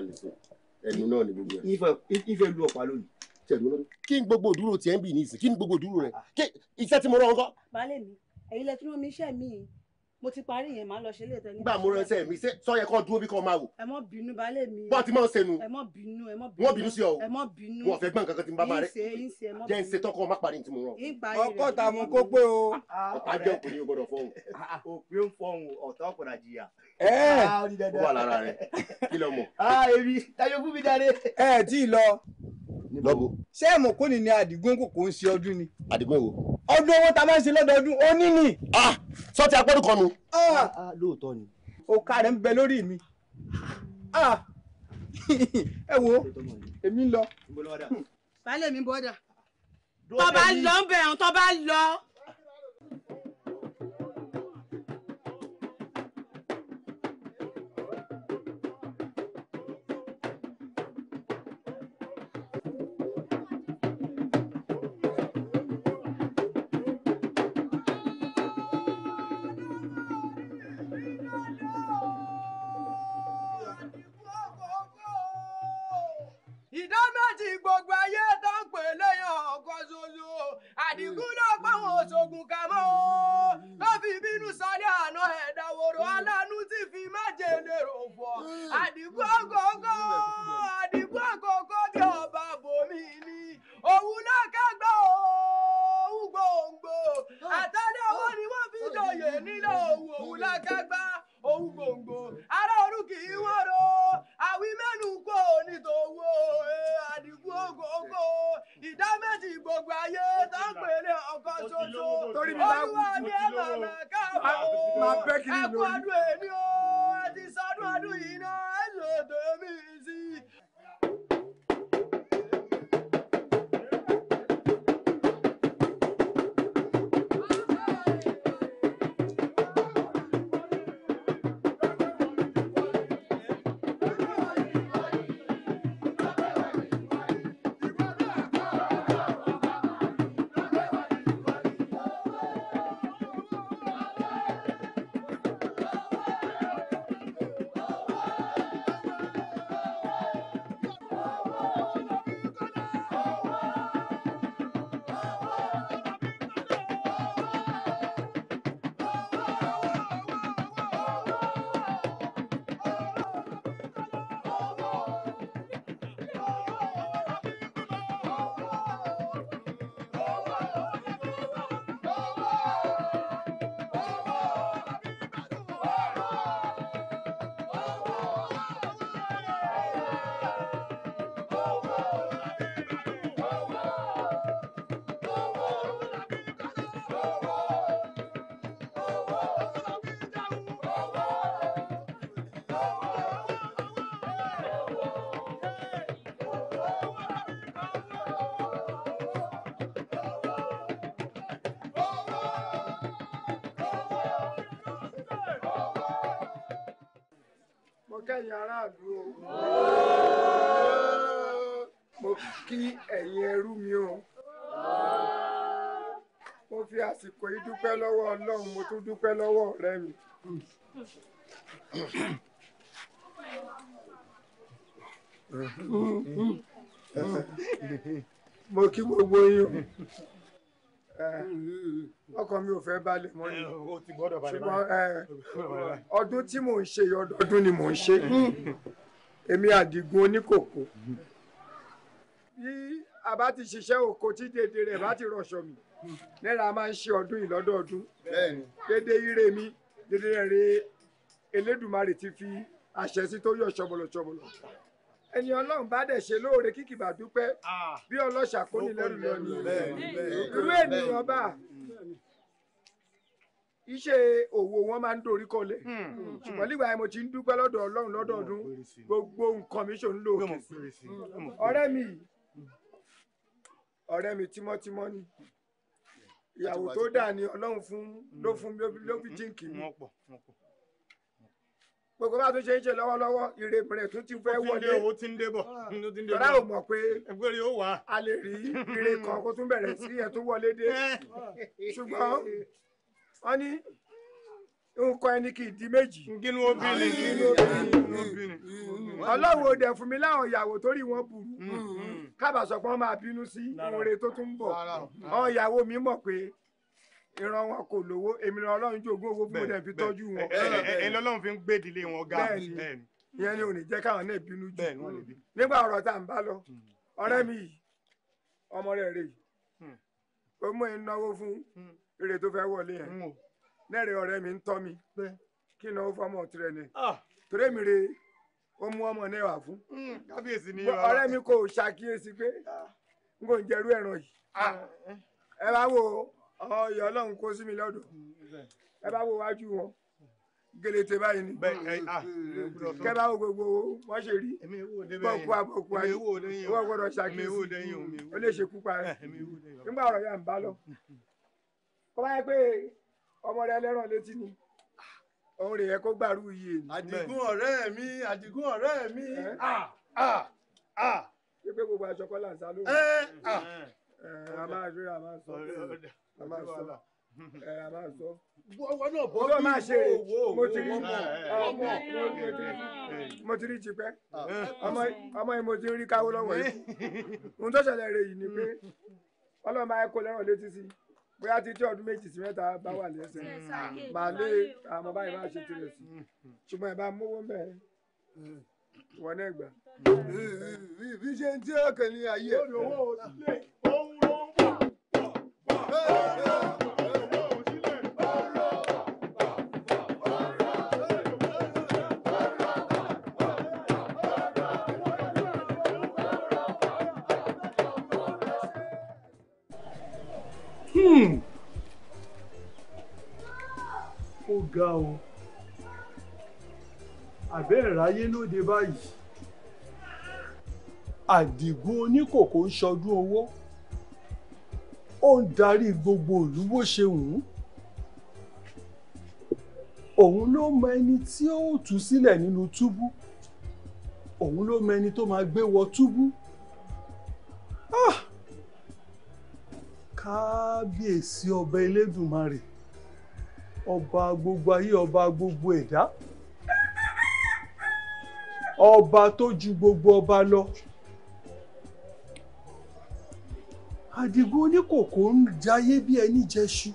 náà nìkan ẹnu náà ni gbogbo ẹ. ife lu ọ̀pá lónìí. kí ni gbogbo òdúró tiẹ̀ ń bì ní ìsìn kí ni gbogbo òdúró rẹ̀ ah. iṣẹ́ tí mo rán ọ mo ti parí yẹn máa lọ ṣe léètọ́ ní. gbà mo ránṣẹ́ mi ṣe sọ yẹ kó dúró bí kò máa wò. ẹ mọ bínú balẹ̀ mi. bọ́ọ̀ ti máa ń sẹnu. ẹ mọ bínú ẹ mọ bínú. wọ́n bínú sí ọ o. ẹ mọ bínú. wọn fẹ́ gbọ́n kankan tí n bá ma rẹ. yín ṣe yín ṣe ẹ mọ bínú. jẹ́ ń ṣe tọkọ má parí tí mo rán. ọkọ ta mo kó pé o. Ah, ọ̀tá jẹ́ òkú ni ah, ah, o gbọ́dọ̀ fọ́hùn. òpin ń fọ́hùn ọ̀tá ọ̀pọ̀dà lọ́bù. ṣé ẹ̀mọ̀ kò ní ní àdìgún kò kò ń ṣe ọdún ni. àdìgún wo. ọdún owó ta máa ń ṣe lọ́dọọdún ó ní nì. sọtí agbọ́dún kan nu. lóòótọ́ ni. òkà rẹ̀ ń bẹ lórí mi. ẹ wo èmi ń lọ. baálé mi bọ́dà tó bá lọ ń bẹ̀rù tó lọ. kẹ́yìn aráàlú o mo kí ẹ̀yin ẹrú mi o mo fi àsìkò yìí dúpẹ́ lọ́wọ́ ọlọ́run mo tún dúpẹ́ lọ́wọ́ ọ̀rẹ́ mi. mo kí gbogbo yín o ọkàn mi ò fẹ́ balẹ̀ mọ́ ni ṣùgbọ́n ọdún tí mò ń ṣe ọdọọdún ni mò ń ṣe èmi àdìgún oníkòkò bí a bá ti ṣiṣẹ́ oko tí dédé rẹ̀ bá ti rọ̀ṣọ̀ mi náírà máa ń ṣe ọdún yìí lọ́dọọdún dédé ire mi dédé rẹ̀ Elédùmarè ti fi àṣẹ sí tó yọ ṣọbọlọ ẹni ọlọ́run bá dẹ̀ ṣe lóore kíkì bá dúpẹ́ bí ọlọ́ṣà kò ní lẹ́rù lọ ni irú ènìyàn bá iṣẹ́ òwò wọn máa ń dorí kọlẹ̀ hmm. ṣùgbọ́n nígbà yẹn mo ti ń dúpẹ́ lọ́dọ̀ ọlọ́run lọ́dọọdún gbogbo nǹkan mi ṣò ń lò ọ̀rẹ́ mi ọ̀rẹ́ mi tímọ́tímọ́ ni ìyàwó tó dà ní ọlọ́run fún ló fún ló fi jíǹkì mi gbogbo bá tún ṣe ń ṣe lọ́wọ́lọ́wọ́ ìrèmìrè tún ti fẹ́ wọlé ó ti ń débọ̀ ah. tọ́lá ò mọ̀ pé a lè rí ire kan kó tún bẹ̀rẹ̀ sí ẹ̀ tún wọlé dé eh. ṣùgbọ́n wọ́n ní nǹkan ẹni kì í di méjì. ngínú obìnrin ngínú obìnrin. ọlọ́run ò dẹ̀ fún mi láwọn ìyàwó torí wọ́n burú. Mm-hmm. kábàásọ̀ pé máa bínú sí oore tó tún ń bọ̀. àwọn ìyàwó mi mọ̀ pé ìran wọn kò lówó èmi lọ Ọlọ́run jogún owó fún mi fi tọ́jú wọn. ẹ lọ́lọ́run fi ń gbé ìdílé wọn ga. bẹ́ẹ̀ni ìyẹn ni ò ní jẹ́ káwọn náà bínú jù nígbà ọ̀rọ̀ tá à ń bá lọ hmm. ọ̀rẹ́ mi yìí ọmọ rẹ̀ rè hmm. ó mú ìnáwó fún hmm. èrè tó fẹ́ wọlé yẹn lẹ́rìí ọ̀rẹ́ mi ń tọ́ mi kí ìnáwó fọmọ tirẹ̀ ni ah. torí èmi rè ó mú ọmọ náà wà fún. kábíyèsí ni yọrọ ọ̀rẹ́ mi kò ṣàkíyèsí pé ah. n kò ń jẹrú ẹran yìí ah. ẹ bá wo ọyọ Ọlọ́run kó sí mi lọ́dọ̀ ẹ bá wo wájú wọn gẹlẹtẹ báyìí ni ah, kẹ bá wo gbogbo wọn ṣe rí bọkú abọkú ayé wọn gbọ́dọ̀ ṣàkíyèsí ó lè ṣekú parẹ́ eh, nígbà ọ̀rọ̀ yà ń bá lọ kọ báyìí pé ọmọ rẹ lẹrán létí ni òun rè yẹ kó gbàrú iye ni. àdìgún ọ̀rẹ́ mi àdìgún ọ̀rẹ́ mi eh? ah ah ah. pé gbogbo aṣọ kọ́lá ń sá lóhùn. Eh, ah. a máa rí a máa sọ a máa sọ ẹ a máa sọ. ọwọ́ náà bọ́ bí máa ṣe rè mo ti rí ah. ọmọ mo ti rí tipẹ́ ọmọ yìí mo ti rí káwó lọ́wọ́ yìí ohun tó ṣẹlẹ̀ rè yìí ni pé ọlọ́run máa kó lẹ́rọ̀ létí sí i bóyá títí ọdún méjì sí mẹ́ta bá wà lẹ́sẹ̀ màá lé àmọ́ báyìí máa ṣe tirẹ̀ sí ṣùgbọ́n ẹ̀ mówó mẹ́ẹ̀ wọn náà gbà. bí ṣe ń tí ọkàn ní ayé ẹ̀. Hmm. ga o àbẹ́ ìráyé lóde báyìí àdìgún oníkòkò ń ṣọdún owó ó ń darí gbogbo ìlú bó ṣe wù ú òun ló mọ ẹni tí ó tú sílẹ̀ nínú túbú òun ló mọ ẹni tó máa gbé wọ túbú ah! kábíyèsí ọba elédùnmarè ọba gbogbo ayé ọba gbogbo ẹ̀dá ọba tó ju gbogbo ọba lọ. àdìgún oníkòkò ń jayé bí ẹni jẹṣu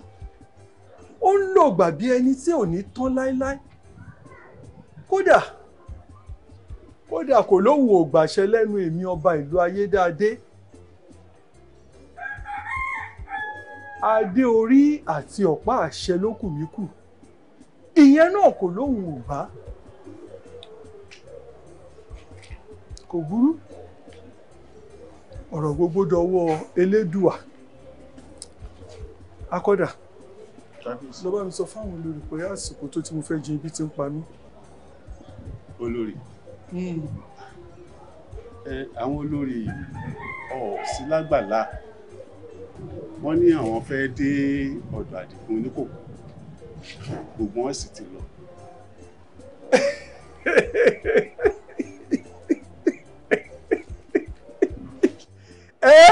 ó ń lògbà bí ẹni tí ò ní tán láéláé kódà kódà kò lóhùn ògbàṣẹ lẹ́nu èmi ọba ìlú ayédáadé adé orí àti ọ̀pá àṣẹ ló kù mí kù ìyẹn náà kò lóhùn ògbà kò burú ọ̀rọ̀ gbogbo dọwọ́ elédùà akọ́dà ló bá mi sọ fáwọn olórí pé àsìkò tó ti mo fẹ́ jẹ ibi tí ń pa mí. olórí hmm. àwọn olórí ọ̀ sí lágbàlá wọ́n ní àwọn fẹ́ dé ọ̀dọ̀ àdìgún oníkòkò gbogbo wọn sì ti lọ. ẹ́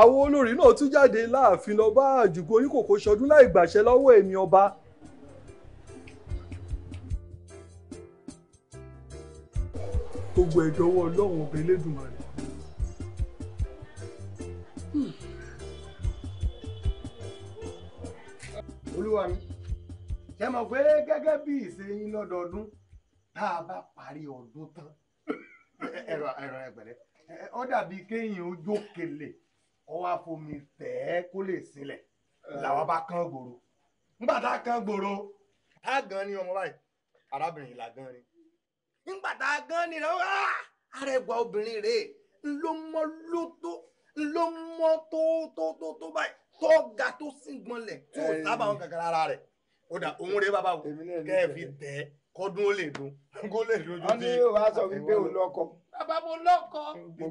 àwọn olórí náà tún jáde láàfin lọ bá àjùgbò oníkòkò ṣọdún láì gbàṣẹ lọ́wọ́ èmi ọba gbogbo ẹ̀dọ́wọ́ ọlọ́run ọba elédùnmarè. olúwa mi ṣe mọ̀ pé gẹ́gẹ́ bí ìṣe yín lọ́dọọdún tá a bá parí ọdún tán ẹ̀rọ ẹ̀gbẹ̀rẹ̀ ó dàbí kéèyàn ó jókèlè ó wá fomi tẹ̀ ẹ́ kó lè sílẹ̀ làwọn bá kán gbòòrò nígbà tá a kán gbòòrò á gan ni ọmọ báyìí arábìnrin yìí la gan ni nígbà tá a gan ni rẹ̀ arẹwà obìnrin rẹ̀ ló mọ́ ló tó ló mọ́ tó tó tó tó báyìí tó ga tó sì gbọ́nlẹ̀ tí ò sábà wọn kankan rárá rẹ̀ ó dà òun rẹ̀ bàbá wò kẹ́ẹ̀ fi tẹ̀ kọ́dún ó lè dùn kó lè dùn ojú tí. wọ́n ní wàá sọ wípé òun lọ́kọ̀ọ́ bàbá mo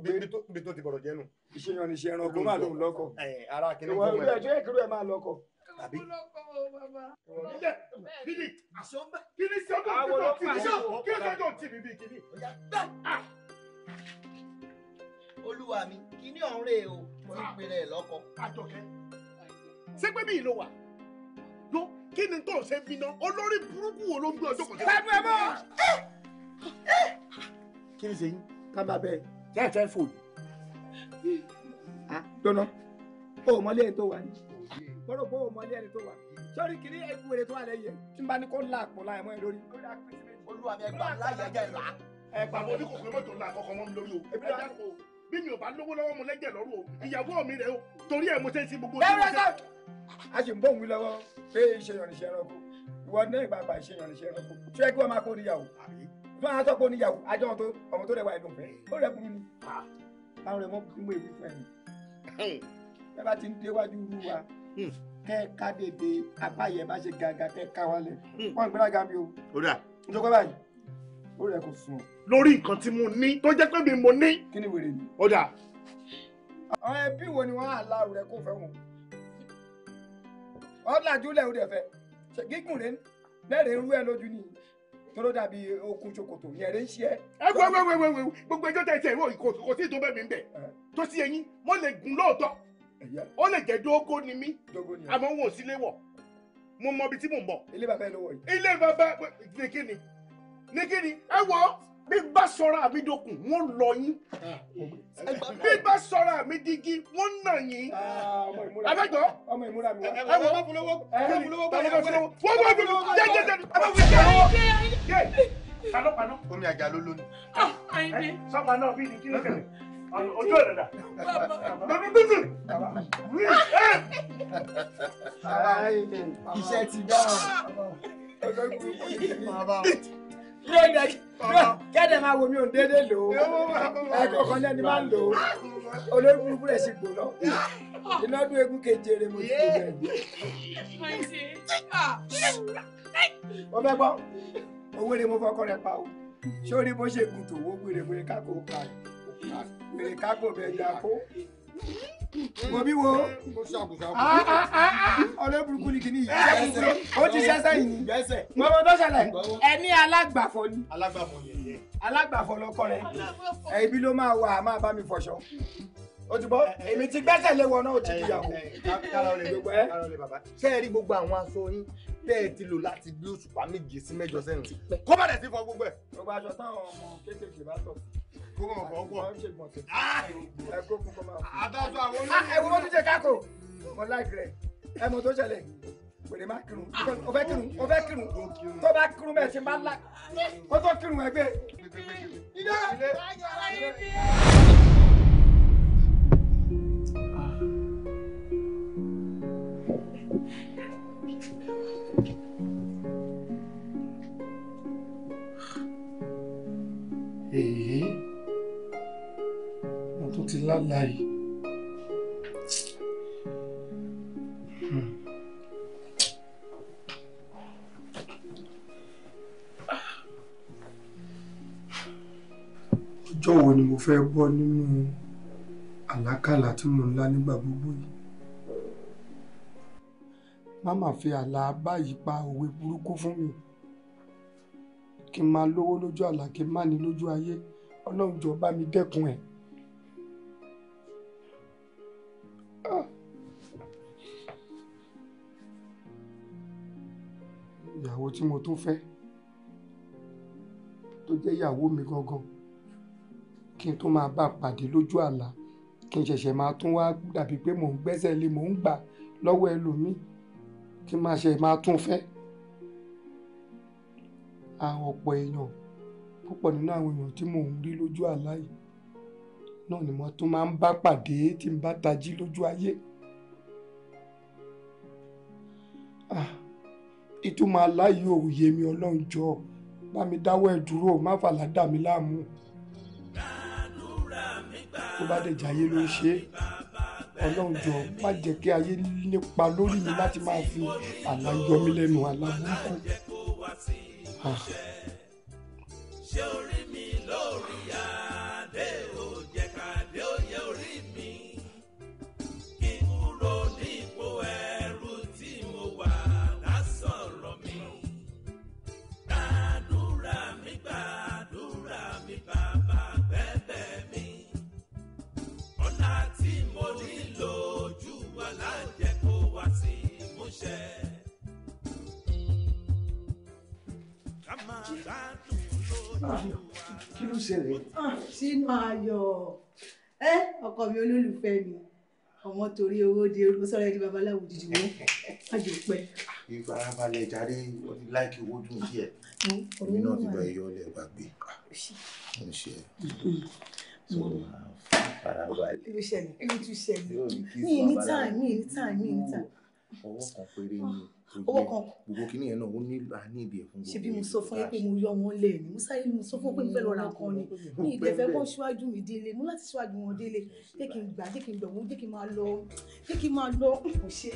ibi tó ti bọ̀rọ̀ jẹ́ nù. ìṣèyàn ní ìṣẹ̀ràn ọkùnrin máa lòun lọ́kọ. ara kìnìún fún mi. ìwọ ẹjọ́ ìkírú ẹ̀ máa lọ́kọ. Àbí. Kini sọ́gbà Olúwa mi, kini ọ̀run rè o, mo ń pèrè ẹ̀ lọ́kọ. Àjọkẹ́, ṣé pé ìlú wà? Yo, kí ni tó ṣe bínú? Olórí burúkú wo ló ń gbé ọjọ́ kan? Ṣé Kí ni ṣe yín? tábà bẹ́ẹ̀ ṣáà ṣáà fò ní. dọ́nà o ò mọlé ẹni tó wà ní kọ́rọ̀ bó o mọlé ẹni tó wà sọ́rí kiri ewu èrè tó wà lẹ́yìn tí n bá ní kó la àpò láyé mọ́ ẹ lórí. olúwa mi ẹgbàá láyé ẹjẹ ìlà. ẹgbàá mo ní kò pé mọ́tò ńlá àkọ́kọ́ mọ́ mi lórí o ẹ dákò bí mi ò bá lówó lọ́wọ́ mo lẹ́jẹ̀ lọ́rùn o ìyàwó mi rẹ o torí ẹ̀ mo ṣe ń sin gbogbo ojúmọ́ a sì ń bọ̀ wí lọ́wọ́ pé ìṣèyànìṣẹ́ ẹranko ìwọ náà ìbàbà ìṣèyànìṣẹ́ ẹranko ṣé kí wọ́n máa kó níyàwó tó àwọn sọ́kò oníyàwó àjọ ọmọ tó rẹwà ẹ̀dùn fẹ́ ó rẹkùn mi. àwọn rẹ̀ mọ́ fún èmi fún ẹ̀mí. bẹ́ẹ̀ bá ti ń déwájú rú wa hmm. kẹ́ ẹ apá yẹn bá ṣe gàgà kẹ́ ẹ ká hmm. wọ́n ń gbéra mi o. ó dà. ń jọ́kọ́ báyìí ó rẹ̀ sùn. lórí nǹkan tí mo ní tó jẹ́ pé mi mo ní. kí ni wèrè mi. ó dà. àwọn ẹbí wo ni wọ́n á la rẹ̀ kó fẹ́ wọn. ọ̀làjú lẹ̀ ó tó ló dàbí okun ṣòkòtò yẹn rẹ ń ṣe. ẹ wẹ wẹ wẹ wẹ wẹ gbogbo ẹjọ́ tẹ ẹsẹ ìwọ kò sí ìdóbẹ mi ń bẹ tó sí ẹyin mo lè gùn lóòótọ́ ó lè jẹ dógó ni mí àmọ́ wọn ò sí léwọ mo mọ ibi tí mò ń bọ̀. ilé bàbá ẹ ló wọ yìí. ilé bàbá ní kíni ní kíni ẹ wọ bí bá sọra mi dokùn wọ́n lọ yín bí bá sọra mi digi wọ́n nà yín abẹ́jọ́ ọmọ ìmúra mi wá ẹ wọ́n bá fúnlọ́wọ́ fúnlọ́wọ́ bá yẹ wọ́n wọ́n bá fúnlọ́wọ́ jẹ́ jẹ́ jẹ́ ẹ bá fúnlọ́wọ́ panopano. omi àjà ló lónìí. àyìnbí. sọ́pà náà bí ìdíjí lókèlè ojú ẹ̀ dada. bàbá bíbí. iṣẹ́ ti dáhùn ló dẹ kẹ́dẹ̀ máa wo mi ò dédé lò ó ẹ̀kọ́ kan lẹ́ni máa ń lò ó olórí burúkú rẹ̀ sì gbóná iná dún egun keje rẹ̀ mo ti gbé bẹ́ẹ̀. mo fẹ́ gbọ́ owó rẹ̀ mo fọkọ rẹ̀ pa o ṣé o rí bó ṣe gùn tó wó gbére gbére kákó pa gbére kákó bẹ́ẹ̀ gbà kó wòbí wo ah, ah, ah, ọlọ́burúkú ni kìíní yìí ó ti ṣẹ́ṣẹ́ yìí ni gbọ́dọ̀ tó ṣẹlẹ̀ ẹni alágbàfọ̀ ni alágbàfọ̀ lọkọ rẹ ẹbí ló máa wà á máa bá mi fọṣọ o ti bọ eh, eh. èmi ti gbẹ́sẹ̀ lé wọn náà ó ti kíyàwó ṣe é rí gbogbo àwọn aṣọ yín tẹ́ ẹ ti lò láti bí òṣùpá méje sí mẹ́jọ sẹ́yìn kó bá dẹ̀ sí fọ gbogbo ẹ̀. gbogbo aṣọ táwọn ọmọ kéékèèké bá tọ̀ kó mọ̀ fọ́ pọ̀ ah! àtàtù àwọn ah! olóyún. ẹ wo bó tún ṣe kákò mo láìpẹ́ rẹ̀ ẹ mọ̀ tó ṣẹlẹ̀ pèrè má kírun o fẹ́ kírun o fẹ́ kírun tó bá kírun bẹ́ẹ̀ ṣe má la kó tó kírun ẹgbẹ́. ilé ilé ilé. fẹ́ bọ́ nínú àlákàlà tí mò ń lá nígbà gbogbo yìí. má má fi àlá báyìí pa òwe burúkú fún mi kí n máa lówó lójú àlá kí n má ní lójú ayé ọlọ́run jọ bá mi dẹ́kun ẹ̀. Ah. ìyàwó tí mo tún fẹ́ tó jẹ́ ìyàwó mi gangan kí n tó máa bá pàdé lójú àlá kí n ṣẹ̀ṣẹ̀ máa tún wá dàbí pé mò ń gbẹ́sẹ̀ lé mò ń gbà lọ́wọ́ ẹlòmíì kí n máa ṣe máa tún fẹ́. àwọn ọ̀pọ̀ èèyàn púpọ̀ nínú àwọn èèyàn tí mò ń rí lójú àlá yìí náà ni mo tún máa ń bá pàdé tí n bá tají lójú ayé. ìtumọ̀ àlá yìí mi ọlọ́run jọ̀ọ́ bá mi dáwọ́ ẹ̀ dúró má fàlà dà mí láàmú tó bá dẹ̀ jẹ́ ayé ló ń ṣe é ọlọ́run jọ má jẹ́ kí ayé nípa lórí mi láti máa fi àlá yọ lẹ́nu àlá burúkú. Ah. kí ló ṣẹlẹ̀. Ah, sínú ayọ̀ ẹ ọkọ mi olólùfẹ́ mi ọmọ torí owó di orúkọ sọ̀rọ̀ ẹni babaláwo dídì mú àjò pẹ. ìfarabalẹ̀ jàre wọ́n ti láìkí owó dùn díẹ̀ ah, èmi náà ti bá iyọ̀ ọlẹ̀ gbàgbé mo ah, ń ṣe mm-hmm. Mm-hmm. farabalẹ̀. ìlú ṣẹlẹ̀ ìlú tún ṣẹlẹ̀ mi ní time mi ní time mi ní time ọwọ́ kan péré ni ah, ọwọ́ kan gbogbo kìíní yẹn náà ó nílò a ní ìdí ẹ̀ fún gbogbo. ṣebí mo sọ fún yín pé mo yọ wọn lẹ ni mo sáré mo sọ fún pé mo fẹ́ lọ ra kan ni mi ì dẹ̀fẹ́ kọ́ síwájú mi délé mo láti síwájú wọn délé jẹ́ kí n gbà jẹ́ kí n gbẹ̀wò jẹ́ kí n máa lọ jẹ́ kí n máa lọ kò ṣe.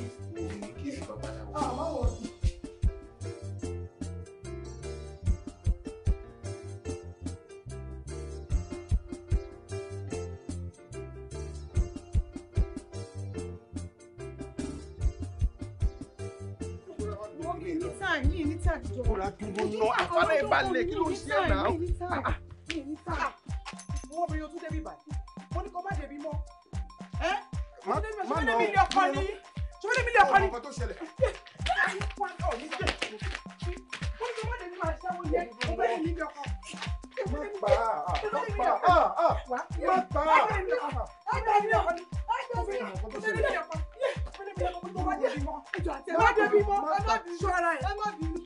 kúra dúró ná àfárá ẹ bá lè kí ló ń ṣe ẹ náà. Ah, ah. mo wọ́n bẹ̀rẹ̀ o tún débi báyìí mo ní kó má débi mọ́ ẹ́ mo débi mọ́ sọ́dọ̀ mi lè ọkọ ni sọ́dọ̀ mi lè ọkọ ni. ọkọ tó ṣẹlẹ̀. mo ní kó má débi máa ṣáwó yẹ mo bẹ̀rẹ̀ mi lè ọkọ. má pa á má pa á má pa á. ẹ gbà mí ọkọ ni ẹ gbà mí ọkọ tó ṣẹlẹ̀. ẹ má débi mọ́ ẹ má débi mọ́ ẹ má débi mọ́ ẹ má débi mọ́.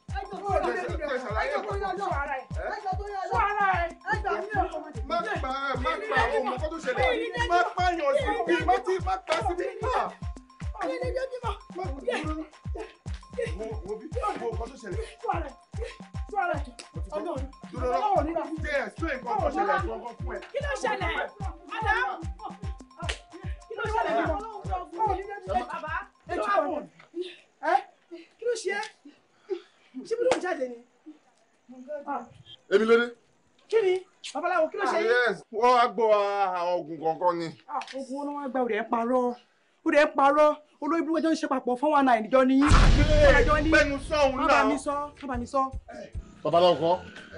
má pa má pa ohun kó tó ṣẹlẹ̀ má pa yàn síbi má ti má pa síbi náà. má wo wo bí wo kó tó ṣẹlẹ̀. dúró lọ jẹ explain kó tó ṣẹlẹ̀ gbọ̀ngàn fún ẹ. kí ló ṣẹlẹ̀ ada kí ló ṣẹlẹ̀ bàbá kí ló ṣẹlẹ̀ ṣé bí ló ń jáde ni. èmi ló dé. kí ni babaláwo kí ló ṣe yín. wọ́n á gbọ́ oògùn kankan ni. Ah, oògùn wọn ni wọ́n gba òde ẹ̀ parọ́ òde ẹ̀ parọ́ olóyún bí wọ́n jọ ń ṣe papọ̀ fún wọn náà ìjọ ni yín. bẹ́ẹ̀ni sọ̀hún náà. bàbá mi sọ bàbá mi sọ. babaláwo kọ.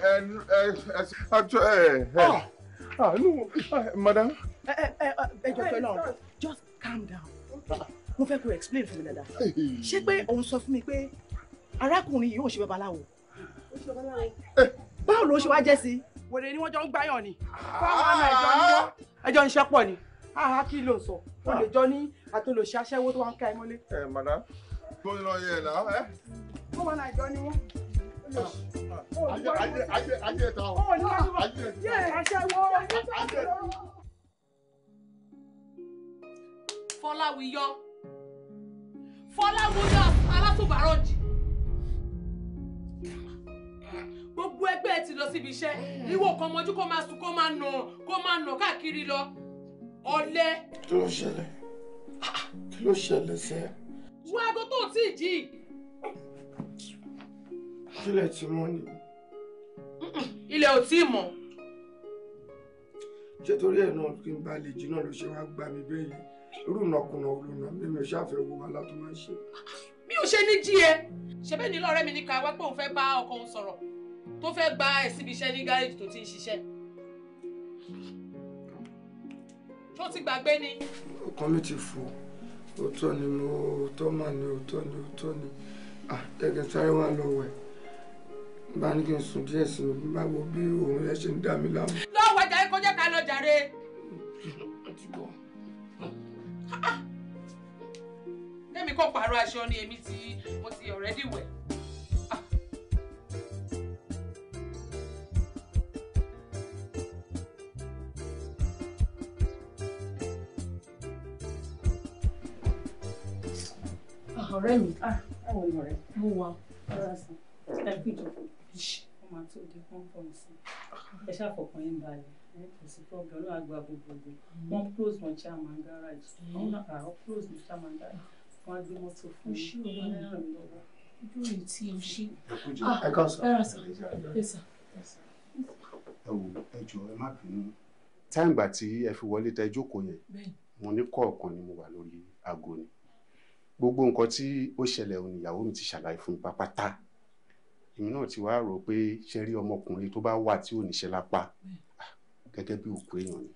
ẹ ẹ ẹ àjọ ẹ ẹ. ah no madam. ẹ ẹ ẹ ẹ jọ ah! ah, eh, eh, eh, pé náà just calm down mo fẹ́ kó explain fún mi dáadáa ṣé pé òun sọ fún mi pé arákùnrin yìí ò ṣe babaláwo eh, báwo ló ṣe wá jẹ́ sí. wèrè ni wọ́n jọ ń gbáyàn ni fáwọn àna ẹ̀jọ́ ń yọ ẹjọ́ ń ṣẹ́pọ̀ ni àhá kí ló sọ o lè jọ ní àtolòṣì aṣẹ́wó tó wá ń ká ẹ mọ́lé. ẹ màdá tó ń lọ yẹ là ẹ. fáwọn àna ẹ̀jọ́ ni wọ́n. ajé ajé ajé ta o ajé aṣẹ́wó. Fọláwíyọ Fọláwíyọ alátùbárọ̀jì. gbogbo ẹgbẹ́ ẹ ti lọ síbi iṣẹ́ níwò mm. kan mọ́jú kó máa sùn kó máa nà kó máa nà káàkiri lọ ọ̀lẹ. kí ló ṣẹlẹ̀ kí ló ṣẹlẹ̀ sẹ́. wo aago tó tí ì jí. kílẹ̀ tí mọ́ ni. ilẹ̀ ò tí ì mọ́. ṣé torí ẹ̀ náà kí n bá lè jí náà ló ṣe wá gbà mí bẹ́ẹ̀ irú ìnàkùnà olùnà mímí ò ṣàfẹ́ owó wa látọ́ máa ṣe. mi ò ṣe ní jí ẹ ṣẹbẹ́ nílò ọ̀rẹ́ mi ní ká wá pé òun fẹ́ bá ọkọ òun sọ̀rọ̀ tó fẹ́ gba ẹ̀ síbi iṣẹ́ ní gáréjì tó ti ń ṣiṣẹ́ tó ti gbàgbé ni. ọkàn mi ti fò òótọ́ ni mo òótọ́ mà ní òótọ́ ni òótọ́ ni ẹ̀gẹ̀ sáré wà lọ wẹ̀ bá ní kí n sùn díẹ̀ sí mi bá wo bí òun yẹn ṣe ń dà mí láàmú. lọ́wọ́ ọjà yìí kọjá ká lọ jàre. lẹ́mi kọ́ pààrọ̀ aṣọ ni èmi ti mo ti already wẹ̀. ọ̀rẹ́ mi ah, báwo ni ọ̀rẹ́ mo wà ọ̀rẹ́ sàn ẹ kú ìjókòó ó máa tó di pọ́npọ́n sí ẹ ṣàfọ̀kàn yín balẹ̀ kò sí problem náà àgbà gbogbogbò wọ́n close wọn chairman garage wọ́n náà àwọn close ní chairman garage wọ́n á gbé mọ́tò fún un ṣé òun náà ràn mí lọ́wọ́ lórí tí o ṣe. ẹ kọ́ sọ ah, ẹ sọ ẹ wò ẹ jọ ẹ má bínú táǹgbà tí ẹ fi wọlé tẹ jókòó yẹn mo ní kọ̀ọ̀kan ni mo wà lórí aago ni gbogbo nǹkan tí ó ṣẹlẹ̀ òun ìyàwó mi ti ṣàlàyé fún mi pápátá èmi náà ti wá rò pé ṣe rí ọmọkùnrin tó bá wà tí ò níṣẹ́ lápá ah, gẹ́gẹ́ bí òkú èèyàn ni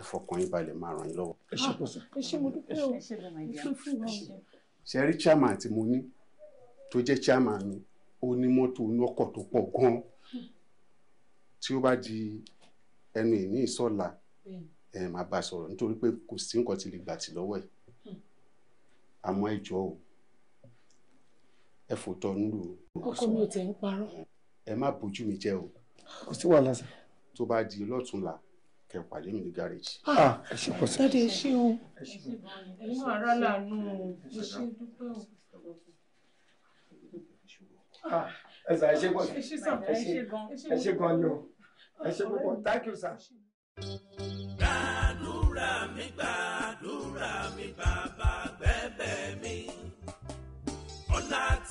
ẹ fọkàn yín balẹ̀ máa ràn yín lọ́wọ́. ẹ ṣe kò sọ ẹ ṣe mo dúpẹ́ o ẹ ṣe lọ màá jẹ́ ṣe rí chairman tí mo ní tó jẹ́ chairman mi ó ní mọ́tò inú ọkọ̀ tó pọ̀ gan-an tí ó bá di ẹnu ìní ìsọ̀la ẹ̀ máa bá a sọ̀rọ̀ nítorí pé kò sí nǹkan tí lè gbà tì lọ́wọ́ ẹ̀ àmọ́ ẹ jọ̀ọ́ o ẹ fòótọ́ nílò. ọkọ mi ò tẹ̀ ń parọ́. ẹ má bójú mi jẹ́ o. kò sí wàhálà sá. tó bá di lọ́túnla kẹ pàdé mi ní gárèjì. Ah, ah, ẹ ṣe pọ̀ sí. dáadé ṣé o. inú ara làánú o mo ṣe dúpẹ́ o. Ah, ẹ sà ẹ ṣe gan ẹ ṣe gan ẹ ṣe gan ni o ẹ ṣe púpọ̀ thank you sir. gbàdúrà mi gbàdúrà mi bàbá.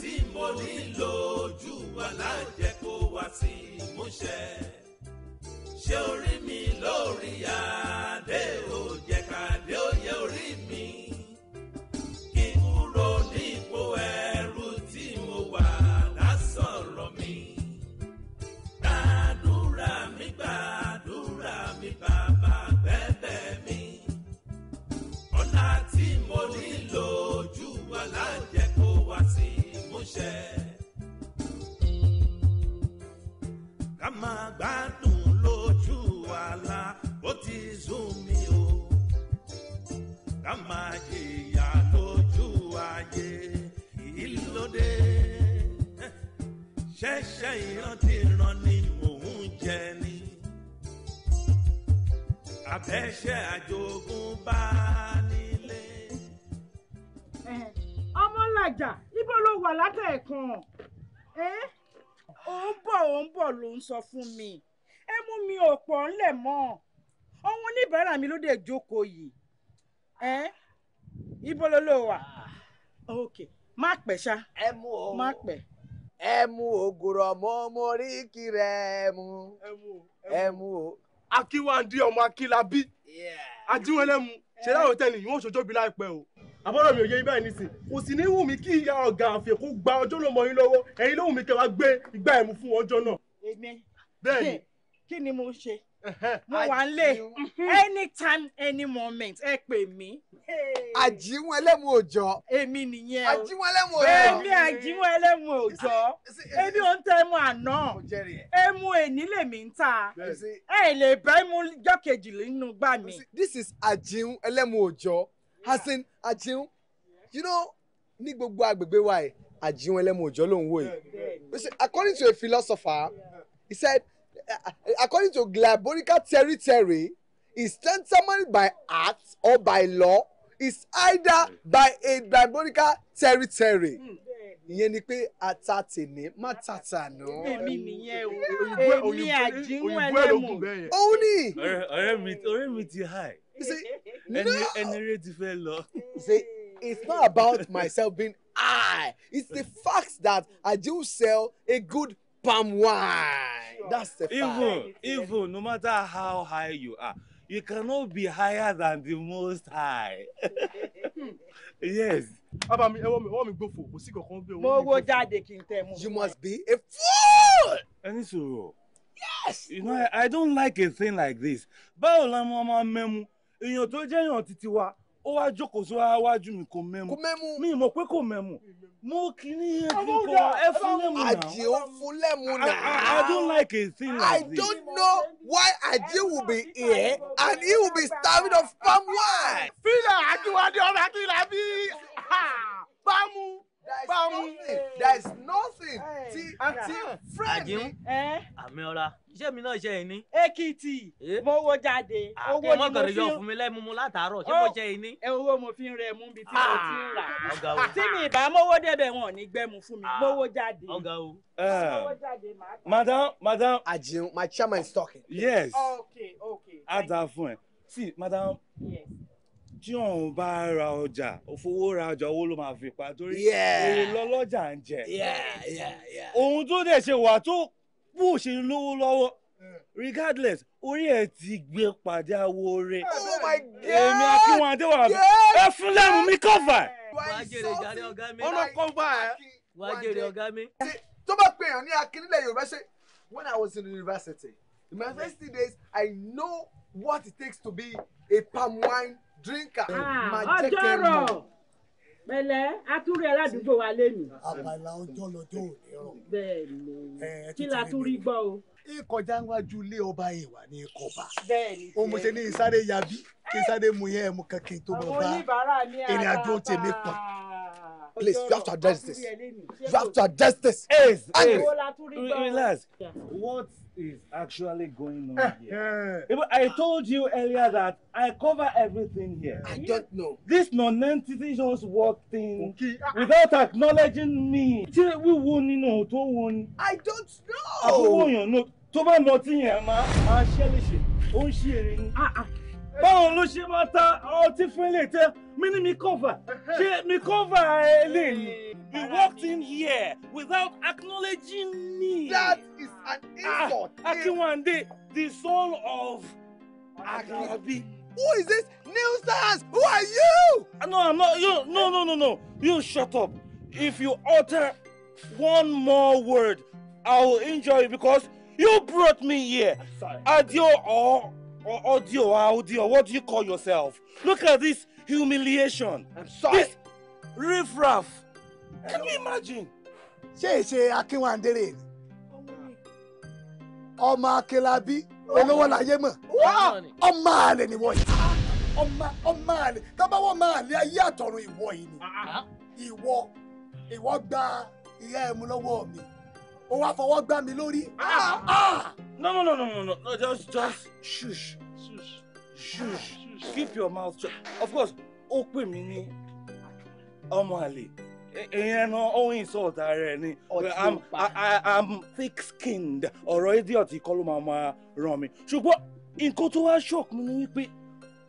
tí mo nílò ojú wa lájẹ kó wá sí ìmúṣẹ ṣé orí mi lórí adé ò jẹ́ ká dé òye orí mi kí n kúrò nípò ẹrú tí mo wà lásọ̀rọ̀ mi gbàdúrà mi gbàdúrà mi bàbá bẹ́ẹ̀ bẹ́ẹ̀ mi ọ̀nà tí mo nílò ṣiṣẹ́. ká máa gbádùn lójú àlá ó ti sún o ká máa jìyà lójú ayé ìlódé ṣẹ̀ṣẹ̀ ìrántí ràn ní òun jẹ ni abẹ́ṣẹ́ àjogúnbá nílé. ọmọlàjà. Eh, níbo ló wà látẹ̀ẹ̀kan ò ń bọ̀ ò ń bọ̀ ló ń sọ fún mi ẹ mú mi ò pọ̀ ńlẹ̀ mọ́ ọ̀hún oníbàárà mi ló dé jókòó yìí ibo ló ló wà ok má pẹ́ ṣá má pẹ́ ẹ mú ògùrọ̀ mọ́ mo rí kiri ẹ mú ẹ mú o. akínwáńdí ọmọ akínlábí ajíwẹlẹ mu ṣẹlẹ òtẹ́ẹ̀lì yìí wọn ò o àbọ̀rọ̀ mi ò yé yín báyìí nísìn kò sì ní wù mí kí ìyá ọ̀gá àfẹ́ kó gba ọjọ́ ló mọ yín lọ́wọ́ ẹ̀yin ló wù mí kẹ́ wá gbé igbá ẹ̀mú fún ọjọ́ náà. èmi bẹ́ẹ̀ni kí ni mo ṣe mo wà ń lè anytime any moment ẹ pè mí. àjíwọn ẹlẹ́mu òòjọ́. èmi nìyẹn o àjíwọn ẹlẹ́mu òòjọ́. èmi àjíwọn ẹlẹ́mu òòjọ́ èmi ò ń tẹ ẹmu àná ẹmu èní lèmi ń ta ẹ lè bá ẹmu jọ́kejì nínú gbà mí. this is àjíwọn ẹlẹ́mu òòjọ́. Hasan Ajiun you know ní gbogbo agbègbè wa yìí Ajiun ẹlẹ́mu òjọ́ ló wò yìí according to a philosopher he said according to glaborica territory, is determined by act or by law is either by a glaborica territory. theory. Mm ìyẹn ni pé ata tèmi má tàtà nù. èmi nìyẹn o èmi àjínwó ẹlẹ́mù. òun ni. ọ̀rẹ́ mi ti high see, no. see, it's not about myself being I. It's the fact that I do sell a good palm wine. That's the fact. Even, even no matter how high you are, you cannot be higher than the most high. yes. Bàbá mi, ẹwọ́ mi, ọwọ́ mi gbófò, kò sí You must be a fool. Ẹni Yes. You know, I, don't like a thing like this èèyàn tó jẹ́ èèyàn títí wa ó wá jókòó sí wájú mi kò mẹ́mu mi mọ̀ pé kò mẹ́mu mo kì í ní ẹkún kọ ẹ lẹ́mu náà. àjẹ́ ó fún lẹ́mu náà. I don't like a thing like this. I don't know why Ajé will be here and he will be starving of palm wine. fílà àjùwádìí ọ̀rọ̀ àti ìlàbí bámu báwọn there is nothing ti ti friend mi. Eh? àmì ọ̀ra iṣẹ́ mi náà ṣe é ní. èkìtì eh? mo wo jáde ah, owó ni mo fi ń. àkẹ́mọ̀kẹ́rẹ́ yọ fún mi lẹ́mú látàárọ̀ ṣé oh. mo ṣe é ní. owó mo fi ń rẹ mú bi tí mo ti ń rà ah, tí mi ìbá mówó débẹ̀ wọn ò ní gbẹ́mu fún mi ah, mówó jáde. ọ̀gá o. Eh, madam madam. Àjìún my chairman is talking. yes. okay okay. a dáa fún ẹ see madam. yes tí òun bá ra ọjà òfowó ra ọjà owó ló máa fi pa torí èrè lọ́lọ́jà ń jẹ ohun tó dẹ̀ ṣe wà tó bù ṣe lówó lọ́wọ́ regardless orí ẹ ti gbé padà wo re oh èmi akínwọn adéwà ẹ fún lẹ́mu mi kọ́fà ẹ̀. wàá jèrè jàre wàá jèrè ọ̀gá mi. tó bá pè yàn ní akínílẹ̀ yorùbá ṣe when i was in university in my first three days i know what it takes to be a palm wine drinker ah, máa jẹ́ kẹ́ mọ̀. pẹ̀lẹ́ atúrí aládùúgbò wa lẹ́nu. abala ọjọ́ lọ́jọ́ òní rọ̀. bẹ́ẹ̀ni kí la tún rí gbọ́ o. ìkọjá wájú ilé ọba ìwà ní ìkọba. bẹ́ẹ̀ni o mo ṣe ní ìsáré yabi kí mu yẹn mu kankan tó bọ̀ bá ìrìn àjò tèmi pọ̀. Please, you have to address this. You have to address this. Yes, yes. Relax is actually going on eh, here. Eh. I told you earlier that I cover everything here. I don't know. This nonentity just walked in okay. Ah, ah. without acknowledging me. Ṣé wíwo nínú tó wo ni? I don't know. Àbúrò you náà tó bá lọ tí yẹn máa máa ṣẹ́lẹ̀ṣẹ̀ ó ń ṣe eré ni. Ah, Báwo ló ṣe máa ta ọtí fún ilé tẹ́? Mi ní mi cover. Eh, Ṣé mi cover eléyìí? You walked in here without acknowledging me. That an ah, insult. Ah, Akinwande, the son of Agarabi. Who is this new Who are you? Ah, no, I'm not. You, no, no, no, no. You shut up. If you utter one more word, I will injure you because you brought me here. Audio or, or audio audio. What do you call yourself? Look at this humiliation. I'm sorry. This riffraff. Can you imagine? Ṣé ìṣe Akínwándé rèé? ọmọ akelabi olówó láyé mọ̀ ọmọ àlè ni wọ́n yìí ọmọ ọmọ àlè tábàwọ̀ ọmọ àlè ayé àtọ̀run ìwọ yìí ni uh-huh. ìwọ ìwọ gba ìyá ẹ̀ mú lọ́wọ́ mi ó wá fọwọ́ gbá mi lórí. Ah! Ah! no no no no no no just just shush shush shush keep your mouth shut of course ó pè mí ní ọmọ àlè. ìyẹn náà insult ara ni i'm thick skinned ọ̀rọ̀ idiot kọ́ ló máa máa ràn mí ṣùgbọ́n nǹkan tó wá shock mi ni wípé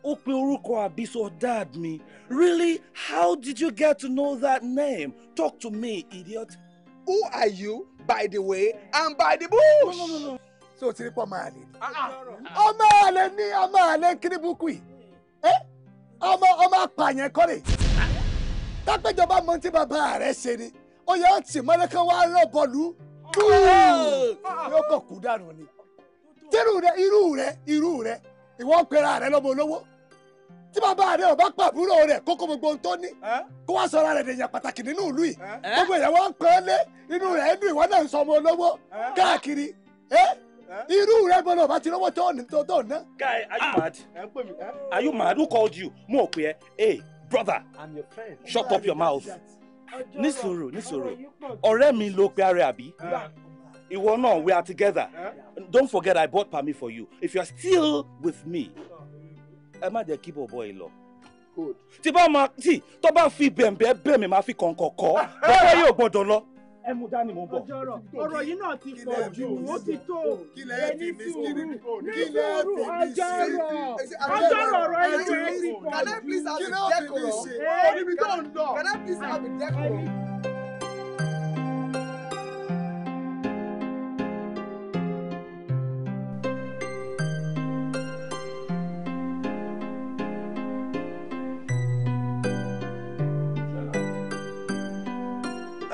ó pe orúkọ àbísọ dad mi really how did you get to know that name talk to me idiot. who are you by the way and by the bush. No, no, no, no. so o ti rí pọ́ máa lè. ọmọ àlè ní ah, ah. ọmọ àlè kiri bukui eh? ọmọ ọmọ apààyàn kọ́lé tápẹ́jọba mọ tí bàbá rẹ̀ ṣe ni ó yẹ ọtí mọ́lẹ́kàn wá rán bọ́ọ̀lù dúró yóò kàn kú dànù ni tírù rẹ irú rẹ irú rẹ ìwọ pera rẹ lọ́mọ olówó tí bàbá rẹ ò bá pàbúrò rẹ kókó gbogbo ohun tó ní kó wá sọra rẹ dèèyàn pàtàkì nínú ìlú yìí gbogbo ìyàwó ń pẹ́ lé inú rẹ inú ìwọ náà ń sọ ọmọ olówó káàkiri irú rẹ gbọ́dọ̀ bá ti lọ́wọ́ tó ná. guy are you ah! mad are you mad who called you mo ò pè brother. I'm your friend. Shut up your mouth. Ní sùúrù, ní sùúrù. Ọ̀rẹ́ mi ló pe ara àbí. Ìwọ náà, we are together. Don't forget I bought palmi for you. If you are still with me, ẹ má jẹ́ kí bọ̀bọ̀ yìí lọ tí bá máa tí tó bá fi bẹ̀m̀bẹ̀ bẹ̀mí máa fi kọ̀ǹkọ̀ kọ́ bọ́bá yóò gbọ́dọ̀ lọ ẹ mú dání mo bọ̀. ọ̀rọ̀ yìí náà ti pọ̀ jù ó ti tó ẹni sùúrù ní sùúrù ọjọ́rọ̀ ọjọ́rọ̀ ọ̀rọ̀ ẹni ti pọ̀ jù. oníbi tó ń lọ.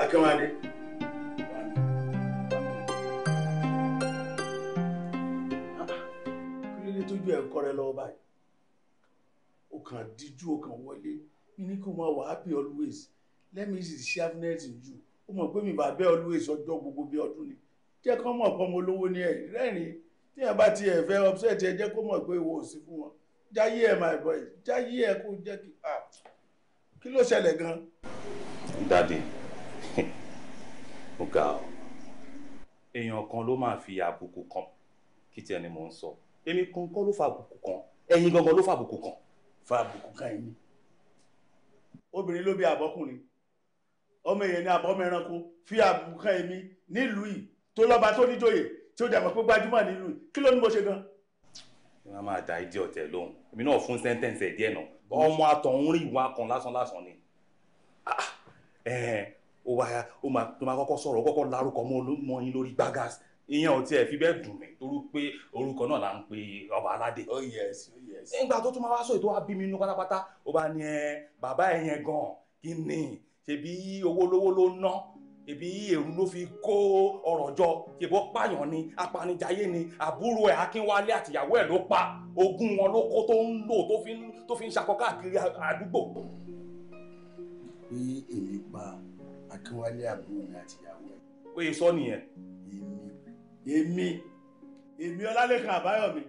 Akewale. lọ́wọ́ báyìí ó kàn díjú ó kàn wọlé mi ní kó máa wà happy always let me see the sharpness in you ó mọ̀ pé mi bá bẹ́ always ọjọ́ gbogbo bí ọdún ni jẹ́ kán mọ̀ pọ́n mo lówó ní ẹ̀ rẹ́rìn tí ẹ bá ti ẹ̀ fẹ́ upset ẹ jẹ́ kó mọ̀ pé ìwọ ò sí fún wọn jáyé ẹ my boy jáyé ẹ kó jẹ́ kí kí ló ṣẹlẹ̀ gan. dádì mo ga ọ èèyàn kan ló máa fi àbùkù kan kí tiẹ̀ ni mò ń sọ. So èmi kan kọ́ ló fa àbùkù kan ẹ̀yin gangan ló fa àbùkù kan fa àbùkù kan ẹ̀yin. obìnrin ló bí àbọ́kùnrin ọmọ èèyàn ní àbọ̀ mẹ́ranko fi àbùkù kan èmi nílùú yìí tó lọ́ba tó níjòyè tí ó dàgbà pé gbajúmọ̀ nílùú yìí kí ló ní mo ṣe gan. ẹ máa máa da ìdí ọ̀tẹ̀ lóhùn èmi náà fún sẹ́ńtẹ̀ǹsì ẹ̀ díẹ̀ náà mm. ọmọ àtọ̀hún rí ìwà kan lásán lásán ni ah, ah, ó máa kọ́kọ́ sọ̀rọ̀ kọ́kọ́ lárúkọ mọ́ yín lórí gbágásì ìyẹn ò tiẹ̀ fi bẹ́ẹ̀ dùn mí torí pé orúkọ náà là ń pe ọba aládé. oh yes oh yes. nígbà tó tún máa wá sọ ètò wa bí mi inú pátápátá ó bá ní ẹ bàbá ẹ yẹn gan kí ni ṣebí owó lówó ló ná ṣebí èrú ló fi kó ọrọ̀ jọ ṣebí pààyàn ni apanijayé ni àbúrò ẹ̀ akínwálé àtìyàwó ẹ̀ ló pa ogún wọn ló kó tó ń lò tó fi ń ṣakọ káàkiri àdúgbò. bí èmi pa akínwálé àbúrò mi àtìyàwó ẹ̀. pé sọ nìyẹn. èmi èmi èmi ọlálẹ́kan àbáyọ̀mí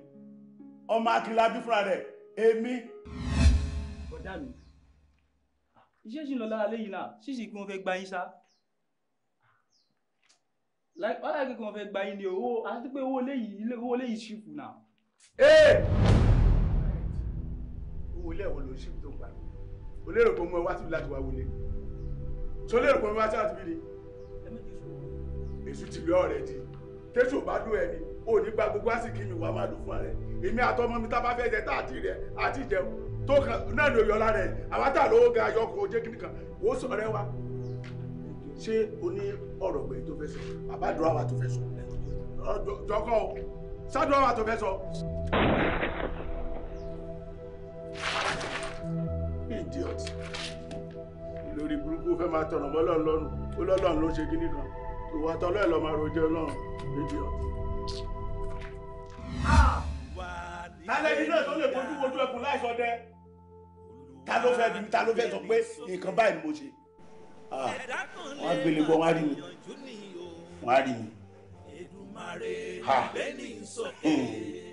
ọmọ akínlábí fúnra rẹ̀ èmi. bọ̀dá mi iṣẹ́ ṣì ń lọ lára lẹ́yìn náà ṣíṣì kí wọ́n fẹ́ gba yín sá wọ́n láì kí wọ́n fẹ́ gba yín ní owó àti pé owó lẹ́yìn owó lẹ́yìn ṣìfù náà. Eh! owó ilé ẹ̀wọ̀n ló ṣì tó gbà ó lérò pé mo wá síbi láti wá wọlé tó lérò pé mo wá síbi láti bí ni èṣù ti lọ ọ̀rẹ́ di. tẹ́sù bá dún ẹni ò ní gba gbogbo àsìkò si wàá máa lò fún ẹ èmi àtọmọ mi tá a bá fẹ́ jẹ tá a ti rẹ a ti jẹun tó kan náà ló lówó ga wò wa ṣé o ní ọ̀rọ̀ gbẹ̀yìn tó fẹ́ sọ àbádùn àwa tó sọ jọkọ sádùn àwa tó fẹ́ sọ. lórí burúkú fẹ́ máa tọ̀nà mọ́ ó ló ṣe ìwà tọ́lọ́ ẹ̀ lọ́ máa rojọ́ ah! náà níbi ọ̀tí. tálẹ̀ iná tó lè fojú wojú ẹkùn láìsọ dẹ ta ló fẹ́ bí ta ló fẹ́ sọ pé nǹkan báyìí ni mo ṣe ah! wọ́n á gbélé gbọ́ wọ́n á rí mi wọ́n á rí mi. Hmm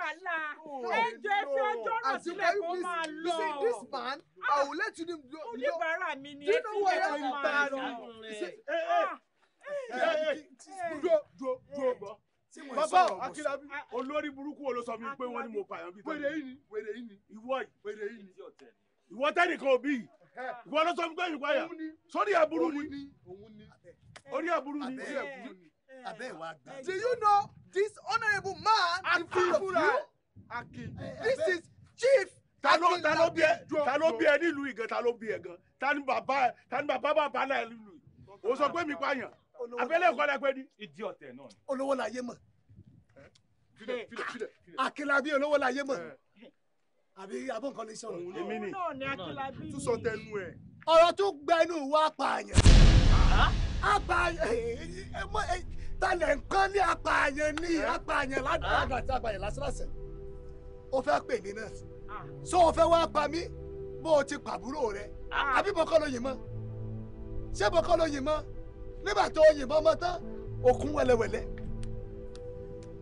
wàhálà oh, ẹjọ́ ẹ fi ọjọ́ náà sílẹ̀ kó máa lọ. you say this man ah, i will let you know. oníbàárà mi ni ẹ fi ọjọ́ máa lọ. Ah, eh, eh. Eh. dúró dúró dúró bàbá akilabi ah, olórí burúkú wo ló sọ mi pé wọn ni mo pààyàn bíi tẹ́lẹ̀ wèrè yìí ni wèrè yìí ni ìwọ yìí wèrè yìí ni ìwọ tẹnìkan òbí yìí ìwọ ló sọ mi pé ìwọ yà sórí aburú ni orí aburú ni. abẹ́ ìwà gbà. do you know this honourable man Akin. in front of you. This is chief. Ta ló ta ló bí ẹ ta ló bí ẹ nílùú ìgan ta ló bí ẹ gan ta ni bàbá ẹ ta ni bàbá bàbá náà nílùú yìí o sọ pé mi pààyàn abẹ́lẹ̀ ìkọ́lá pé ní. ìdí ọ̀tẹ̀ náà. olówó la yé mọ̀ ah, akínlábí olówó la yé mọ̀ eh. àbí abọ́ nǹkan ní sọ̀rọ̀. èmi ni tún sọ tẹnu ẹ. ọ̀rọ̀ tó gbẹnu wa pààyàn apààyàn ah. eh, eh, talẹ̀ nǹkan ní apààyàn ní apààyàn ládùúgbò ah. àti apààyàn lásìlásì ó fẹ́ pè mí náà so ó fẹ́ wá pa mí bó o ti pàbúrò rẹ ah. àbí bọ́kọ́ ló yìnbọn ṣé bọ́kọ́ ló yìnbọn nígbà tó o yìnbọn mọ́ tán òkun wẹlẹwẹlẹ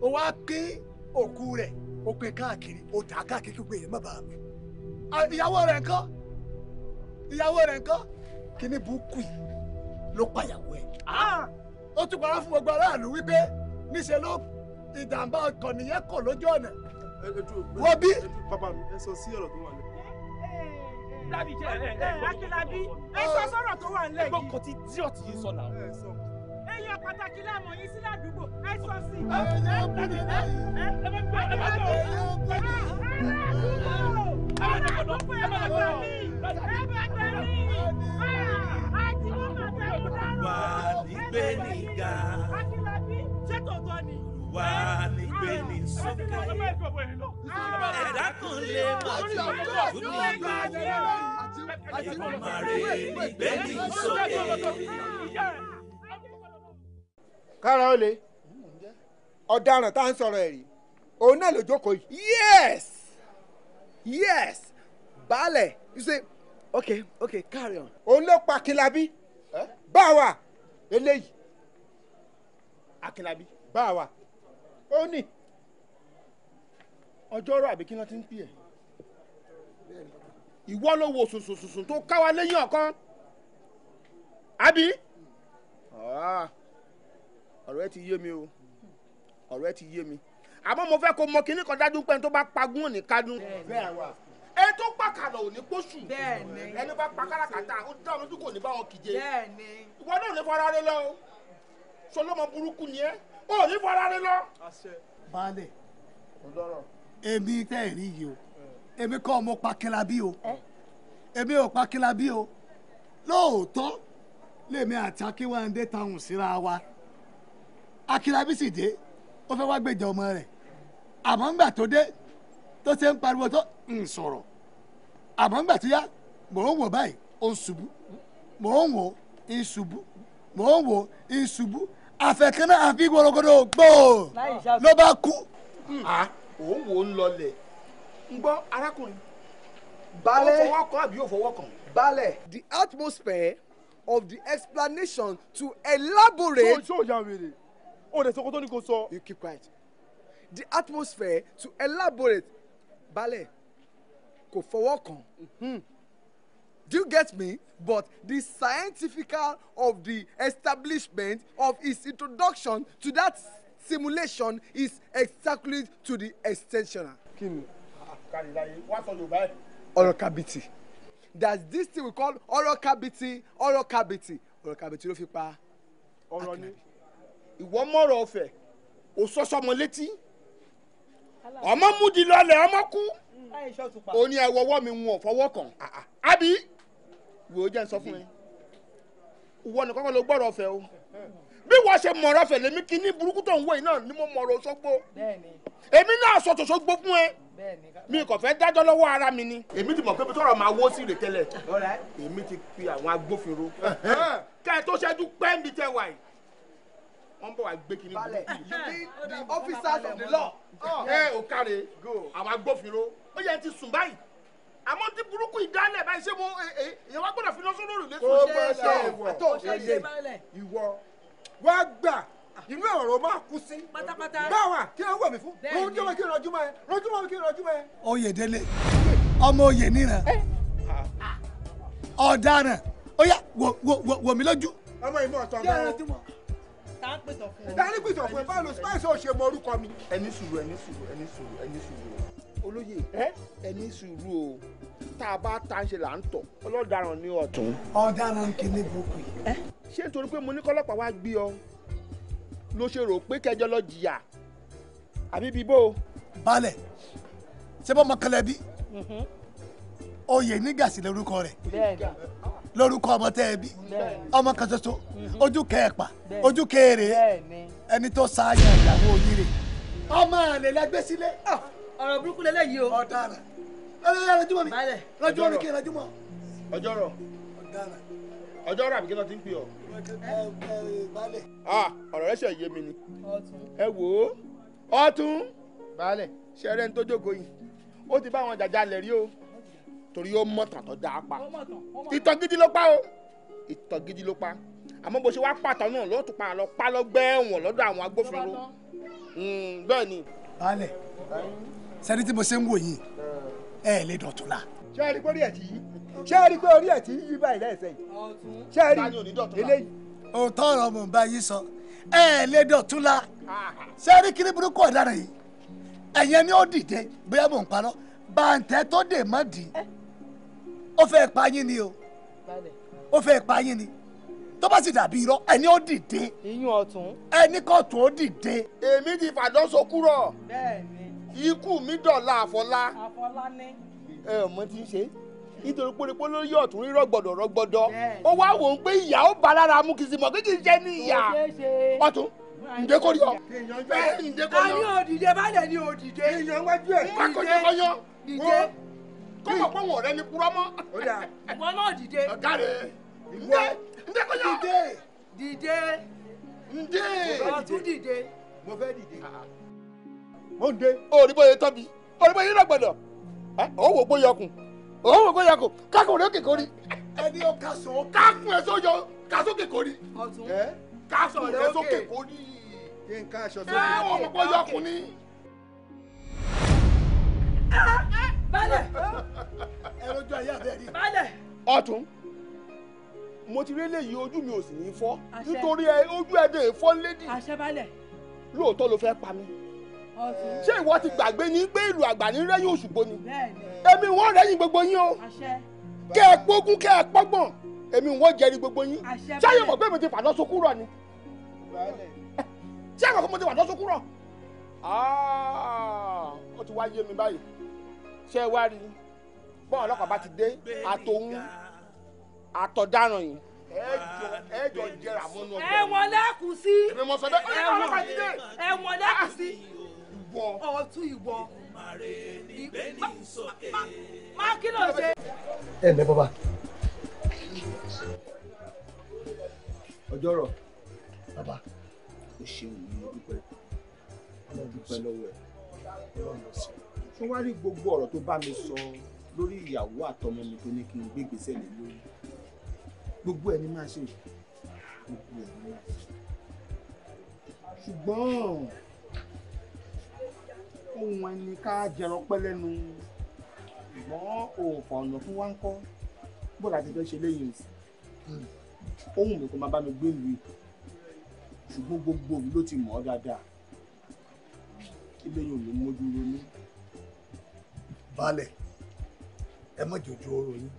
o wá pín òkú rẹ o pín káàkiri o tà káàkiri gbogbo èèyàn má bàa mi ìyàwó rẹ ńkọ́ ìyàwó rẹ ńkọ́ kíní bukui ló pa ìyàwó ẹ ó tún parọ́ fún gbogbo aráàlú wípé níṣẹ́ ló ìjàmbá ọkọ̀ nìyẹn kò lójú ọ̀nà. wọ́n bí. bàbá ẹ sọ sí tó wà lẹ́yìn. lábì jẹ́ ẹ ẹ akílábí ẹ sọ sọ̀rọ̀ tó wà lẹ́yìn. ẹgbẹ́ kan ti dí ọ̀tí yìí sọ̀nà. èèyàn pàtàkì láàmú yín sí ládùúgbò ẹ sọ sí. ẹ bá gbẹ mí ẹ bá gbẹ mí wà nígbè níga wà nígbè ní sókè ẹ̀dá kan lè mọ̀ tí kú ní ìgbà ìkọ̀mọ̀rẹ́ nígbè ní sókè. kára ó le ọ̀daràn tá à ń sọ̀rọ̀ ẹ̀ rí òun náà ló jókòó yìí. yes yes baálẹ̀ you say okay okay carry on. òun ló pa Kílábí báwa eléyìí akínlábí báwa ó ní ọjọ́rọ̀ àbí kí wọ́n ti ń pè ẹ́ ìwọ ló wo sùnsùnsùn tó káwa lẹ́yìn ọ̀kan àbí ọ̀rọ̀ ẹ ti yé mi o ọ̀rọ̀ ẹ ti yé mi àmọ́ mo fẹ́ kó mọ kinní kan dájú pé tó bá pagún ní kádùn. bẹ́ẹ̀ wà ẹ tó pàkàlọ̀ ò ní pósù ẹni bá pa káràkátà ó dá ọmọdé kò ní bá wọn kìje ìwọ náà ò ní fara rẹ lọ o sọlọmọ burúkú ni ẹ ò ní fara rẹ lọ. baálé èmi tẹ́ ẹ̀rí yìí o èmi kọ́ mo pa kílábí o èmi ò pa kílábí o lóòótọ́ lèmi àti akínwáńdé táwọn síra wa akílábí sì dé ó fẹ́ wá gbèjà ọmọ rẹ̀ àmọ́ ńgbà tó dé tó ṣe ń pariwo tó ń sọ̀rọ̀ àmọ́ ńgbà tí yá mò ń wò báyìí ó ń ṣubú mò ń wò ń ṣubú mò ń wò ń ṣubú àfẹ̀kẹ́nà àfi gbọ́dọ̀gbọ́dọ̀ gbòò ló bá kú. Hmm. Ah, òun wò ń lọlẹ̀ ń gbọ́ arákùnrin balẹ̀ ó fọwọ́ kan àbí ó fọwọ́ kan. balẹ̀ the atmosphere of the explanation to elaborate. ṣé o ya wèrè o lè sọ tó ní kó sọ. you keep quiet the atmosphere to elaborate balẹ̀ kò fọwọ́ kàn. Hmm. Do you get me? But the scientifical of the establishment of his introduction to that simulation is exactly to the extensioner. Kí ni? Kàlìláyé, wá sọ Yorùbá ẹ̀. Ọ̀rọ̀ kàbìtì. There's this thing we call ọ̀rọ̀ kabiti? ọ̀rọ̀ kabiti. Ọ̀rọ̀ kabiti. ló fi pa. Ọ̀rọ̀ ni. Ìwọ mọ̀rọ̀ ọ̀fẹ́, òṣọ́ṣọ́ ọmọ létí. Ọmọ múdi lọlẹ̀, ọmọ kú o ní ẹwọ ọwọ́ mi wọn ò fọwọ́ kàn Abi, wò ó jẹ́ ń sọ fún mi ìwọ nìkan kan ló gbọ́dọ̀ ọ̀fẹ́ o bí wọ́n ṣe mọ̀rọ̀ ọ̀fẹ́ lèmi kí ní burúkú tó ń wé náà ni mo mọ̀rọ̀ Òṣogbo èmi náà sọ tòṣogbo fún ẹ mi kò fẹ́ dájọ́ lọ́wọ́ ara mi ni. èmi ti mọ̀ pé bitọ́rọ̀ máa wó sí ìrètẹ́lẹ̀ èmi ti pe àwọn agbófinró ká ẹ tó ṣẹ́jú pẹ́ẹ́mì tẹ wáyé wọ́n bọ̀ wá gbé kiri burúkú. you mean the officers of the law. ẹ ò káre àwọn agbófinró ó yẹ ti sùn báyìí àmọ́ tí burúkú ìdálẹ̀ báyìí ṣé mo èèyàn wá gbọ́dọ̀ fi lọ sórí òrùlé sùn. kó bá ṣe ìwọ èlé ìwọ wá gbà inú ọ̀rọ̀ máa kú sí. pátápátá báwa kí ló ń wọ̀ mí fún. rọjú mọ́ kí n rọjú mọ́ ẹ rọjú mọ́ kí n rọjú mọ́ ẹ. oyèdélé ọmọ oyè níran ọ̀daràn ó yá wò wò wò mí lójú. ọmọ ìmọ̀ ọ̀tọ̀ ọ̀gá o dárípìtọ̀ fún ẹ báwo ló ṣe báyìí sọ ṣe mọ orúkọ mi. ẹni sùúrù ẹni sùúrù ẹni sùúrù ẹni sùúrù olóyè ẹni sùúrù o tá a bá ta ń ṣe là ń tọ̀ ọlọ́daràn ní ọ̀tún. ọ̀daràn kìíní burúkú yìí. ṣé nítorí pé mo ní kọ́lọ́pàá wá gbé ọ ló ṣe rò pé kẹjọ lọ jìyà àbí bíbó. balẹ̀ ṣé bọ́ mọ́kànlẹ́ bí mhm. oyè nígàsí lórúkọ rẹ̀ lórúkọ ọmọ tẹ́ ẹ bí ọmọ kan ṣoṣo mhm. ojú kẹẹ̀pà ojú kẹẹ̀rẹ̀ ẹni tó ṣáájú ìyàwó yìí rè ọmọ àlè lẹgbẹ́ sílé. Ah ọ̀rọ̀ burúkú lélẹ̀ yìí o. ọ̀daràn ẹlẹ́yà lọ́júmọ́ mi lọ́júmọ́ mi kí n lọ́júmọ́. ọjọ́rọ̀ ọjọ́rọ̀ àbíkí náà ti ń pè ọ́. ọ̀rọ̀ rẹ̀ ṣe yé mi ni. ẹ wò ó ọ̀tún baálẹ̀ ṣẹ̀rẹ̀ ń tó jókòó yìí ó ti bá àwọn jàjà lẹ̀ rí o torí ó mọ̀tàn tó dáa pa ìtàn gidi ló pa o ìtàn gidi ló pa àmọ́ bó ṣe wá pàtàkì náà ló tún pa àlọ́ pa lọ́gbẹ́ ẹ̀wọ̀n lọ́dọ̀ àwọn agbófinró hmm, bẹ́ẹ̀ ni sẹ́ni tí mo ṣe ń wò yìí ẹ lè dọ̀tún la. ṣé ẹ rí pé orí ẹ̀ ti yí ṣé ẹ rí pé orí ẹ̀ ti yí báyìí lẹ́sẹ̀ yìí ṣé ẹ rí eléyìí. òótọ́ ọ̀rọ̀ mò ń bá yín sọ ẹ lè dọ̀tún la ṣé ẹ rí kiri burúkú ọ̀daràn yìí ẹ̀yẹn ni ó dìde bóyá mò ń parọ́ bàǹtẹ́ tó dè mọ́ dì ó fẹ́ pa yín ni o ó fẹ́ pa yín ni tó bá sì dàbí irọ́ ẹni ó dìde. iyún ọ̀tún. ẹni kò tó dìde. èmi ti fàdán so kúrò. bẹ́ẹ̀ni. ikú mi dọ̀la àfọlá. àfọlá ní. ẹ ò tí ń ṣe nítorí pérépé lórí ó wá wò ó pé ìyá ó ọ. kò rí ọ. báyẹn ni òdìdẹ. èèyàn wájú ẹ̀. akọ̀jọ kọyọ. ìdè kọ́mọ̀ pọ̀ wọ̀n rẹ ni purọ́ mọ́. náà dìde. ọ̀gá mo ń dé. òrìbó yẹn tóbi ọ̀ wò gbóyè ọkùn ọ̀ wò gbóyè ọkùn kákùn ló kékeré. ẹni o kà sọ kákùn ẹ sóyọ kà sókè kórì. kákùn ẹ sókè kórì. kí n ká aṣọ balẹ̀. ẹ ayé àbẹ̀ rí. balẹ̀. ọ̀tún mo ti rí eléyìí ojú mi ò sì ní fọ́ nítorí ojú ẹ̀ dè fọ́ àṣẹ balẹ̀. lóòótọ́ ló fẹ́ pa mí ṣé ìwọ ti gbàgbé ní pé ìlú àgbà ní rẹ́yìn Òṣùgbó ni èmi wọ́n rẹ́yìn gbogbo yín o kẹ́ ẹ pógún kẹ́ ẹ pọ́gbọ̀n èmi wọ́n jẹ́rí gbogbo yín ṣáyẹ̀ mọ̀ pé èmi ti fà lọ́sọ kúrọ̀ ni ṣé àgbà fún mi ti fà lọ́sọ kúrọ̀ ah, ó ti wá yé mi báyìí ṣé ẹ wá rí bọ́ọ̀ ọlọ́pàá bá ti dé àtòun àtọ̀daràn yìí ẹjọ jẹra mọnú ọgbẹ. ẹ̀wọ̀n lẹkùn sí ẹ̀wọ̀n lẹkùn sí ìwọ ọtún ìwọ má kí ló ṣe. ẹ ǹlẹ́ bàbá ọjọ́ rọ̀ bàbá o ṣeun ní dúpẹ́ mo dúpẹ́ lọ́wọ́ ẹ̀ ṣé wàá rí gbogbo ọ̀rọ̀ tó bá mi sọ lórí ìyàwó àtọmọ mi tó ní kí n gbé ìgbésẹ̀ lé lórí gbogbo ẹ̀ ní máa ṣe gbogbo ẹ̀ ní máa ṣe ṣùgbọ́n ohun ẹni ká jẹrọ pẹ́ lẹ́nu ṣùgbọ́n òòfà ọ̀nà fún wa ń kọ́ bọ́ọ̀lù àti fẹ́ ṣe lẹ́yìn o ohun mi kò máa bá mi gbé ìlú ìkọ́ ṣùgbọ́n gbogbo òun ló ti mọ̀ ọ́ dáadáa eléyìí ò ní mójú ronú. balẹ̀ ẹ má jòjò ọ̀rọ̀ yín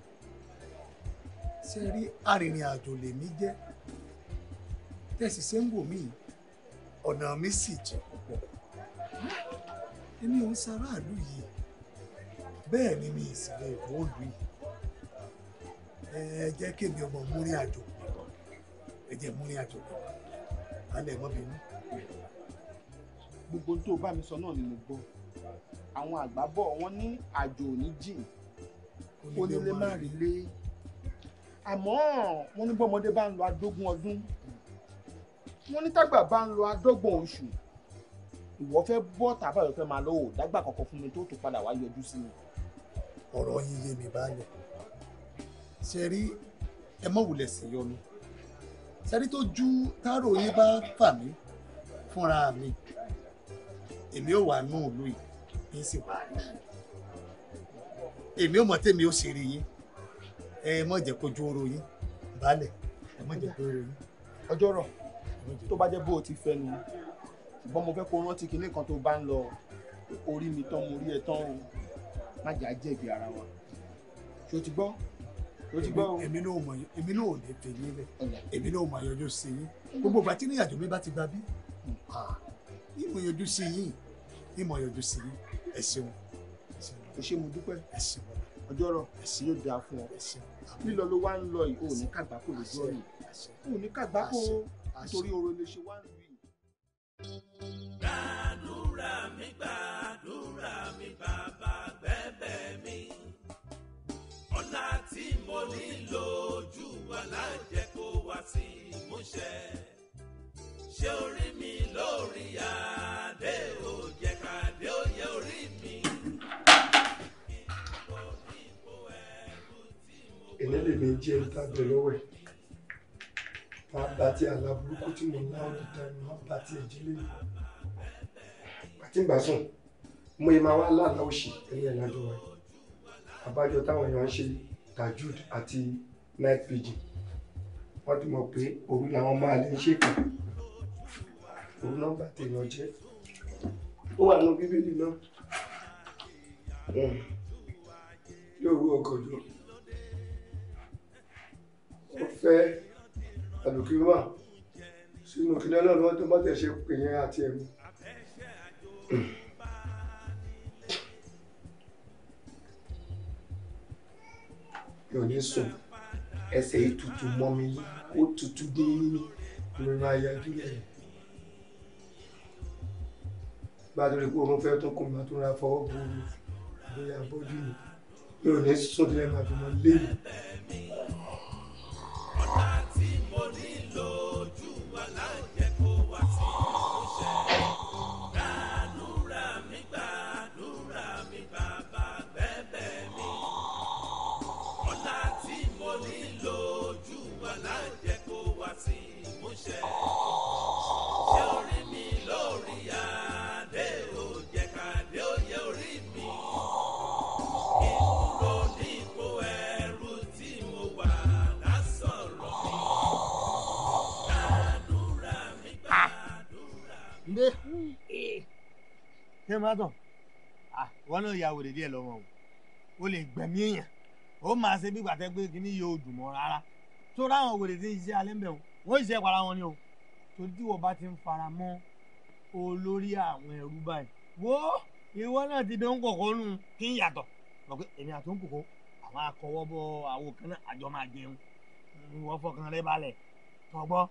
ṣe rí arìnrìn àjò lèmi jẹ́ tẹ̀sí sẹ́ńgò mi ọ̀nà mi sì jẹ́ púpọ̀ èmi ò ń ṣaráàlú yìí bẹ́ẹ̀ ni mi ìsìnlẹ̀ ìfowólu yìí ẹ jẹ́ kémi ọmọ múrí àjò ẹ jẹ́ múrí àjò alẹ́ mọ́ bínú. gbogbo tó bá mi sọ náà ni mo gbọ́ àwọn àgbà bọ̀ wọ́n ní àjò ò ní jìn onílé má rí lé àmọ́ wọ́n ní bọ́mọdé bá ń lo adógún ọdún wọ́n ní tágbà bá ń lo adọ́gbọ̀n oṣù ìwọ fẹ́ bọ́ tàbá ìwọ fẹ́ máa lọ òdágbà kankan fún mi tó tó padà wá yọjú sí mi. ọ̀rọ̀ yín yé mi báyọ̀ ṣe rí ẹ mọ̀ wulẹ̀ sí yọnu ṣe rí tó ju táró yín bá fà mí fúnra mi èmi ò wà nù òlu yìí ní sì wà ní èmi ò mọ̀ tèmi ò ṣe rí yín ẹ mọ̀ jẹ́ kojú oró yín baálẹ̀ ẹ mọ̀ jẹ́ kojú oró yín ọjọ́ rọ̀ tó bá jẹ́ bó o ti fẹ́ nu ṣùgbọ́n mo fẹ́ kó rántí kinní kan tó bá ń lọ orí mi tán mo rí ẹ tán o má jà jẹ̀bi ara wa ṣó ti gbọ́ ṣó ti gbọ́ o. èmi náà mọ èmi náà ò lè fè yín lẹ èmi náà mọ àyànjú sí yín gbogbo ìgbà tí níyàjọ mi bá ti gba bí ìmọ̀ hmm. yọjú sí yín ìmọ̀ yọjú sí yín ẹ ṣeun. ẹ ṣé mo dúpẹ́ ẹ ṣeun ọjọ́ rọ̀ ẹ̀sìn yóò dáa fún ọ lílọ ló wá ń lọ yìí ò ní kàgbákò lójú ọ̀nà ò ní kàgbákò nítorí oore lè ṣe wá ń lọ gbàdúrà mi gbàdúrà mi bàbá bẹ̀bẹ̀ mi ọ̀nà tí mo nílò ojú wa lájẹ́ kó wá sí ìmúṣẹ ṣé orí mi lórí adé o jẹ́ òye orí mi. ìnílẹ̀ mi jẹ́ ń lọ́wọ́ ẹ̀ máa bá ti àlá burúkú tí mo lá all the time máa bá ti ìdílé mi àti ìgbà sùn mo yẹ máa wá láàlá òṣì ẹ̀yìn ẹ̀ lájọ wa àbájọ táwọn èèyàn ń ṣe tajud àti night pigeon wọ́n ti mọ̀ pé òru làwọn máa lè ṣèkà òru náà bá tèèyàn jẹ́ ó wà nù bíbélì náà yóò hmm. rú ọgọjọ ó fẹ́ àlùkìrìmà sínú kí lọ́nà lọ́wọ́ tó mọ́tẹ̀ ṣe pè yẹn àti ẹ̀mú. yóò ní sùn ẹsẹ̀ yìí tutù mọ́ mi ó tutù dín mímí nínú ayé dúlẹ̀ yìí. gbàdúrà pé òun fẹ́ tó kún mi àtúnra fọwọ́ bu àbóyá bọ́jú mi yóò ní sùn lẹ́nu àjùmọ̀ léyìí onílò ojú wa láyé. ṣé má tàn ah, wọn náà ya wèrè díẹ̀ lọ́wọ́ o lè gbẹ̀mí èèyàn ó máa ṣe bí gbàtẹ́ pé kíní yóò dùn mọ́ rárá tó ráwọn wèrè tí ń ṣe alẹ́ ń bẹ̀ wọn wọ́n ṣiṣẹ́ para wọn ni o torí tí wọ́n bá ti ń fara mọ́ olórí àwọn ẹrú báyìí wo ìwọ náà ti dán kọ̀kọ́ nù kí n yàtọ̀ lọ pé èmi àti òǹkòkò àwọn akọwọ́ bọ àwọn òkan náà àjọ máa jẹun ìwọ fọkàn rẹ balẹ̀ tọgbọ́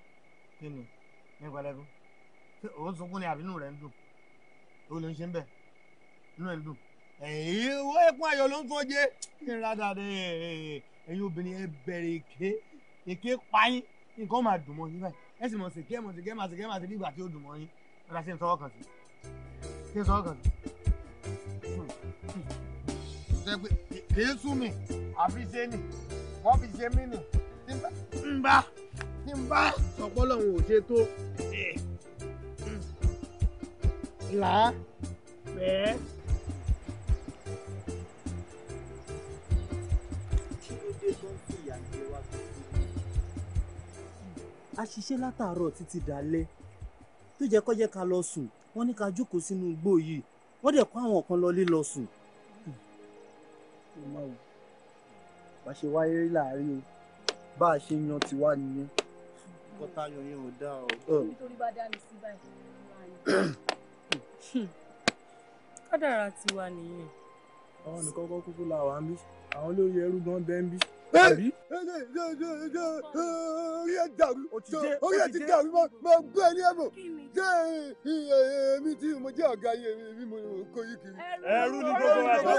kí ni nípa lẹ́kún ó lè ń ṣe ń bẹ̀ inú ẹ̀ ń dùn ẹ̀yìn owó ẹ̀kún ayọ̀ ló ń fọ́ jẹ́ kí n ra dáadé ẹ̀yin obìnrin ẹ bẹ̀rẹ̀ èké èké payín nǹkan máa dùn mọ́ yín báyìí ẹ sì mọ̀ sèké mọ̀ sèké mọ̀ sèké mọ̀ sèké ìgbà tí ó dùn mọ́ yín ọ̀dà sí ń sọ́wọ́ kàn sí sí ń sọ́wọ́ kàn sí. kìí sú mi àfi ṣe nì wọ́n fi ṣe mí nì ń bá ń bá sọpọ́ lọ́hùn ò ṣe tó la fẹ́. a ṣiṣẹ́ látàárọ̀ títí dalẹ́ tó jẹ́ kó jẹ́ ká lọ sùn wọ́n ní ká jókòó sínú igbó yìí wọ́n dẹ̀ kó àwọn kan lọ lé lọ sùn. bá a ṣe wáyé rí o bá a ṣe yan tiwa nìyẹn. kọ́tà yan yẹn ò dáa o. nítorí bá dá mi sí báyìí. kádàrá tiwa nìyẹn. àwọn nìkan kọ́ kúkú la wà ń bí àwọn olórí ẹrú gan bẹ́ẹ̀ ń bí àbí. orí ẹ dàrú orí ẹ ti dàrú mo gbé ẹ ní ẹ̀bù ṣé èmi tí mo jẹ́ ọ̀gá yìí èmi mo kó yìí kiri. ẹrú ni gbogbo wa tó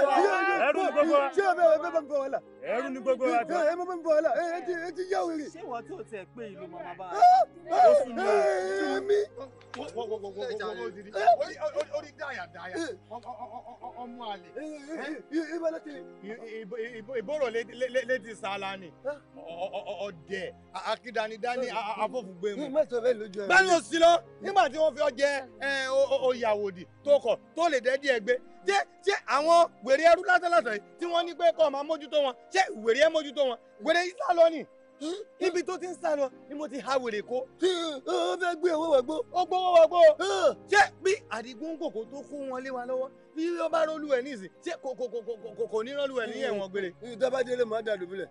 ẹrú ni gbogbo wa. ṣé ẹ bẹ bẹ bẹ bọ wàhálà. ẹrú ni gbogbo wa tó. ẹ bẹ bẹ bọ wàhálà ẹ ti ẹ ti yá wèrè. ṣé wọ́n tó tẹ̀ pé ìlú màmá bá a. ó sùn ní o. èmi. orí dáyà dáyà ọmọ àlè. ìbọn létí. ìbọn létí sálá ni ọdẹ akídanidání afọfùgbé mu. mẹ́sàn-án bẹ́ẹ̀ lójú ẹ̀. bẹ́ẹ̀ ló sí lọ nígbà tí wọ́n fi ọjẹ́ oyàwòdì tó kọ̀ tó lè dẹ́dí ẹgbẹ́ ṣé ṣé àwọn wèrè ẹrú lásánlásán yìí tí wọ́n ní pé kọ́ máa mójútó wọn ṣé wèrè ẹ mójútó wọn wèrè yìí sá lọ nì níbi tó ti ń sá lọ ni mo ti ha wèrè kó. ó fẹ́ gbé owó wọ̀gbó. ó gbówó wọ̀gbó. ṣé bí àdìgún kòkó tó kó wọn lé wa lọ́wọ́ bí ó bá rólú ẹ ní ìsìn tí kò kò kò kò ní rólú ẹ ní ẹ̀wọ̀n gbére. dábàdélé máa dà dùbúlẹ̀.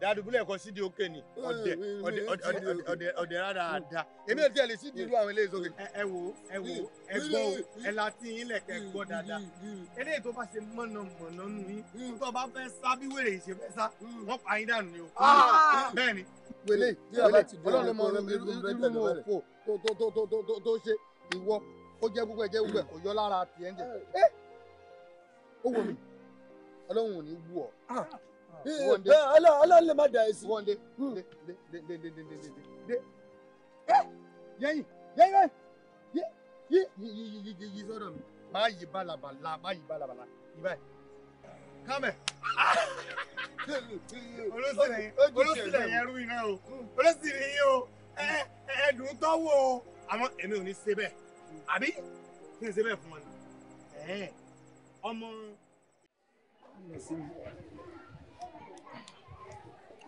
dà dùbúlẹ̀ kọ sídìí òkè ni ọdẹ ọdẹ ọdẹ ọdẹ rárá àdá èmi ò tiẹ̀ lè sídìí irú àwọn eléyìí sókè. ẹ wo ẹ wo ẹ gbọ́ o ẹ la ti yín lẹ̀ kẹ́ gbọ́ dáadáa eléyìí tó bá ṣe mọ̀nà mọ̀nà nù yín hmm. tó bá fẹ́ sá bí wèrè yìí ṣe fẹ́ sá hmm. wọ́n pa yín dànù ni o. Ah! bẹ́ẹ̀ ni. wèlé wèlé ọlọ́run mọ irú mọ̀ òfò tó tó tó tó tó ṣe ìwọ ó jẹ́ gbogbo ẹ̀ gbogbo ẹ̀ kò yọ lára tiẹ̀ ń jẹ ó wò mí ọlọ́run ò ní wù ọ́. Ah, ọlọ́run lè má da ẹ̀ wọ́n hmm. dé dé dé dé dé dé dé dé dé yẹ́yìn yẹ́yìn yí yí yí yí yí sọ́dọ̀ mi máa yí balabala máa yí balabala yí báyìí kámẹ́ olóṣèlè yẹn rú iná o hmm. olóṣèlè yẹn o ẹ̀ẹ́dùn tọ́wọ́ o àmọ́ èmi ò ní ṣe bẹ́ẹ̀ àbí kí n ṣe bẹ́ẹ̀ fún wọn ni ọmọ.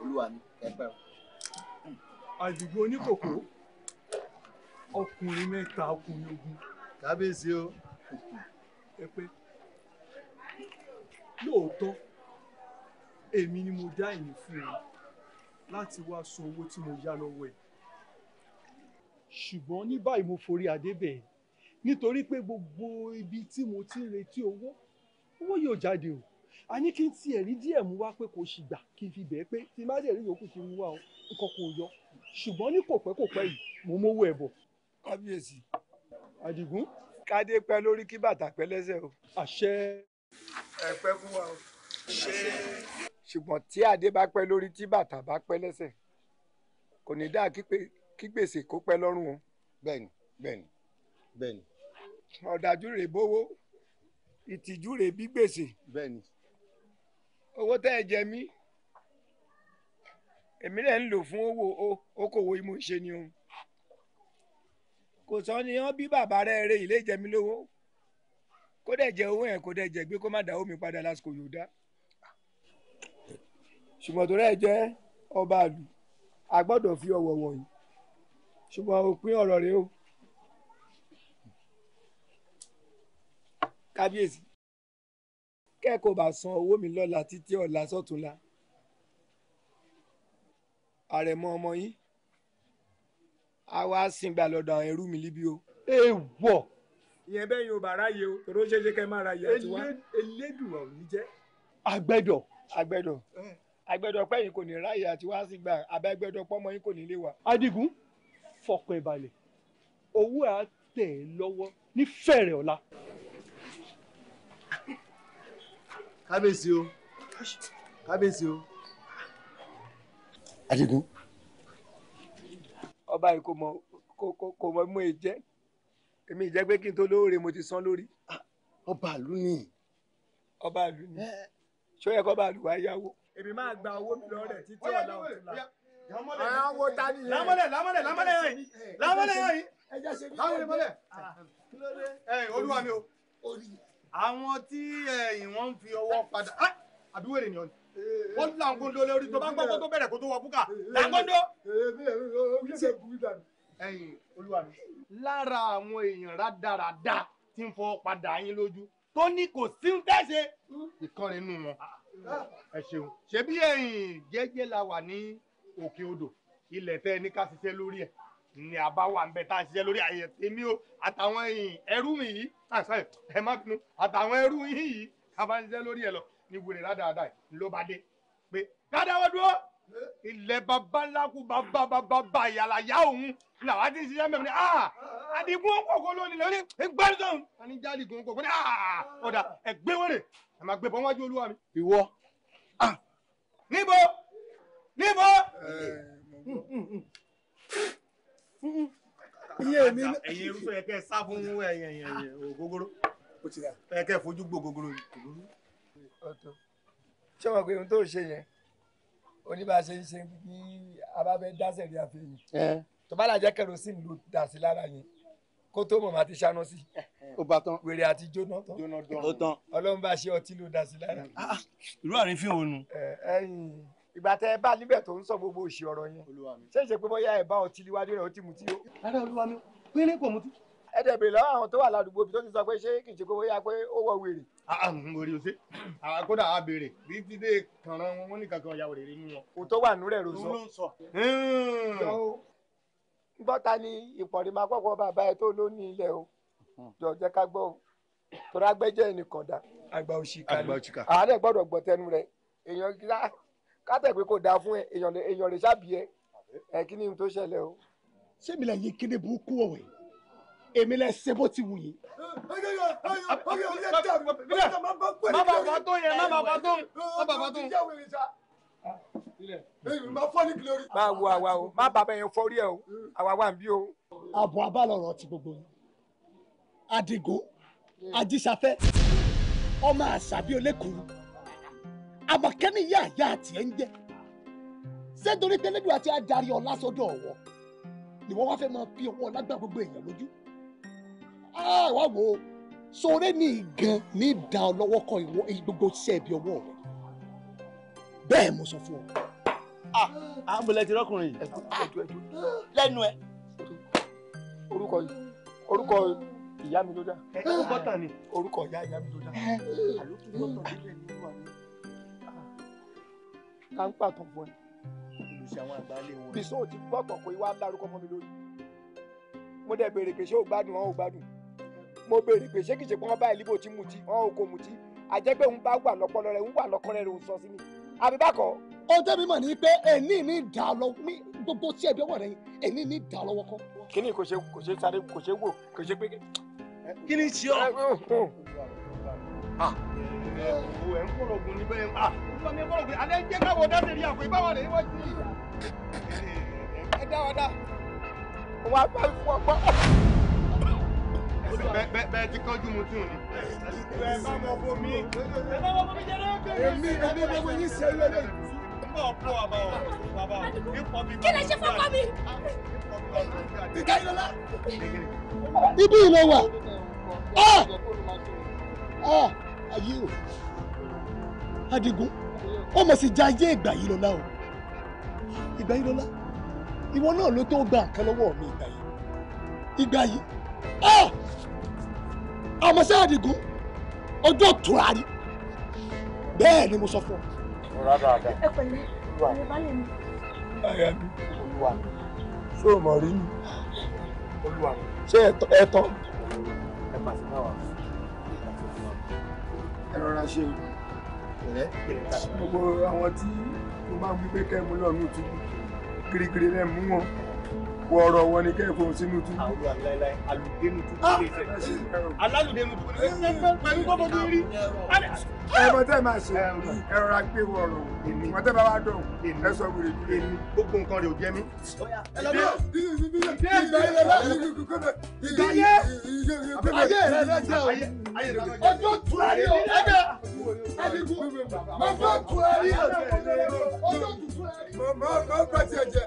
olúwa mi ẹgbẹ́ o. àdìgbò oníkòkò ọkùnrin mẹ́ta ọkùnrin ogun. kábíyèsí o. ẹ pé lóòótọ́ èmi ni mo dá ìní fún ẹ láti wá san owó tí mo yá lọ́wọ́ ẹ ṣùgbọ́n ní báyìí mo forí adé bẹ̀ẹ́ nítorí pé gbogbo ibi tí mo ti ń retí owó owó yóò jáde o a ní kí n tiẹ̀ rí díẹ̀ mú wá pé kò sì gbà kí n fi bẹ̀ẹ́ pé tí má dẹ̀ rí yòókù kí n mú wá o nǹkan kò yọ ṣùgbọ́n ní kò pẹ́ kò pẹ́ yìí mo mówó ẹ̀ bọ̀. kábíyèsí. àdìgún. kádé pẹ́ lórí kí bàtà pẹ́ lẹ́sẹ̀ o. àṣẹ. ẹ pẹ́ fún wa o. ṣé. ṣùgbọ́n tí adé bá pẹ́ lórí tí bàtà bá pẹ́ lẹ́sẹ̀ kò ní dáa kí gbèsè kó pẹ́ lọ́rùn o. bẹ́ẹ̀ni bẹ́ẹ̀ni bẹ́ẹ̀ni ọ̀dájú rèé bówó ìtìjú rèé bí gbèsè. owó tẹ́ ẹ jẹ mí èmi rẹ̀ ń lò fún owó okòwò yìí ṣe ni o kò sọ ni wọn bí bàbá rẹ rẹ ilé jẹ mí lówó kó dẹ̀ jẹ owó yẹn kó dẹ̀ jẹ gbé kó má dáwó mi padà lásìkò yóò dá ṣùgbọ́n tó rẹ̀ jẹ́ ọba àlù a fi ọ̀wọ̀ wọ̀nyí ṣùgbọ́n òpin ọ̀rọ̀ rẹ o. kábíyèsí kẹ́kọ̀ọ́ bá san owó mi lọ́la títí ọ̀la sọ́túnla àrẹ̀mọ ọmọ yín a wá sìngbà lọ́dọ̀ àwọn ẹrú mi líbi o. èèwọ̀. ìyẹn bẹ́ẹ̀ yóò bá ráyè o tòró ṣeéṣe kẹ́ máa ra ìyá tiwa. elédùnmọ̀ ò ní jẹ́. àgbẹ̀dọ̀. àgbẹ̀dọ̀ àgbẹ̀dọ̀ pẹ́yìn kò ní ráyè àti wá sìngbà àbẹ́gbẹ̀dọ̀ pọ́mọ yín kò ní lè wà. adigun fọkàn ìbàlẹ̀ owó àtẹ̀ lọ́wọ́ ní fẹ̀rẹ̀ ọ̀la. kábíyèsí o kábíyèsí o. adigun. ọba yìí kò mọ kò mọ mú e jẹ èmi ìjẹ pé kí n tó lóore mo ti san lórí. ọba àlú ni. ọba àlú ni ṣó yẹ kó ọba àlú wá yáwó. èmi máa gba owó mi lọ rẹ títí ọ̀la ọ̀túnla. àwọn wo ta ni yẹn. lámọ́lẹ̀ lámọ́lẹ̀ lámọ́lẹ̀ yìí lámọ́lẹ̀ yẹn yìí. ẹ jẹ́ ṣe bí. lámọ́lẹ̀ mọ́lẹ̀. olúwa mi o àwọn tí ẹ̀yìn eh, wọn ń fi ọwọ́ padà ah! àbí wèrè ni ọ ni ó ń lan kóńdó lórí tó bá ń gbọ́ tó bẹ̀rẹ̀ kó tó wọ búkà lan kóńdó. ẹ̀yin olúwa mi. lára àwọn èèyàn rádaràda tí ń fọwọ́ padà yín lójú tó ní kò sí ń tẹ̀sẹ̀ ìkànnì inú wọn ẹ ṣeun ṣebí ẹ̀yin jẹ́jẹ́ la wà ní òkè odò ilẹ̀ tẹ́ ẹ ní ká ṣiṣẹ́ lórí ẹ̀ ni a bá wà nbẹ tá a ṣiṣẹ́ lórí ayẹyẹ tèmi o àtàwọn ẹrú mi yìí ah, ẹ má bínú àtàwọn ẹrú yìí yìí a bá ń ṣiṣẹ́ lórí ẹ lọ ní wèrè ládàáda ẹ ló bá dé pé dáadáa wọ́n dúró ilẹ̀ bàbá ńláku bàbá bàbá ìyàlàyà òun làwọn àti ṣiṣẹ́ mẹ́rin ah, ní ah àdìgún òkòkò lónìí lórí gbẹ́rùsọ̀n àní jáde gùn òkòkò ní ah ọ̀dà ẹ̀gbẹ́ wẹ̀rẹ̀ ẹ̀ máa gbé bọ́ wájú olúwa mi. ìwọ ah, níbo níbo iye mi. ẹ̀yin irúfẹ́ yẹ kẹ́ ẹ sá fún ògógóró ẹ kẹ́ ẹ fojú gbó ògógóró yìí. ọ̀tọ̀ ṣé wọ́n pe ohun tó ṣe yẹn oníbàṣe ń ṣe bí abáfẹ́ dáṣẹ̀ rí àfihàn tó bá lajẹ́ kerosene ló dà sí lára yẹn kó tó mọ̀ máa ti ṣáná sí. ó bá tán wèrè àti jóná tán jóná tán ọlọ́run bá ṣe ọtí ló dà sí lára. Ah, irú àrífín òun nu. ìgbà tẹ ẹ bá níbẹ̀ tó ń sọ gbogbo òṣì ọ̀rọ̀ yẹn ṣé ṣe pé bóyá ẹ ọtí níwájú rẹ̀ ó ti o. rárá olúwa mi péré kò mutí. ẹ dẹ̀ bèrè lọ́wọ́ tó wà ládùúgbò bí ti sọ pé ṣé kì í ṣe pé bóyá pé ó wọ wèrè. Ah, ah, orí o ṣe àkódà ah, a béèrè bí dídé wọn ìyàwó nínú wọn. tó wà nú sọ. Hmm. ni ìpọ̀nrín máa kọ́kọ́ bàbá ẹ tó ilẹ̀ o hmm. jọ jẹ́ ká gbọ́ o torí kátẹ̀ pé kò dáa fún ẹ èèyàn lè ṣàbí ẹ ẹ kí ni n tó ṣẹlẹ̀ o. ṣé mi lè yí kéde burúkú ọ̀wẹ̀ èmi lè ṣe bó ti wù yín. má bàbá tó yẹ má bàbá tó má bàbá tó. máa wo àwa o má bàbá yẹn fọ́rí ẹ o àwa wà ń bí o. àbọ̀ abálọ̀rọ̀ ti gbogbo yín Adigun Ajíṣafẹ́ ọmọ àṣàbí olékùnrin àmọ̀kẹ́ ni ìyá àyá àti ẹ̀ ń jẹ́ ṣé torí pé lẹ́dùn àti adarí ọ̀la sọ́dọ̀ ọ̀wọ́ ni wọ́n wá fẹ́ máa fi ọwọ́ ọ̀la gbà gbogbo èèyàn lójú àwa wo sọ̀rẹ́ ní ìgan ní ìdá ọlọ́wọ́ kan ìwọ gbogbo iṣẹ́ ibi ọwọ́ rẹ̀ bẹ́ẹ̀ mo sọ fún ọ. àmọ̀lẹ́ ti rọ́kùnrin lẹ́nu ẹ̀ orúkọ orúkọ ìyá mi ló dá orúkọ ìyá ìyá mi ló dá àlọ́ tó gbọ́dọ̀ nílẹ̀ nínú àná ká ń pàtàn fún ẹ. olùsí àwọn àgbáálé wọn. bisọ ti gbọ́ tọ̀kọ̀ ìwà dárúkọ mọ́ mi lórí. mo dẹ̀ béèrè pé ṣé o gbádùn wọn ò gbádùn. mo béèrè pé ṣé kìí ṣe pé wọ́n báyìí líbo ti mutí wọn ò kò mutí. àjẹgbẹ́ òun bá wà lọ́pọlọ rẹ̀ òun wà lọ́kọ́rẹ́ rẹ̀ òun sọ sí mi. àbí bákọ̀. ó jẹ́ mímọ̀ ní pé ẹ̀ní mi dà lọ ní gbogbo tí ẹ̀bí ọwọ́ rẹ̀ ẹ̀ní mi dà lọ́wọ́ kọ́. kí ni kò ṣe kò ṣe sáré kò ṣe wò kò ṣe pé kí ni ṣe ọ owó ẹ̀ ń kọ̀rọ̀ ogun níbẹ̀ ẹ̀ ah olúwa mi kọ̀rọ̀ ogun alẹ́ jẹ́ káwọ̀ dáṣe rí àpò ìbáwọ̀ rẹ̀ wọ́n ti ẹ dáwọ́dá òun apá fún ọgbọ́. bẹ́ẹ̀ ti kánjú mu tí ò ní. ẹ bá mọ bo mi ẹ bá mọ bo mi jẹ́rẹ́ ọkọ mi. èmi ibi ìlọ wà. Ah! Ah! ayé o adigun ó mọ̀ sí jayé ìgbà yìí lọ́la o ìgbà yìí lọ́la ìwọ náà ló tó gba nǹkan lọ́wọ́ mi ìgbà yìí ìgbà yìí àmọ́ sí adigun ọjọ́ tùràrí bẹ́ẹ̀ ni mo sọ fún ọ. rárá rárá ẹ pẹ̀lẹ́ ẹ bá lè mi. àyà mi olúwa mi ṣé o mọ̀ rí mi olúwa mi ṣé ẹ tọ́ ẹ tọ́ ẹ pàṣẹ náà wà fún mi ẹ̀rọra ṣe o gbogbo àwọn tí mo bá wí pé kẹ́ mú lọ́ọ̀nù túbú kirikiri lẹ́mú wọn ọ̀rọ̀ wọn ni kẹ́ẹ̀ fún sínú tú. àwọn àlàyé alùdénú tú kí lè ṣe alálùdénú tú kí lè ṣe pẹ̀lú gbọ́dọ̀ tó rí. ẹ̀rọ tẹ́ máa ṣe ẹ̀rọ ra gbé wọ ọ̀rọ̀ wọn tẹ́ bá wá dọ̀ ẹ sọ wèrè bí èmi. gbogbo nǹkan rẹ̀ ò jẹ́ mí. ọjọ́ tuwari o ẹgbẹ́ adigun mọ̀fọ́ tuwari o ọjọ́ tuwari. mọ̀ mọ̀ mọ̀ gbàtí ẹ̀jẹ̀.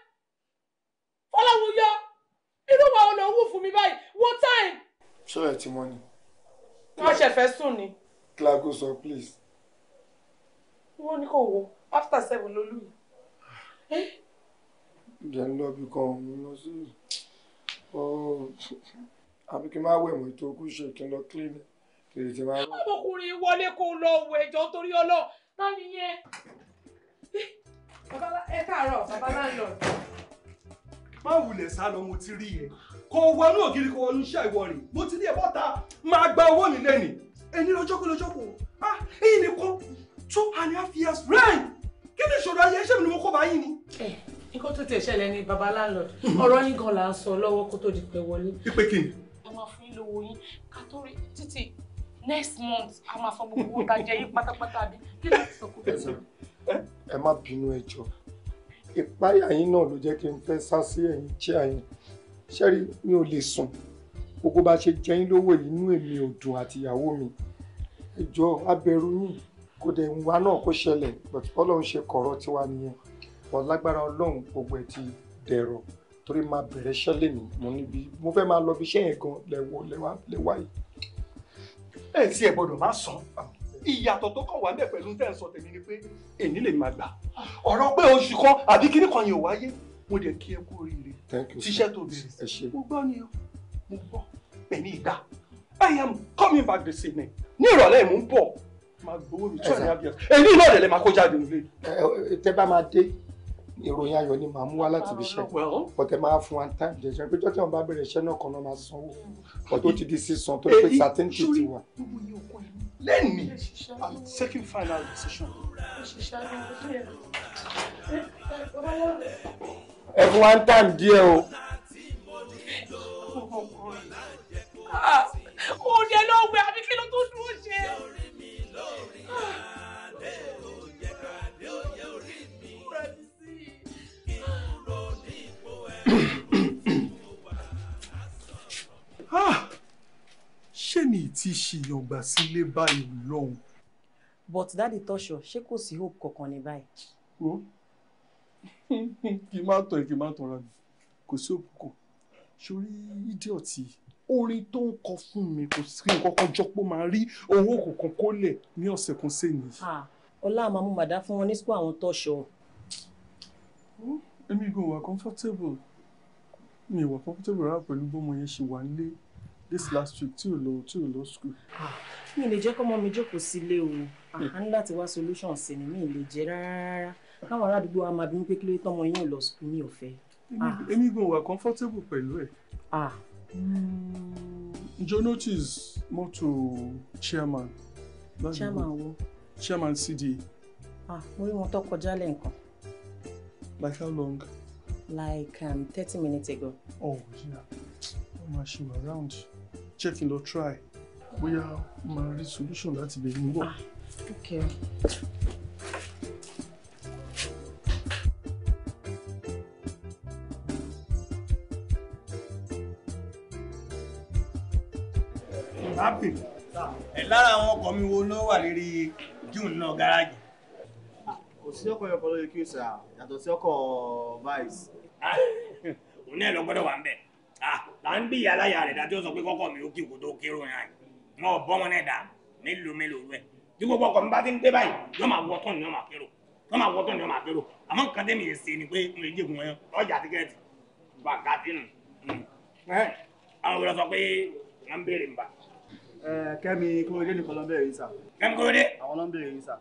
Fọláwùyọ irú wa ò lọ wù fún mi báyìí what time. ṣé ẹ ti mọ ni. wọ́n ṣe fẹ́ sùn ni. clago sọ please. wọ́n ní kò wọ after seven ló lù yìí. ǹjẹ́ ń lọ bí kan òun lọ sí oh. àbí kí n máa wẹ̀ mọ́ ètò okú ṣe kí n lọ clean kí n ti máa. ọmọkùnrin wọlé kó lọ wọ ẹjọ́ torí ọlọ náà nìyẹn. ẹ káàárọ̀ bàbá láńlọ́ọ̀dù má wulẹ̀ sá lọ mo ti rí yẹn kò wọnú ògiri kò wọnú iṣẹ́ ìwọ rìn mo ti rí ẹ̀ bọ́ta máa gba owó nílé ni ẹni lọ́jọ́ kó lọ́jọ́ kó ah èyí nìkan two and a half years rent kí ni ìṣòro ayé ṣé mi ni mo kó bá yín ni. nǹkan tó ti ṣẹlẹ̀ ni baba landlord ọ̀rọ̀ yín gan la ń sọ lọ́wọ́ kó tó di pé wọlé. pípé kí ni. a máa fún yín lówó yín ká tó rí títí next month a máa san gbogbo owó tá a jẹ yín pátápátá bí kí ló ti sọ kó ẹ má bínú ẹ ìpáyà yín náà ló jẹ́ kí n fẹ́ sá sí ẹ̀yìn chair yín ṣẹ́rí mi ò lè sùn gbogbo bá ṣe jẹ yín lówó inú èmi ò dùn àtìyàwó mi ìjọ abẹ̀rù yín kò dẹ̀ ń wá náà kó ṣẹlẹ̀ ọlọ́run ṣe kọ̀rọ̀ tiwa nìyẹn ọ̀lágbára ọlọ́run gbogbo ẹ̀ ti dẹ̀rọ̀ torí máa bẹ̀rẹ̀ iṣẹ́ lèmi mo níbi mo fẹ́ máa lọ bí iṣẹ́ yẹn gan lẹ́wọ́ lẹ́wà yìí ìyàtọ̀ tó kàn wá ń bẹ̀ pẹ̀lú tẹ́ ń sọ tèmi ni pé èmi lè máa gbà ọ̀rọ̀ pé oṣù kan àbí kíní kan yẹn ò wáyé mo dẹ̀ kí ẹ kú oríire tíṣẹ́ tó bẹ̀rẹ̀ mo gbọ́ ni mo gbọ́ pẹ̀lú ìgbà I am coming back this evening ní ìrọ̀lẹ́ mò ń bọ̀ máa gbowó mi tí ò ní abiyẹ èyí náà lè lè máa kó jáde nílé. tẹ́ bá máa dé ìròyìn ayọ̀ ni màá mú wá láti ibi iṣẹ́ ọ̀tẹ̀ máa fún wa time jẹjẹrẹ pé jọ́tí wọn bá bẹ̀rẹ̀ iṣẹ́ náà kan náà máa sanwó ọ̀tọ̀ ti di sísan tó pé certainty ti wà lẹ́nìí i'm taking final decision. ẹ fún one time díẹ̀ o. òde ló gbé àbí kí ló tó dúró ṣe. Ah. ṣé ni ìtì ṣìyàngbà sílé báyìí lọ́hùn. but dáàdi tọ́ṣọ ṣé kò sí hope kankan ní báyìí. wo kì í má tọ̀ ẹ́ kì í má tọ̀ra mi kò sí hope kò sórí ídíọ̀tì orin tó ń kọ fún mi kò sí nǹkan kan jọ pé màá rí owó kankan kó lẹ̀ ní ọ̀sẹ̀ kan sẹ́yìn. ọlá àmọ́ mo màdá fún wọn ní sùkúl àwọn tọ́ṣọ. èmi gan wà comfortable mi wà comfortable rárá pẹ̀lú bọ́mọ yẹn ṣe wà nílé this last week tí ò lọ tí ò lọ school. Ah, mi lè jẹ́ kọ́mọ mi jókòó sílé o ah, a ní láti wá solution sí ni mi lè jẹ́ rárá káwọn ará àdúgbò wa máa bí mi pé kí ló tọ́mọ yín ò lọ school mi ò fẹ́. èmi ah. gan wà comfortable pẹ̀lú ẹ̀. Hmm. ǹjọ́ notice mọ́tò chairman. chairman wo. chairman cd. mo rí wọn tó kọjá lẹ́ǹkan. like how long. like um, thirty minutes ago. oh yeah. Oh, she around jẹ́ kí n try We máa rí solution láti bèrè ń bọ̀. Ah, okay. happy. ẹ lára àwọn ọkọ mi wo ló wà lérí june náà gáràjì. kò sí ọkọ yọkọ lórí kí n sà yàtọ̀ sí ọkọ vice. Ah, òun náà lọ gbọ́dọ̀ wà ń bẹ̀. là ń gbìyà láyà rẹ̀ dájú sọ pé kọ́kọ́ mi ó kí kò tó kérò yàn án wọn ò bọ́ wọn mélòó mélòó rẹ̀ tí gbogbo ọkọ̀ ti ń dé báyìí ni yóò máa kérò yóò máa tán ni yóò máa kérò àmọ́ nǹkan tẹ́mi yẹn ṣe ni pé mo lè wọn ọjà tíkẹ́ẹ̀tì gba gàdí hmm. sọ pé wọ́n ń béèrè kẹ́mi kúròdé sà. kẹ́mi kúròdé. àwọn ló ń béèrè sà.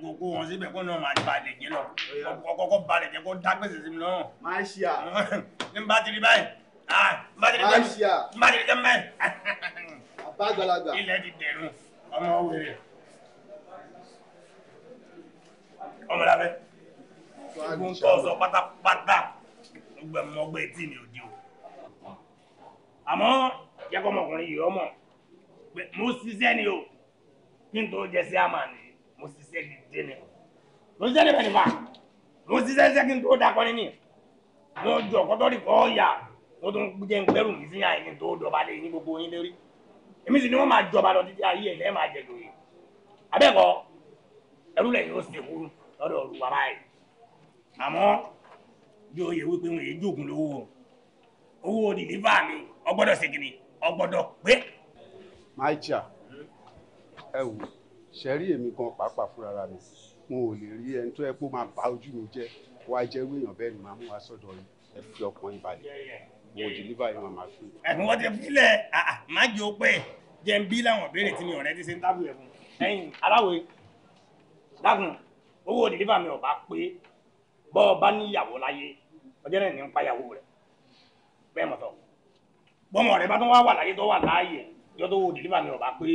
gbogbo wọn síbẹ̀ kó náà máa balẹ̀ jẹ́ lọ kọ́kọ́ balẹ̀ jẹ́ kó dágbèsè sí mi lọ́rùn. máa ṣe à. ní n bá ti rí báyìí n bá ti rí báyìí n bá ti rí báyìí. àbá àgbàlagbà. ilẹ̀ ti dẹ̀rùn ọmọ wèrè ọmọ labẹ́ gbogbo ń tọ́ sọ pátápátá gbogbo ẹ̀mọ́ ọgbẹ́ etí ni òdi o. àmọ́ jẹ́kọ̀ ọmọkùnrin yìí ọmọ mo ṣiṣẹ́ ni o kí n tó jẹ sí àmà ni mo ṣiṣẹ́ gidi ni mo ṣiṣẹ́ níbẹ̀ nípa mo ṣiṣẹ́ ṣiṣẹ́ kí n tó dakọ́ nínú mo jọ kọ́tọ́ rí kọ́ ọ̀yà mo tún jẹ́ ń gbẹ́rù mi sí àyè kí n tó dọ̀ba lé ní gbogbo yín lórí èmi sì ni wọ́n máa jọba lọ títí ayé ẹ̀ do máa jẹ lóye abẹ́kọ̀ ẹrú lẹ́yìn ó sì kúrú lọ́dọ̀ ọ̀rù bàbá yìí àmọ́ bí ó yẹ wípé wọn èyí jòògùn lówó owó òdìdí bá mi ọgbọ́dọ̀ ṣègìrì ọgbọ́dọ̀ pé. máa jà ẹ wò ṣe èmi kan pàápàá fúnra mi mo ò lè rí ẹni tó yẹ kó máa bá ojú mi jẹ́ wá jẹ́ irú èèyàn bẹ́ẹ̀ ni màá mú wa sọ́dọ̀ yìí ẹ fi ọkàn yín balẹ̀ mo dìlíbà yín màmá fún mi. ẹ̀fún wọ́n ti filẹ̀ má jẹ́ jẹ́ ń bí láwọn ìbéèrè tí mi ọ̀rẹ́ ti ṣe ń dábò ẹ̀ fún ẹ̀yìn aláwẹ̀ dákun owó dìlíbà mi ò pé bọ́ ọ bá níyàwó láyé ọjọ́ náà ní ń payàwó rẹ̀ bẹ́ẹ̀ mọ̀tọ́ bọ́mọ rẹ̀ bá tún wá wà láyé tó wà láàyè ọjọ́ tó dìlíbà mi ò pé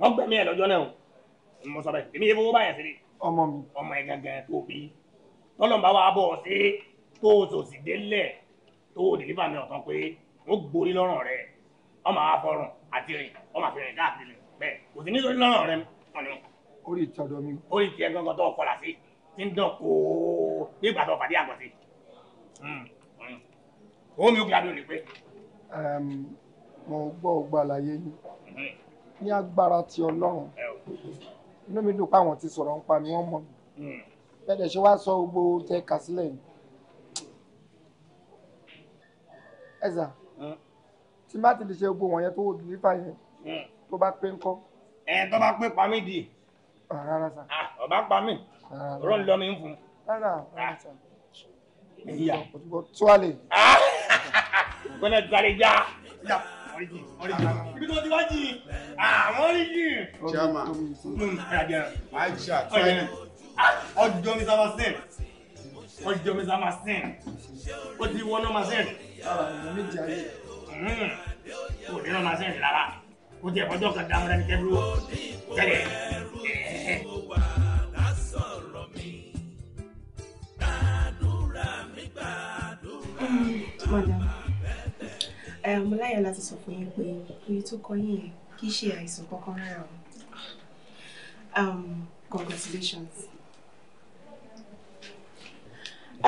wọ́n gbẹ̀mí ẹ̀ lọ́jọ́ náà mo sọ bẹ́ẹ̀ èmi yẹ fowó báyẹn sí ni. ọmọ mi. ọmọ yẹn gangan tó bí tọ́lọ́mùbá wa bọ̀ sí tó o tò sí délẹ̀ tó o dèlífà mi ọ̀tán pé wọ́n gborí lọ́rùn rẹ̀ ọmọ àwọn afọrùn àti rìn ọmọ àfi rìn káàkiri bẹ́ẹ̀ kò sí nítorí lọ́rùn rẹ̀ wọn ni. orí ti ọ̀dọ̀ mi. orí ti ẹ gangan tó kọlà sí ti ń dán kóó bí ìgbà tó fàdí àgbọ̀n sí. Hmm, owó hmm. mi ò gbé adúlé pé. mo gbọ́ ògbà àlàyé yín hmm. ní agbára ti Ọlọ́run inú mi dùn pé àwọn ti sọ̀rọ̀ ń pa ni wọ́n mọ̀ mí hmm. bẹ́ẹ̀ ṣe wá sọ gbogbo tẹ kà sílẹ̀ yìí ẹ̀sà hmm. tí má ti lè ṣe gbogbo wọ̀nyẹn tó wò dìlífà yẹn hmm. tó bá pé ńkọ́. ẹ tó bá pé pa mí di. Ah, rárá sà. Ah, ọba pa mí ọ̀rọ̀ ah, ń lọ mi ń fún. rárá rárá ìyá òtúbọ̀ tó lè. gbọ́dọ̀ tó wà lè já ibi tó ti wá jìn àwọn rí jìn. chairman hmm, aisha twenty. Ah, ọjọ́ mi sábà sẹ́ẹ̀ ọjọ́ mi sábà sẹ́ẹ̀ ó ti wọ́n náà máa sẹ́ẹ̀. kò ní náà máa sẹ́ẹ̀ rárá kò tiẹ̀ fọjọ́ kan dáhùn dání kẹ́bí ó tẹ̀lé. Madam mo láyọ̀ láti sọ fún yín pé oyè tó kọ yín kì í ṣe àìsàn kankan rárá o um, congratulations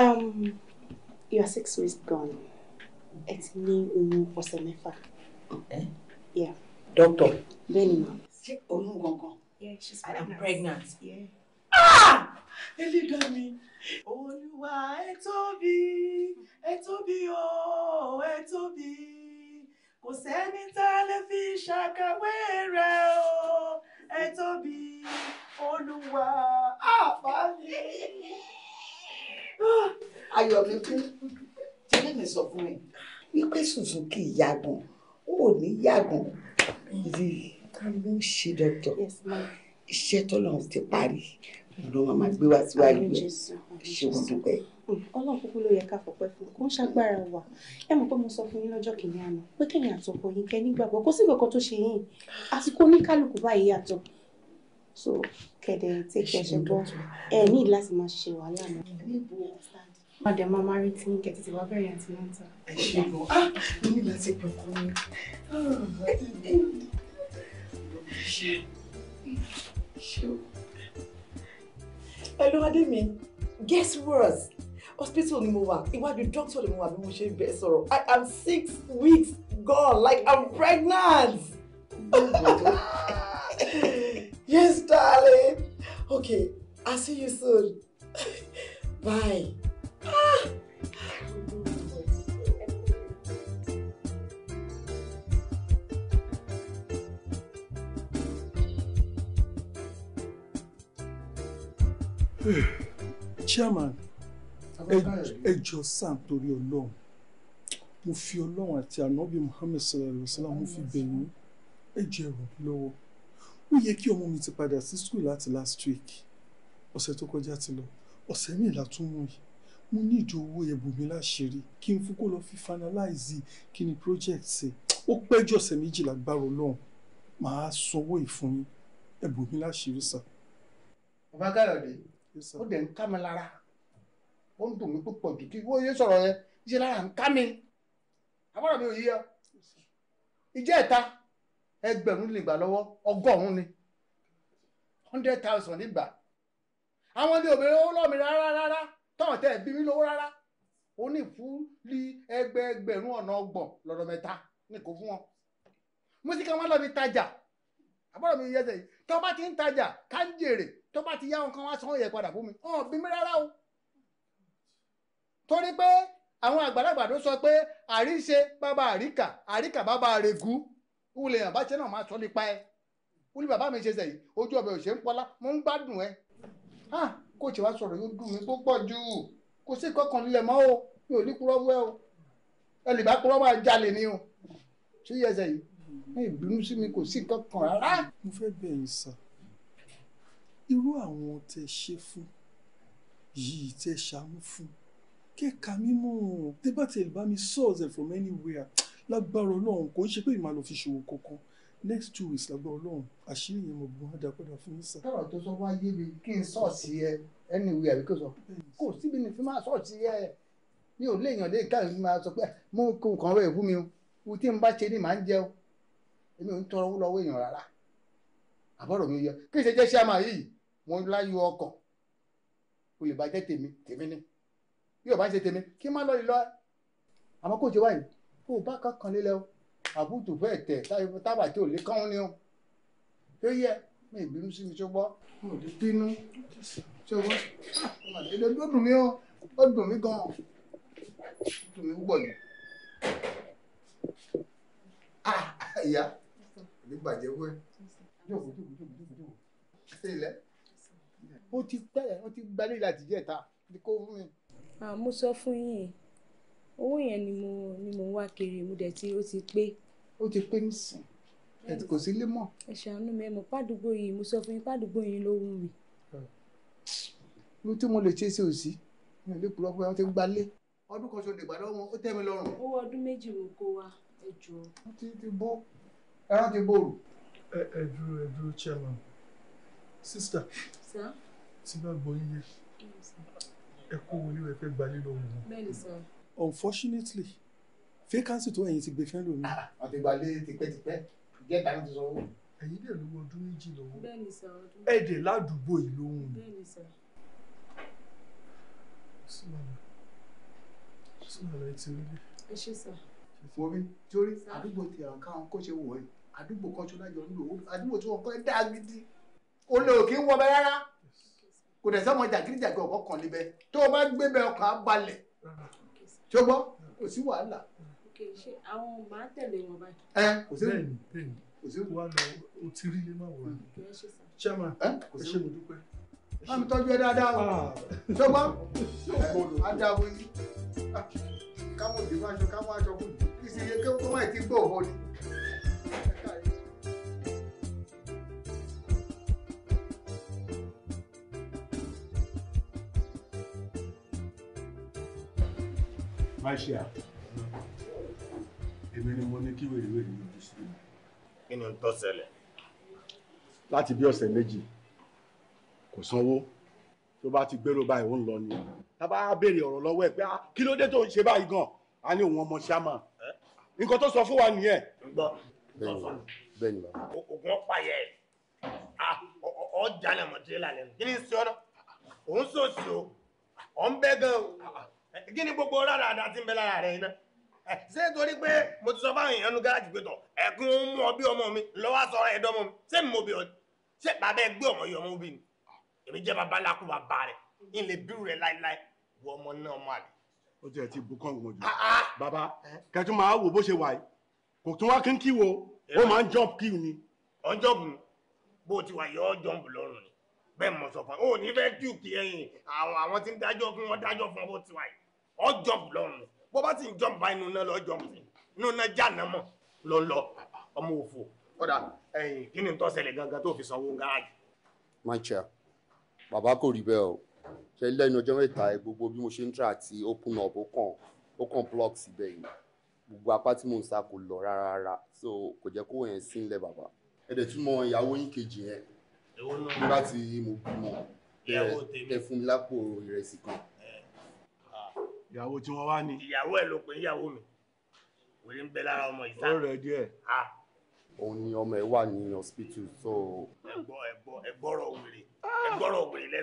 um, you are six weeks gone ẹ ti ní oyún ọ̀sẹ̀ mẹ́fà. doctor. bẹ́ẹ̀ni ma. ṣé oyún gangan. yeah she's pregnant. i am pregnant. Yeah. ah elédàá mi olúwa ẹ tóbi ẹ tóbi o ẹ tóbi kò sẹ́ni tá a lè fi ṣàkàwé rẹ̀ o ẹ tóbi olúwa àbá mi. ayọ̀ mi kú jẹ́lẹ́ mi sọ fún mi wípé Suzuki yàgùn ó ní yàgùn rí ló ń ṣe dọ́tọ̀ iṣẹ́ tọ́lọ́run ti parí ló máa gbé wá síwájú ẹ̀ ṣé wọ́n dúpẹ́. Mm. ọlọ́run kúkú ló yẹ ká fọpẹ́ fún kó ń ṣàgbára wa ẹ mọ̀ pé mo sọ fún yín lọ́jọ́ kìíní àná pé kẹ́yìn àtọkọ yín kẹ́ nígbàgbọ́ kó sí kankan tó ṣe yín àsìkò oníkálukú báyìí yàtọ̀ so kẹ̀dẹ̀ tí kẹ̀ ṣe gbọ́ ẹ ní láti máa ṣe wàhálà mọ́. Madam Mama Riti ń kẹ̀tì wá bẹ̀rẹ̀ àti mẹ́ta. Ẹ ṣe bọ̀, ah, mo ní láti pẹ̀kọ́ mi. Ṣé ṣé guess what? hospital ni mo wà iwájú doctor ni mo wà bí mo ṣe bẹ̀ sọ̀rọ̀ i am six weeks gone like i'm pregnant. yes darling okay i see you soon bye. Chairman, ẹ jọ̀ọ́ sam torí Ọlọ́run mo fi Ọlọ́run àti anabi Muhammad sallallahu alaihi mo fi bẹ̀ yín ẹ jọ̀ọ́ ó yẹ kí ọmọ mi ti padà sí skul láti last week ọ̀sẹ̀ tó kọjá ti lọ ọ̀sẹ̀ mi là yìí mo ní ìdí owó ẹ̀bùn mi láṣìírí kí n fún kó lọ fi finalize kí ni project ṣe ó pẹ́jọ́ ọ̀sẹ̀ méjìlá gbára Ọlọ́run màá sanwó ìfún yín ẹ̀bùn mi láṣìírí sà. bàbá Káyọ̀dé ó dẹ̀ ń ká lára ó ń dùn mí púpọ̀ jù kí wọ́n yé sọ̀rọ̀ yẹn ṣe lára ń ká mi àbọ̀rọ̀ mi ò yíyá ìjẹ́ ẹ̀ta ẹgbẹ̀rún lè gbà lọ́wọ́ ọgọ́rùn-ún ni hundred thousand nígbà àwọn ilé obìnrin ó lọ́ọ̀mí rárá rárá tọ́wọ̀n tẹ́ bí mi lówó rárá ó ní ọ̀nà ọgbọ̀n lọ́dọ̀ mẹ́ta ní kò fún wọn músíkà wọn lọ́ọ́ fi tajà àbọ̀rọ̀ mi yẹ sẹ́yìn tọ́ bá ti ń tajà ká ń jèrè tọ́ bá ti yá wọn kan wá sanwó yẹ padà fún mi ọ̀n bí mi rárá o torí pé àwọn àgbàlagbà ló sọ pé àríṣe bàbá àríkà àríkà bàbá àrègù wúlẹ̀ yàn bá náà máa sọ nípa ẹ̀ wúlẹ̀ bàbá mi ṣe sẹ́yìn ojú ọbẹ̀ òṣèré ń pọ́lá mo ń gbádùn ẹ̀ kó tiẹ̀ wá sọ̀rọ̀ yóò dùn mí púpọ̀ jù kò sí kọ́kàn lílẹ̀ mọ́ o mi ò ní kúrọ́ wẹ́ o ẹlẹ́bà kúrọ́ máa jalè ni o ṣé yẹ sẹ́yìn ní ìbínú sí mi kò sí kọ́kàn rárá. mo fẹ́ bẹ̀yìn sà irú àwọn tẹ ṣe fún yìí tẹ ṣàánú fún kẹ́ka mímọ́ tẹ́bàtì ẹ̀ bá mi source from anywhere lágbára ọlọ́run kò ń ṣe pé ìmọ̀ àlọ́ fi ṣòwò kankan next two weeks lágbára ọlọ́run àṣírí yẹn mo gbọ́n dá padà fún yín sá. tọ́rọ̀ tó sọ wá yé mi kí n sọ́ọ̀sì ẹ anywhere àbí kò sọ kò síbi ní fi máa sọ́ọ̀sì ẹ mi ò léèyàn lè ká mi máa sọ pé mo kò kàn rẹ̀ fún mi o ohun tí n bá ṣe ni màá ń jẹ o èmi ò ń tọrọ owó lọ́wọ́ èèyàn rárá àbọ̀rọ̀ mi yẹ kí n ṣe jẹ́ ṣé àmà yìí mo láyọ̀ ọkàn olùbàjẹ́ tèmi tèmi ni bí ọba ń ṣe tèmi kí má lọ́ọ́ lọ́ọ́ àmọ́ kò jẹ́ wáyé kó o bá kankan lélẹ̀ o àbújù bẹ́ẹ̀ tẹ̀ tábà tí ò lè kán ni o tó yẹ mi ìbínú sí mi tó gbọ́ mi ò lè bínú tó gbọ́ ah, mo lè lè dúdùn mi o ó dùn mí gan-an dùn mí púpọ̀ jù ah ìyá ìdí bàjẹ́ wẹ́ ó ti pẹ́ ó ti gbalé láti jẹ́ ta kó fún mi ah mo sọ fún yín owó yẹn ni mo ni mo ń wá kiri mo dẹ̀ ti ó ti pé. ó ti pé nísìn ẹtì kò sí lé mọ́. ẹ ṣàánú mi ẹ mọ̀ pàdúgbò yìí mo sọ fún yín pàdúgbò yìí ló wù mí. mo tí mo lè ṣe é ṣe òsì mi ò lè purọ́ pé wọ́n ti gbalé ọdún kan ṣo lè gbà lọ́wọ́ ó tẹ́ mi lọ́rùn. owó ọdún méjì mo kó wa ẹ jù ú. ti ti bó ẹran ti bòrò. ẹ ẹ dúró ẹ dúró chairman sista tí bá gbọ́ yíyẹ ẹ kó wọlé ẹ fẹ́ gbalé lọ́wọ́ wọn. bẹ́ẹ̀ni sọ. unfortunately vacancy tó ẹ̀yin ti gbé fẹ́ lómi. wọ́n ah, ti gbalé tipẹ́tipẹ́ gẹ́ta ló ti sọ owó. ẹ̀yin dẹ̀ lówó ọdún méjì lọ́wọ́. bẹ́ẹ̀ni sọ ọdún. ẹ dẹ̀ ládùúgbò yìí lóhùn. bẹ́ẹ̀ni sọ. sọlá ẹ ti rí bí. ẹ ṣe sọ. wọ́n mi torí àdúgbò ti àwọn káwọn kó ṣe wọ̀ ẹ́ àdúgbò kan ṣọlá jọ ń lò ó àdúgbò tí wọ́n kọ́ ẹ dáa gidi olè òkè ń wọ rárá kò dẹ̀ sọ́mọ jàgídíjàgí ọ̀kọ́ kan níbẹ̀ tó o bá gbé bẹ ọkàn á balẹ̀ ṣùgbọ́n kò sí wàhálà. àwọn màá tẹ̀lé wọn báyìí. ẹ kò sí bẹ́ẹ̀ni bẹ́ẹ̀ni kò sí wàá lọ o ti rí lé máa wọ̀ ọ́ ṣẹ́mà ẹ kò sí mo dúpẹ́. wọ́n mi tọ́jú ẹ dáadáa o ṣùgbọ́n adáwọ̀ yìí káwọn òdìbò aṣọ káwọn aṣọ kò dé kí sì yẹ kí wọ́n máa ti gbọ́ òhò ni. fáṣíà èmi ni mo ní kí wèrèwèrè yọjú sí mi. kí ni ń tó ṣẹlẹ̀. láti bí ọ̀sẹ̀ méjì kò sanwó tó bá ti gbèrò báyìí ó ń lọ ni tá bá béèrè ọ̀rọ̀ lọ́wọ́ ẹ̀ pé ah, kí ló dé tó ń ṣe báyìí gan a ní òun ọmọ ṣáma nǹkan tó sọ fún wa nìyẹn. bẹ́ẹ̀ni bá. oògùn ọ̀páyẹ ah, ọjà lẹ́mọ̀tẹ́lá lẹ́nu kí ni sọ́nà òun sòsì ọ̀ ń bẹ́ gan o kí ni gbogbo rárá àdá tí ń bẹ lára rẹ̀ iná ṣé torí pé mo ti sọ fáwọn èèyàn nu gáràjì pé tọ ẹkún mú ọ bí ọmọ mi lọ́wọ́ sọ ẹ̀dọ́ ọmọ mi ṣé mo bí ọ ṣé bàbá ẹ gbé ọmọ yìí ọmọ bí ni èmi jẹ́ bàbá lákú bàbá rẹ̀ ń lè bírù rẹ̀ láíláí wọ ọmọ náà mọ́ àlè. ó jẹ́ ti bukọ́ wọn jù ah, ah. bàbá kẹtù máa wò bó ṣe wà yìí kò tún wá kí n kí wo ó máa ń jọ́ọ̀bù kí ni. ọ̀ ń jọ́ọ̀bù bó ti wà yọ ọ́ jọ́ọ̀bù lọ́rùn ni bẹ́ẹ̀ mọ̀ sọ fún ọ ò ní fẹ́ dùn kí ẹ̀yìn àwọn àwọn tí ń dájọ́ fún wọn dájọ́ fún ọ bó ti wà yìí ọ jọ̀mù lọ́rùn bó bá sì ń jọ̀mù bá inú náà lọ jọ̀mù sí inú náà já náà lọ lọ ọmọ òfò kódà ẹ̀yìn kí ni tó ṣẹlẹ̀ gangan tó fi sanwó gáàjì. my chair bàbá kò rí bẹ́ẹ̀ o ṣe lẹ́nu ọjọ́ mẹ́ta ẹ gbogbo bí mo ṣe ń tra àti open up ó kàn ó kàn block síbẹ̀ yìí gbogbo apá tí mò ń sá kò lọ rárá rárá so kò jẹ́ kó yẹn sí ńlẹ̀ bàbá ẹ dẹ̀ tún mọ ìyàwó yín kejì yẹn nígbà tí mo bímọ ẹ fún mi lápò ìrẹsì kan. ìyàwó tí wọ́n wá ní. ìyàwó ẹ̀ ló pè mi wèrè ń bẹ lára ọmọ ìta. ó rẹ̀ díẹ̀. òun ni ọmọ ẹ wà ní so. ẹgbọ́ ẹgbọ́ wèrè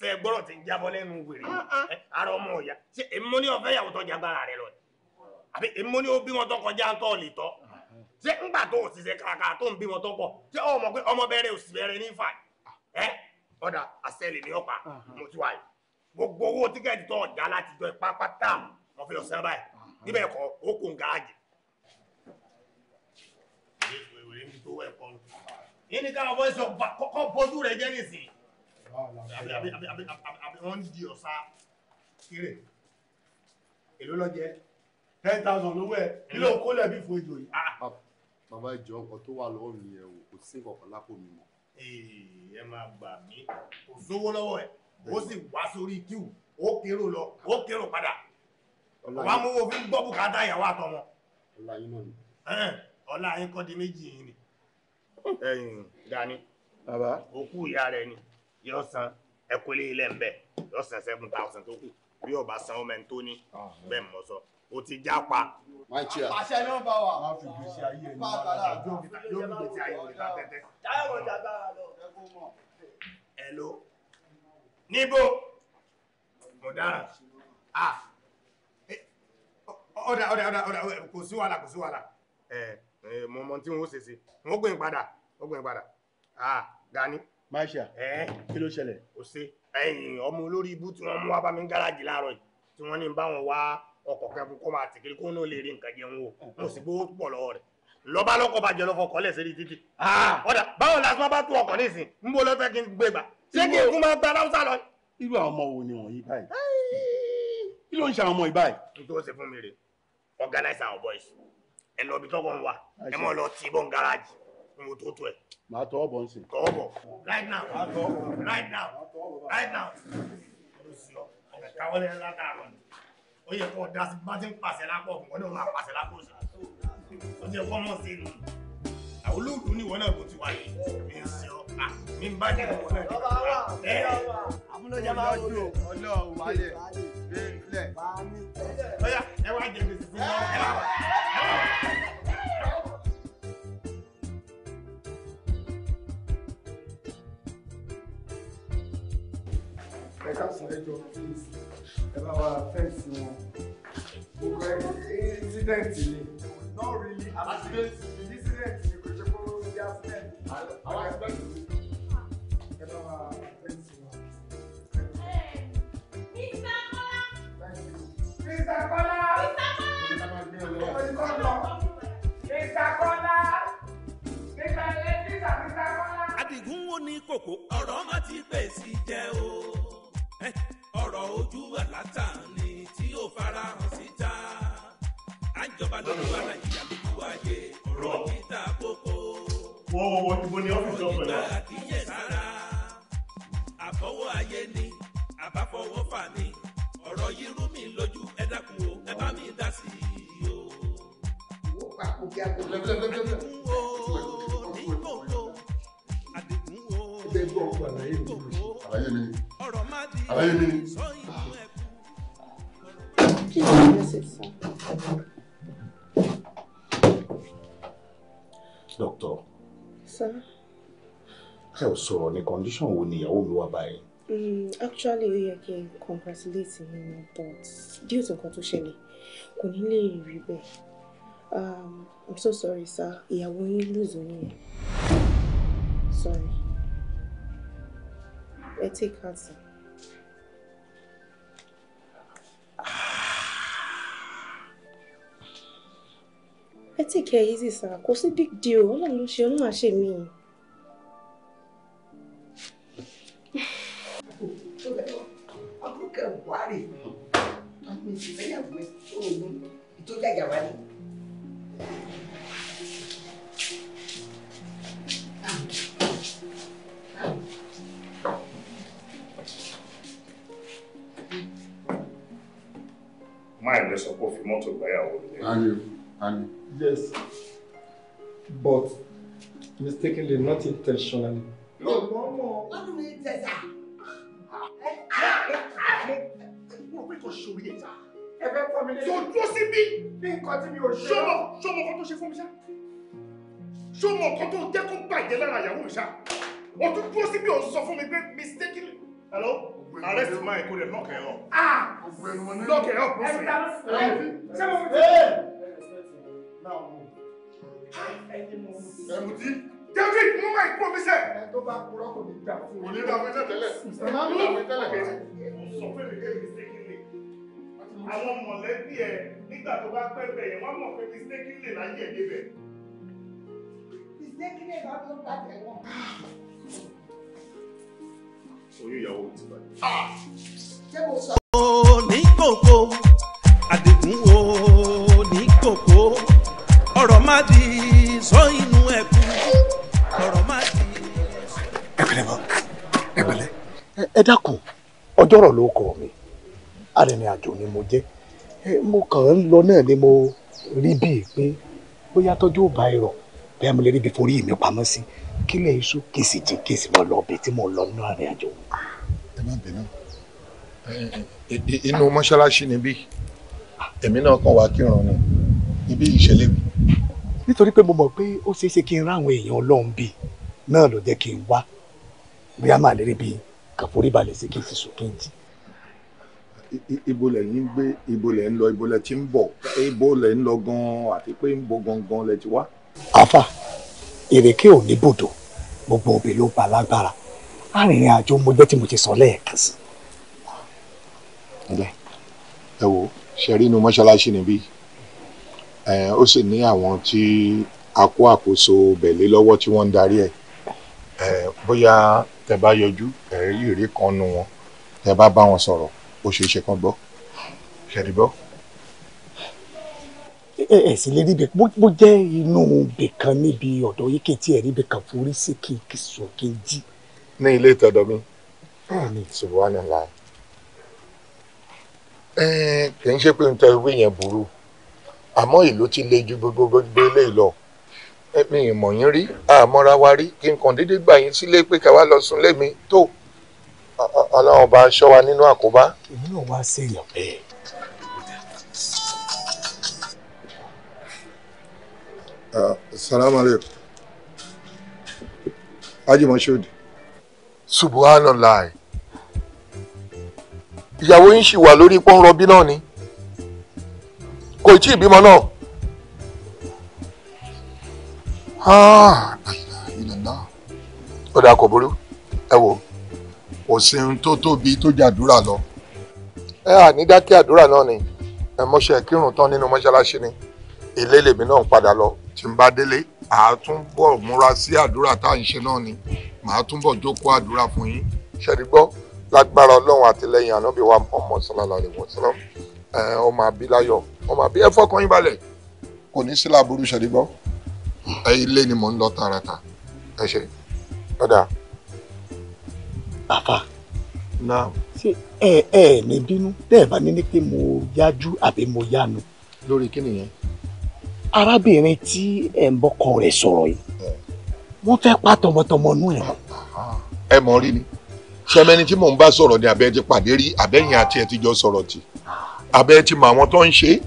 wèrè wèrè ti ń wèrè ah, ah. ara ọmọ ọ̀yà èmi ní ìyàwó tó rẹ lọ àbí èmi ní gbogbo owó tíkẹ́ẹ̀tì tó ọ̀dá láti jọ ìpápá táàmù ọ̀fẹ́ lọ sẹ́rẹ́ báyìí níbẹ̀ kọ́ ó kún gáàjì. yìí ni káwọn bọ́sẹ̀ kọ́ bójú rẹ̀ jẹ́ nìsín. wọ́n ń di ọ̀sá kéré èló lọ jẹ ten thousand lówó ẹ nílò kólẹ̀ bí fún ejò yìí. Ah. bàbá ìjọ ọkọ tó wà lọ́wọ́ mi yẹn o kò sí nǹkan kan lápò mi mọ́. ẹ máa gbà mí kò sówó lọ́wọ́ ẹ̀ ó sì wá sórí kíw ó kérò lọ ó kérò padà wàá mú wo fi ń gbọ́ bùkátà ìyàwó àtọmọ. ọlá yín náà ni. ọlá yín kọ́ di méjì yín ni. ẹ̀yin Gani òkú ìyá rẹ ni yóò san ẹkúlé ilẹ̀ ń bẹ̀ yóò san seven thousand tó kù bí ọba san ọmọ ẹni tó ní bẹ́ẹ̀ mọ̀ sọ o ti já pa. àṣẹ ni bá wà. má fi gbèsè ayé ẹni má bàa yóò fi gbèsè ayé ẹni bá tẹ́tẹ́. táyọ̀ mọ̀ jàgbá lọ. ẹ ló. nibo ọ̀daràn ah ọ̀dà ọ̀dà ọ̀dà ọ̀dà kò sí wàhálà kò sí wàhálà ẹ ẹ mọ̀ tí wọ́n ó ṣèṣe gbìn padà gbìn padà ah Gani. kí ló ọmọ olórí ibú tí mú yìí tí ní bá wọn wá kẹfún kó máa tìkiri kó náà lè rí nǹkan jẹun mo sì ṣé kí ikú máa gba láwùsá lọ. irú àwọn ọmọ wo ni wọ̀nyí báyìí kí ló ń ṣe àwọn ọmọ yìí báyìí. n tó ṣe fún mi rè organize our boys ẹ lọ ibi tọkọ ń wà ẹ mọ lọ tí bọ́n gáràjì mo tó tó ẹ. màá tọ́ ọ̀bọ̀ nsìn. tọ́ ọ̀bọ̀ right now right now right now ọ̀rẹ́ káwọ́lé ńlá dàrọ̀ ni ó yẹ kó dá sí bá ti ń pàṣẹ lápò fún wọn ní wọn máa pàṣẹ lápò sí ó jẹ kọ́mọ̀ sí inú àwọn olóòdù ni wọn náà kò ti wáyé mi ń ṣe ọ mi ń bá jẹ́ please ẹ bá wa fẹ́ǹsì wọn gbogbo ẹ incident ni. not really accident incident ti afẹ́ àwọn ẹgbẹ́ tó ẹ bá wa fẹ́ sí wa. Mr. Kọ́lá. Mr. Kọ́lá. Mr. Kọ́lá. Mr. Kọ́lá àdìgún wo ni kòkó. ọ̀rọ̀ má ti pè sí jẹ́ o. ọ̀rọ̀ ojú àlátà ni tí ó farahàn síta. àjọba lójú àlàyé àlùkù ayé ọ̀rọ̀ yìí wọ́n wọ́n wọ́n ibo ni ọ́fíìsì ọ̀pẹ̀ náà. ìgbà àkíyèsára àbọ̀wọ̀ ayé ni àbáfọwọ́ fà ni ọ̀rọ̀ yìí rú mi lójú ẹ dákun o ẹ bá mi dá sí i o. owó papò kí a kò lẹ́gbẹ̀lẹ́gbẹ̀. àdìgún o àdìgún o àdìgún o ọ̀rọ̀ má di sọ ìlú ẹ̀ Please don't miss it, sir. Doctor, Sir, ẹ ò sọ̀rọ̀ ní condition wo ni ìyàwó mi wà báyìí. Mm, actually ó yẹ kí n congratulate mi ni but due to nǹkan tó ṣẹlẹ̀ kò ní lè rí bẹ́ẹ̀ um, i'm so sorry sá ìyàwó yín lùzọ nìyẹn sorry ẹ take heart sir. ẹ tí kẹ easy sir kò sí big deal ọlọ́run ló ṣe ọlọ́run àṣẹ mi. akókè wàárì àwọn ìṣẹ̀lẹ̀yàwó oògùn ìtọ́jàjà wà ní. máa lè sọ pé ó fi mọ́tò gbáyàwó rẹ̀. And yes, but mistakenly, not intentionally. No, no, no. What do you mean, Mo pé kò ṣòwò yẹn. Ẹ fẹ́ fọ́ mi lé. Tó dúró sí bí. Bí nǹkan tí mi ò ṣe. Ṣọmọ ṣọmọ kan tó ṣe fún mi ṣá. Ṣọmọ kan tó jẹ́ kó bàjẹ́ lára ìyàwó mi ṣá. O tún dúró sí bí o sọ fún mi pé mistakenly. Hello? Arrest my kò lè lọ́kẹ̀ẹ́ lọ. Ah! Lọ́kẹ̀ẹ́ lọ. Ẹ ta ló sọ. Ṣé mo fi tẹ́? Oh, wò. ẹ̀mùtí. David mú máa kú ni àwọn mọ̀lẹ́bí wo ní kòkó ọ̀rọ̀ má di sọ inú ẹ̀kú ọ̀rọ̀ má di. ẹ pẹ̀lẹ́ bọ ẹ pẹ̀lẹ́. ẹ dákun ọjọ́rọ̀ ló kọ mi arìnrìn àjò ni mo jẹ́ mo kàn ń lọ náà ni mo rí bíi pé bóyá tọ́jú ò bá ẹ rọ̀ bẹ́ẹ̀ mo lè ríbi forí mi pamọ́ sí kí lè iṣu kì í sì jí kì í sì mọ lọ ọbẹ̀ tí mo lọ nínú arìnrìn àjò. ẹ má bínú inú mọ́ṣáláṣí níbí èmi náà kàn wá kírun ni ibi ìṣẹ̀lẹ̀ mi nítorí pé mo mọ̀ pé ó ṣeé ṣe kí n ráwọn èèyàn ọlọ́run bí náà ló jẹ́ kí n wá bí a máa lérí bí kàfórí balẹ̀ sí kí n fi sókè ń tì. ibo lẹ̀ ń gbé ibo lẹ̀ ń lọ ibo lẹ̀ ti ń bọ̀ ibo lẹ̀ ń lọ gan-an àti pé ń bo gangan lẹ̀ ti wá. afa ìrèké ò ní bòdò gbogbo òbí ló ba lágbára arìnrìn àjò mo gbé tí mo ti sọ lẹ́ẹ̀kan sí. ẹ wo ṣe rí inú mọ́ṣáláṣí níbí ó sì ní àwọn tí a kó àkóso bẹ̀lẹ́ lọ́wọ́ tí wọ́n ń darí ẹ̀ bóyá tẹ bá yọjú ẹ̀rí ìrí kan nu wọn tẹ bá bá wọn sọ̀rọ̀ ó ṣeé ṣe kán gbọ́ ṣẹ̀rí gbọ́. ẹ ẹ sì lè rí ibẹ̀ bó jẹ́ inú ibẹ̀ kan níbi ọ̀dọ̀ yìí kì í rí ibẹ̀ kan forí sí kí n sùn kí n jí. ní ilé ìtọ́dọ̀ mi ṣùgbọ́n àná láì kì í ṣe pé n tẹ ìwé yẹn burú àmọ́ ìlú ti le ju gbogbo gbogbo eléyìí lọ mi ì mọ̀ yín rí àmọ́ra wa rí kí n kàn déédéé gbà yín sílé pé ká wá lọ sùn lémi tó ọlọ́run bá aṣọ wa nínú àkóbá. èmi náà wá sí èèyàn bẹ́ẹ̀. salaam aleykum haji mashood. subhanallah ìyàwó yín ṣì wà lórí pọ́nrọ́bí náà ni kò tí ì bímọ náà. Ah, ó dà kò burú ẹ wò kò sí ohun tó tóbi tó jẹ àdúrà lọ. ẹ à ní dákẹ́ àdúrà náà ni ẹ mọ́ṣẹ́ kírun tán nínú mọ́ṣáláṣí ni ilé lèmi náà ń padà lọ tí n bá délé àtúnbọ̀ múra sí àdúrà tá à ń ṣe náà ni màá túnbọ̀ jókòó àdúrà fún yín ṣẹ́ni gbọ́ lágbára ọlọ́run àtìlẹ́yìn ànábì ọmọ sọlá lálẹ́ wọ̀ sọlá ọmọ àbí láyọ̀ ọmọ àbí ẹ fọkàn yín balẹ̀ kò ní sí láburú ṣẹlẹ gbọ ẹ ilé ni mò ń lọ tààràtà ẹ ṣe ọdà. bàbá ṣé ẹ ẹ ní bínú bẹ́ẹ̀ bá ní ní pé mo yájú àbí mo yánu. lórí kí nìyẹn. arábìnrin tí ẹ ń bọkọ rẹ̀ sọ̀rọ̀ yìí wọ́n fẹ́ pa tọmọtọmọ nú ẹ. ẹ mọ̀ rí ni sẹ́mẹ́ni tí mò ń bá sọ̀rọ̀ ni àbẹ́ ti pàdé rí àbẹ́yìn àti ẹ ti jọ sọ̀rọ̀ tì abẹ́ ti mọ àwọn tó ń ṣe.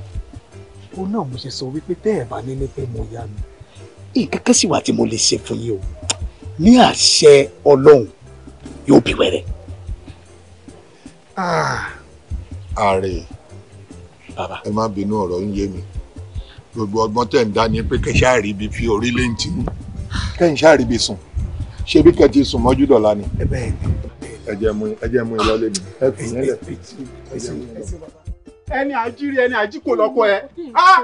ó náà mo ṣe sọ wípé tẹ́ ẹ̀ bá ní ní pé mo yá mi nǹkan kan sì wà tí mo lè ṣe fún yín o ní àṣẹ ọlọ́run yóò bí wẹ́rẹ́. Ah, ààrẹ ẹ má bínú ọ̀rọ̀ ń yé mi gbogbo ọgbọ́n tẹ̀ ń dá ni pé kẹ́sà àríbi fi orílẹ̀ ń tinú kẹ́sà àríbi sùn ṣé bí kẹ́ ti sùn mọ́jú dọ̀la ni. ẹ jẹ́ mú ẹ jẹ́ mú ilé ẹ fi yẹn lẹ̀ ẹni àjírí ẹni àjíkò lọ́kọ ẹ ah!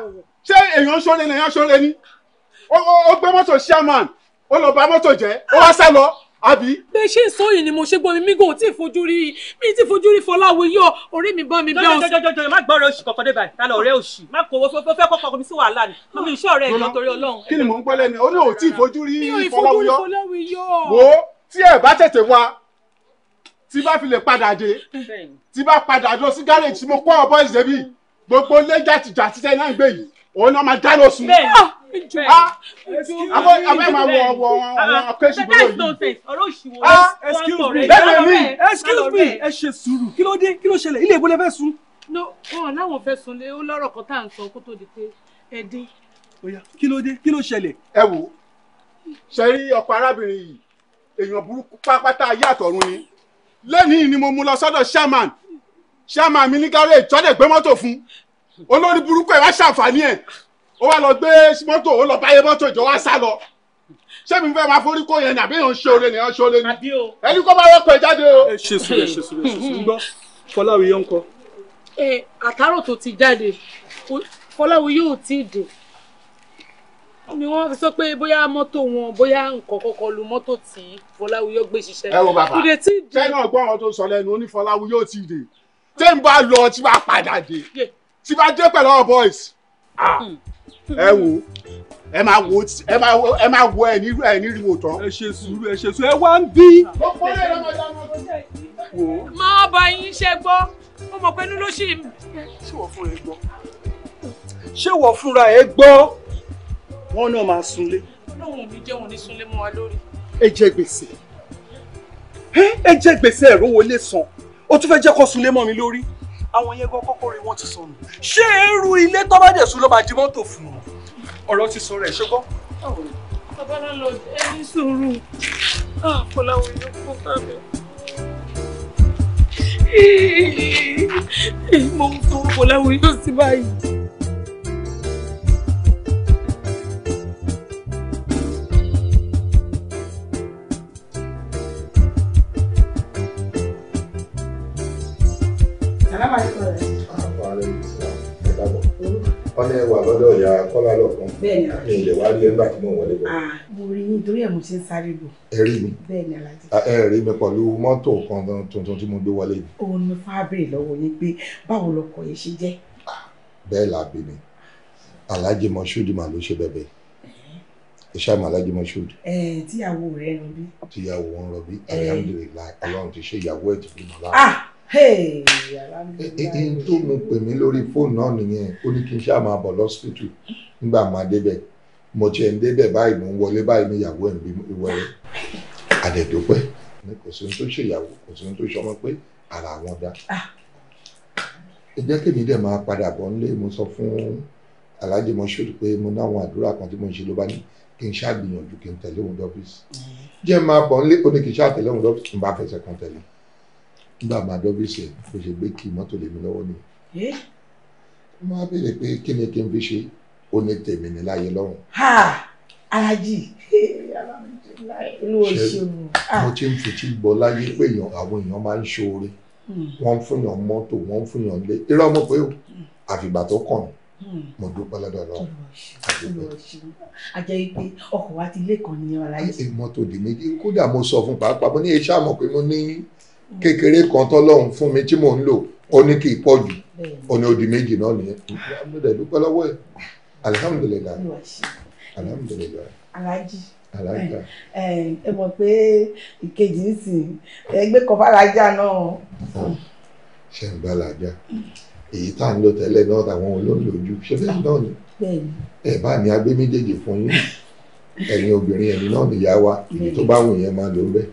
ṣé èèyàn ṣọlẹ ni èèyàn ṣọlẹ ni ó gbé mọ́tò chairman ó lọ bà mọ́tò jẹ́ ó wá sá lọ àbí. bẹ́ẹ̀ ṣe ń sọ yìí ni mo ṣe gbọ́ mi mí gan ò tí ì fojú rí mi tí ì fojú rí fọláwo yọ orí mi bá mi bẹ́ẹ̀ ọ̀sùn. jọjọjọjọ má gbọ́rọ̀ oṣù kọ̀ọ̀kan dé báyìí tálọ̀ ọ̀rẹ́ oṣù má kó o fẹ́ kọ́kọ́ mi sí wàhálà ni mo mi ìṣọ́ rẹ̀ lọ torí ọlọ́run. kí ni mò ń gbọ́ lẹ́nu ó ní ò tí ì fojú rí fọláwo yọ wo tí ẹ bá tètè wá tí bá fi lè padà dé tí bá padà lọ sí gárèjì mo kọ́ ọ̀bọ ìṣẹ́bí gbogbo ilé jàtìjà títẹ́ náà gbé yìí òun náà máa já lọ sùn. ah àbẹ̀ ah! máa wọ ọwọ́ àwọn akéṣù gbogbo yìí. Ah! excuse me bẹ́ẹ̀ mi excuse me ẹ ṣe sùúrù kí ló dé kí ló ṣẹlẹ̀ ilé ìbúlẹ̀ fẹ́ sun. no wọn láwọn fẹ́ sun lé ó lọ́rọ̀ kan tá à ń sọ kó tó di pé ẹ dé. kí ló dé kí ló ṣẹlẹ̀. ẹ wò ṣe rí ọkọ arábìnrin yìí èèyàn burúkú pápátá ayé àtọ̀run ni lẹ́nìí ni mo mú lọ sọ́dọ̀ chairman chairman mi ní gáré ìtọ́dẹ̀ gbé mọ́tò fún olórí burúkú ẹ̀ wá ṣàǹfààní ẹ̀ ó wá lọ gbé mọ́tò ó lọ báyé mọ́tò ìjọ wá sá lọ ṣé mi fẹ́ máa forí kó yẹn ni àbí èèyàn ṣe oore ni èèyàn ṣe oore ni ẹni kó bá rọ́pò ẹ̀ jáde o. ẹ ṣe sùúrù ẹ ṣe sùúrù gbọ́ fọláwí ń kọ. ẹ àtàrò tó ti jáde fọláwí yóò tí ì dé ni wọn sọ pé bóyá mọ́tò wọn bóyá nǹkan kọ́kọ́ lu mọ́tò tí Fọláwíyọ gbé ṣiṣẹ́. ẹ wo bàbá fẹ́ràn gbọ́ ọ̀rọ̀ tó sọ lẹ́nu ó ti dé tẹ́ ń bá lọ tí bá padà dé tí bá dé pẹ̀lú àwọn boys hmm. ẹ wo ẹ máa wo ẹ máa wo ẹ máa ẹ nílùú ẹ tán. ẹ ṣe sùúrù ẹ ṣe sùúrù ẹ wá ń bí. máa bá yín ṣe gbọ́ ó mọ̀ pé inú ló ṣì ń. ṣé wọ́n fúnra ẹ gbọ́. ṣé wọ́n fúnra ẹ gbọ́ wọ́n náà máa súnlé. ọlọ́run mi jẹ́ wọn ní súnlé mọ́ wa lórí. ẹ jẹ gbèsè ẹ jẹ gbèsè ẹ̀rọ wọlé san ó tún fẹ́ jẹ́ kó súnlé mọ́ mi lórí àwọn yẹn gan kọ́kọ́ rí wọ́n ti sọnù ṣé eru ilé tó bá dẹ̀ ló máa di mọ́tò fún un ọ̀rọ̀ ti sọ rẹ̀ ṣùgbọ́n. bàbá náà lọ ẹni sùúrù àpòláwò yóò kó tàbí. mo ń tọrọ pòláwò yóò sí báyìí. ọ̀nà ẹwà lọ́dọ̀ ìyá kọ́lá lọ́kàn kí n lè wá rí ẹgbà tí mò ń wọlé bọ̀. mo rí yín torí ẹ̀ mo ṣe ń sáré lò. ẹ rí mi ẹ rí mi pẹ̀lú mọ́tò kan tuntun tí mo gbé wọlé. òun ni fábírì lọ́wọ́ yín pé báwo lọkọ̀ yẹn ṣe jẹ́. bẹ́ẹ̀ la bí mi alhaji moshood mà ló ṣe bẹ̀bẹ̀ iṣẹ́ àmọ́ alhaji moshood. ẹ tíyàwó rẹ ń rọbí. tíyàwó ń rọbí alhamdulilayi ọlọ́run ti ṣe ìyàwó ẹ̀ tó fi mọ́ lára n tó mi pè mí lórí fóònù náà nìyẹn ó ní kí n ṣáà máa bọ̀ lọ́sípítù nígbà máa débẹ̀ mo tiẹ̀ ń débẹ̀ báyìí mo ń wọlé báyìí níyàwó ẹ̀ ń bí wẹ́rẹ́ àdẹ̀dọ́pẹ́ ní kò sí ohun tó ṣèyàwó kò sí ohun tó ṣọmọ pé ara wọn dá ah. ẹ jẹ́ kí mi dẹ̀ máa padà bọ̀ nílé mo sọ fún aláàjì mọ́ṣúrù pé mo náwọn àdúrà kan tí mo ń ṣe ló bá ní kí n ṣáà kí n tẹ̀lé òun dọ́fíìsì mm. jẹ́ máa bọ̀ nílé ó ní kí n ṣáà òun dọ́fíìsì nígbà máa dọ́bí ṣe kò ṣe gbé kí mọ́tò lè mi lọ́wọ́ ni. wọ́n á béèrè pé kí ni kí n fi ṣe ó ní tèmi ní láyé lọ́hùn. alájì olúwo ṣeun. Ah. mo ti ń fetí gbọ́ láyé pé àwọn èèyàn máa ń ṣoore hmm. wọ́n ń fúnyàn mọ́tò wọ́n ń fúnyàn lé irọ́ mọ̀ pé hmm. àfìgbà tó kàn hmm. mo dúpẹ́ lọ́dọ̀ lọ. àjẹ́ ipe ọkọ̀ wa ti lé kan ní ọ̀la yìí. mọ́tò di méjì kódà mo sọ fún pàápàá mo ní iṣẹ́ àmọ̀ pé mo ní kékeré kan tọ́lọ́run fún mi tí mò ń lò ó ní kì í pọ̀ jù ó ní odi méjì náà nìyẹn mo dẹ̀ dúpẹ́ lọ́wọ́ ẹ̀ alihamudulilayi alihamudulilayi. alhaji alájà ẹ mọ̀ pé ìkejì ń sìn ẹgbẹ́ kan fàlájà náà. Ah, ṣe ń bá làjà èyí tá à ń lò tẹ́lẹ̀ náà táwọn olóńlò ojú ṣe fẹ́ẹ́ náà ni ẹ bá ní agbé méjèèjì fún yín ẹ̀yin obìnrin ẹ̀yin náà nìyá wa ibi tó bá wù yẹn máa lò bẹ́ẹ̀.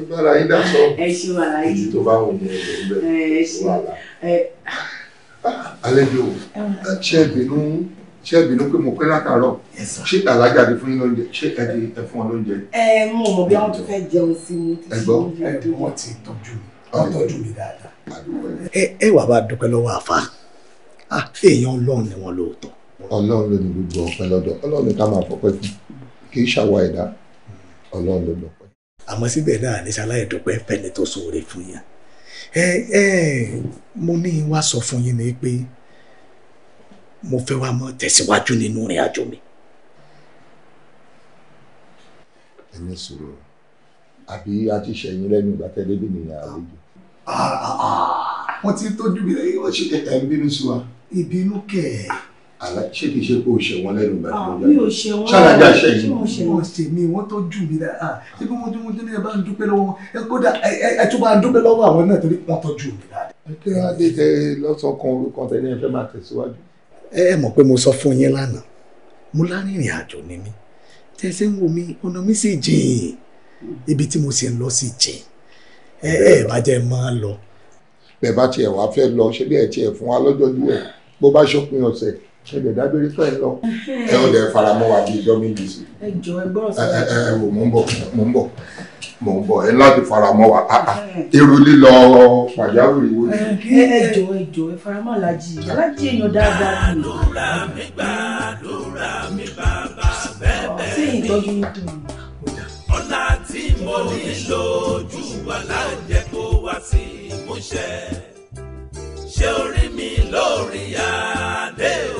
ìgbàlá yín dá sọ ibi tó bá wù yẹn lò bẹ́ẹ̀ wàhálà. àlejò ṣé ìbínú ṣé ìbínú pé mo pẹ́ látàárọ̀ ṣé àlájà di fún yín lóúnjẹ ṣé ẹ di ẹ fún wọn lóúnjẹ. ẹ mú ọmọ bí wọn tún fẹ́ jẹun sí mi. ẹ gbọ́ wọn ti tọ́jú mi wọn tọ́jú mi dáadáa. ẹ wàá bá dúpẹ́ lọ́wọ́ àfa ah, èèyàn ọlọ́run ni wọn lóòótọ́. ọlọ́run ló ní gbogbo ọpẹ́ lọ́dọ̀ ọlọ́run ká máa fọpẹ́ fún kì í ṣàwa ẹ̀dá ọlọ́run ló lọ́pẹ́. àmọ́ síbẹ̀ náà ní ṣaláì dúpẹ́ fẹ́ni tó ṣoore fún yín ẹ ẹ mo ní wá sọ fún yín ni pé mo fẹ́ wá mọ́ tẹ̀síwájú nínú ìrìn àjò mi. ẹni sọ̀rọ̀ àbí a ti ṣẹ̀yìn lẹ́nu ìgbà tẹ́lẹ̀ bí nìyẹn àlejò. wọ́n ah, ah, ah. ti tọ́jú mi lẹ́yìn wọ́n ṣe ẹ̀ẹ́dínú sí wa. ìbínú kẹ̀ ṣé kìí ṣe pé o ah, ṣe wọn lẹ́nu ìgbà tí mo jáde mi ò ṣe wọn ṣálájà ṣe yìí wọn ṣe mi wọn tó jù mí dáa ṣé bí mo dúró dúró ẹ bá ń dúpẹ́ lọ́wọ́ ẹ kódà ẹ tún bá ń dúpẹ́ lọ́wọ́ àwọn náà torí wọn tó jù mí dáa. kí wọn dé tẹ lọsọkan orúkọ tẹlẹ ẹ fẹ́ máa tẹ̀síwájú. ẹ mọ̀ pé mo sọ fún yín lánàá mo lárìnrìn àjò ni mí tẹ̀sí ń wo mi ọ̀nà mi sì jìn ibi tí mo sì ń lọ sí jìn ẹ ẹ bá jẹ́ máa lọ. bẹ́ẹ̀ bá tiẹ̀ wá fẹ́ lọ ṣe bí ẹ tiẹ̀ fún wa lọ́jọ́ yìí ẹ̀ bó bá ṣópin ọ̀sẹ̀ ṣẹlẹ̀ dágbére tó ẹ lọ. ẹ ò lè fara mọ́ wa bíi ọjọ́ méjì sí. ẹ jọ ẹ gbọ́rọ̀ sí ẹ. ẹ ẹ wò mò ń bọ̀ mò ń bọ̀ mò ń bọ̀ ẹ láti fara mọ́ wa ah, ah, èrò lílọ pàjáwìrì wo ni. ẹ jọ ẹ jọ ẹ fara mọ́ alájí alájí èèyàn dáadáa ni. lóra mi gbà lóra mi bàbá bẹ́ẹ̀ bẹ́ẹ̀ ni. ṣé ìtọ́jú ń dùn ọ̀la tí mo ní lójú wa láǹjẹ́ kó wá sí ìmúṣẹ ṣé orí mi lórí adé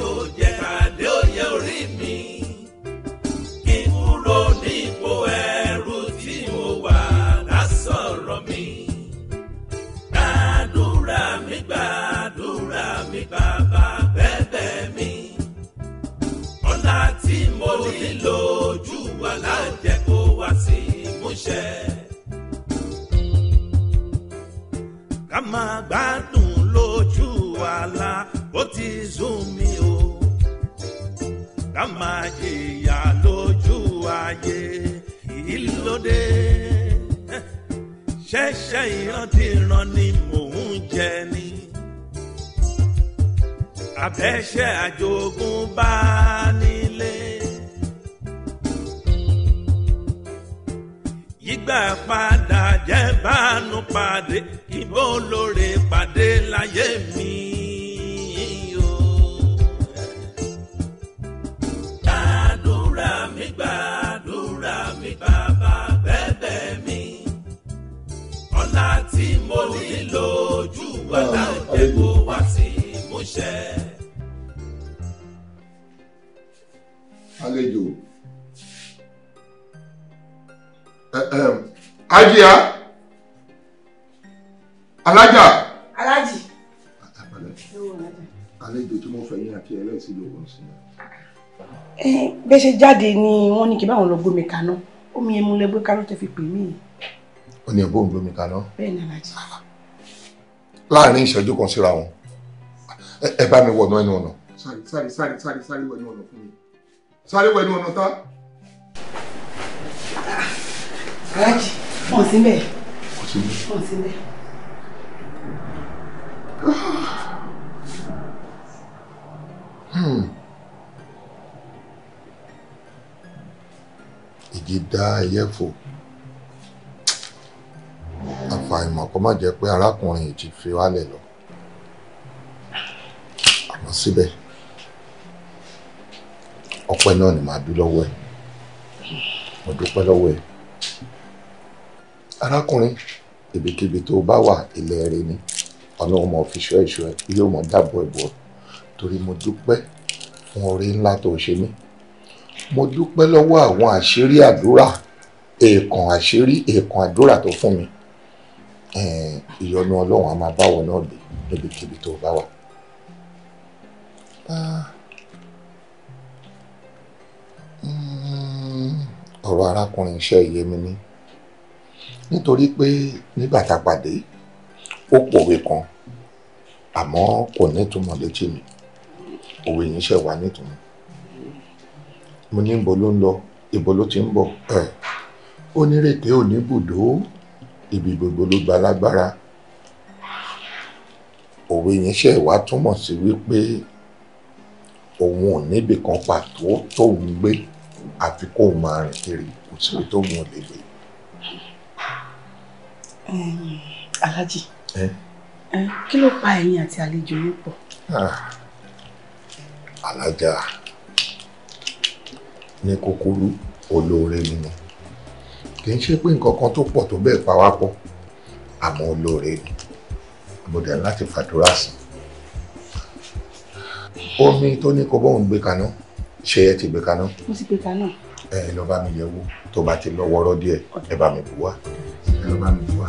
jáde ni wọ́n ní kí báwọn lọ gbómi kaná omi emu lẹ gbé kaná tẹ fi pè mí. ó ní ẹ̀bùn gbómi kaná. bẹ́ẹ̀ ni alájí. láàárín ìṣẹ́jú kan síra wọn ẹ bá mi wọnú ẹnu ọ̀nà. sáré sáré sáré sáré sáré wẹnu ọ̀nà fún mi sáré wẹnu ọ̀nà tá. alájí pọ̀ síbẹ̀ pọ̀ síbẹ̀. Hmm. ìjìdá ẹyẹfò àfàìmọ̀ kó má jẹ́ pé arákùnrin yìí ti fi wálẹ̀ lọ àmọ́ síbẹ̀ ọpẹ́ náà ni màá dúró lọ́wọ́ ẹ̀ mo dúpẹ́ lọ́wọ́ ẹ̀ arákùnrin ibikíbi tó bá wà ilẹ̀ rẹ ni ọ̀nà ọmọ òfìṣọ́ ìṣọ́ ilé ọmọ dàbọ̀ ìbọ̀ torí mo dúpẹ́ fún oore ńlá tó ṣe mí mo dúpẹ́ lọ́wọ́ àwọn àṣírí àdúrà èèkàn àṣírí èèkàn àdúrà tó fún mi ìyọ́nú ọlọ́run a máa báwọ náà dé níbikíbi tó bá wà. Hmm, ọ̀rọ̀ arákùnrin iṣẹ́ iye mi ní nítorí pé nígbà tá a pàdé ó pòwe kan àmọ́ kò nítumọ̀ létí mi òwe yìí ṣẹ̀ wá nítumọ̀ mo ní ìbò ló ń lọ ìbò ló ti ń bọ̀ ẹ̀ eh. ó ní rèké ò ní bùdó ibi gbogbo ló gba lágbára òwe yẹn ṣe wá túmọ̀ sí wípé òun ò níbì kan pàtó tóun gbé àfi kóun máa rìn kiri kò sí ibi tóun ò lè gbé. Alhaji eh? eh, kí ló pa ẹ̀yin àti àlejò yín pọ̀. Alájà. Ah ní kúkúrú olóore ni mo kì í ṣe pé nǹkan kan tó pọ̀ tó bẹ́ẹ̀ pa wá pọ̀ àmọ́ olóore ni mo dẹ̀ láti fàdúrà sí omi tó ní kó bóun gbé kaná ṣe é ti gbé kaná. mo ti gbé kaná. ẹ lọ bá mi yẹ̀ wò tó bá ti lọ wọrọ díẹ̀ ẹ bá mi bù wá ẹ lọ bá mi bù wá.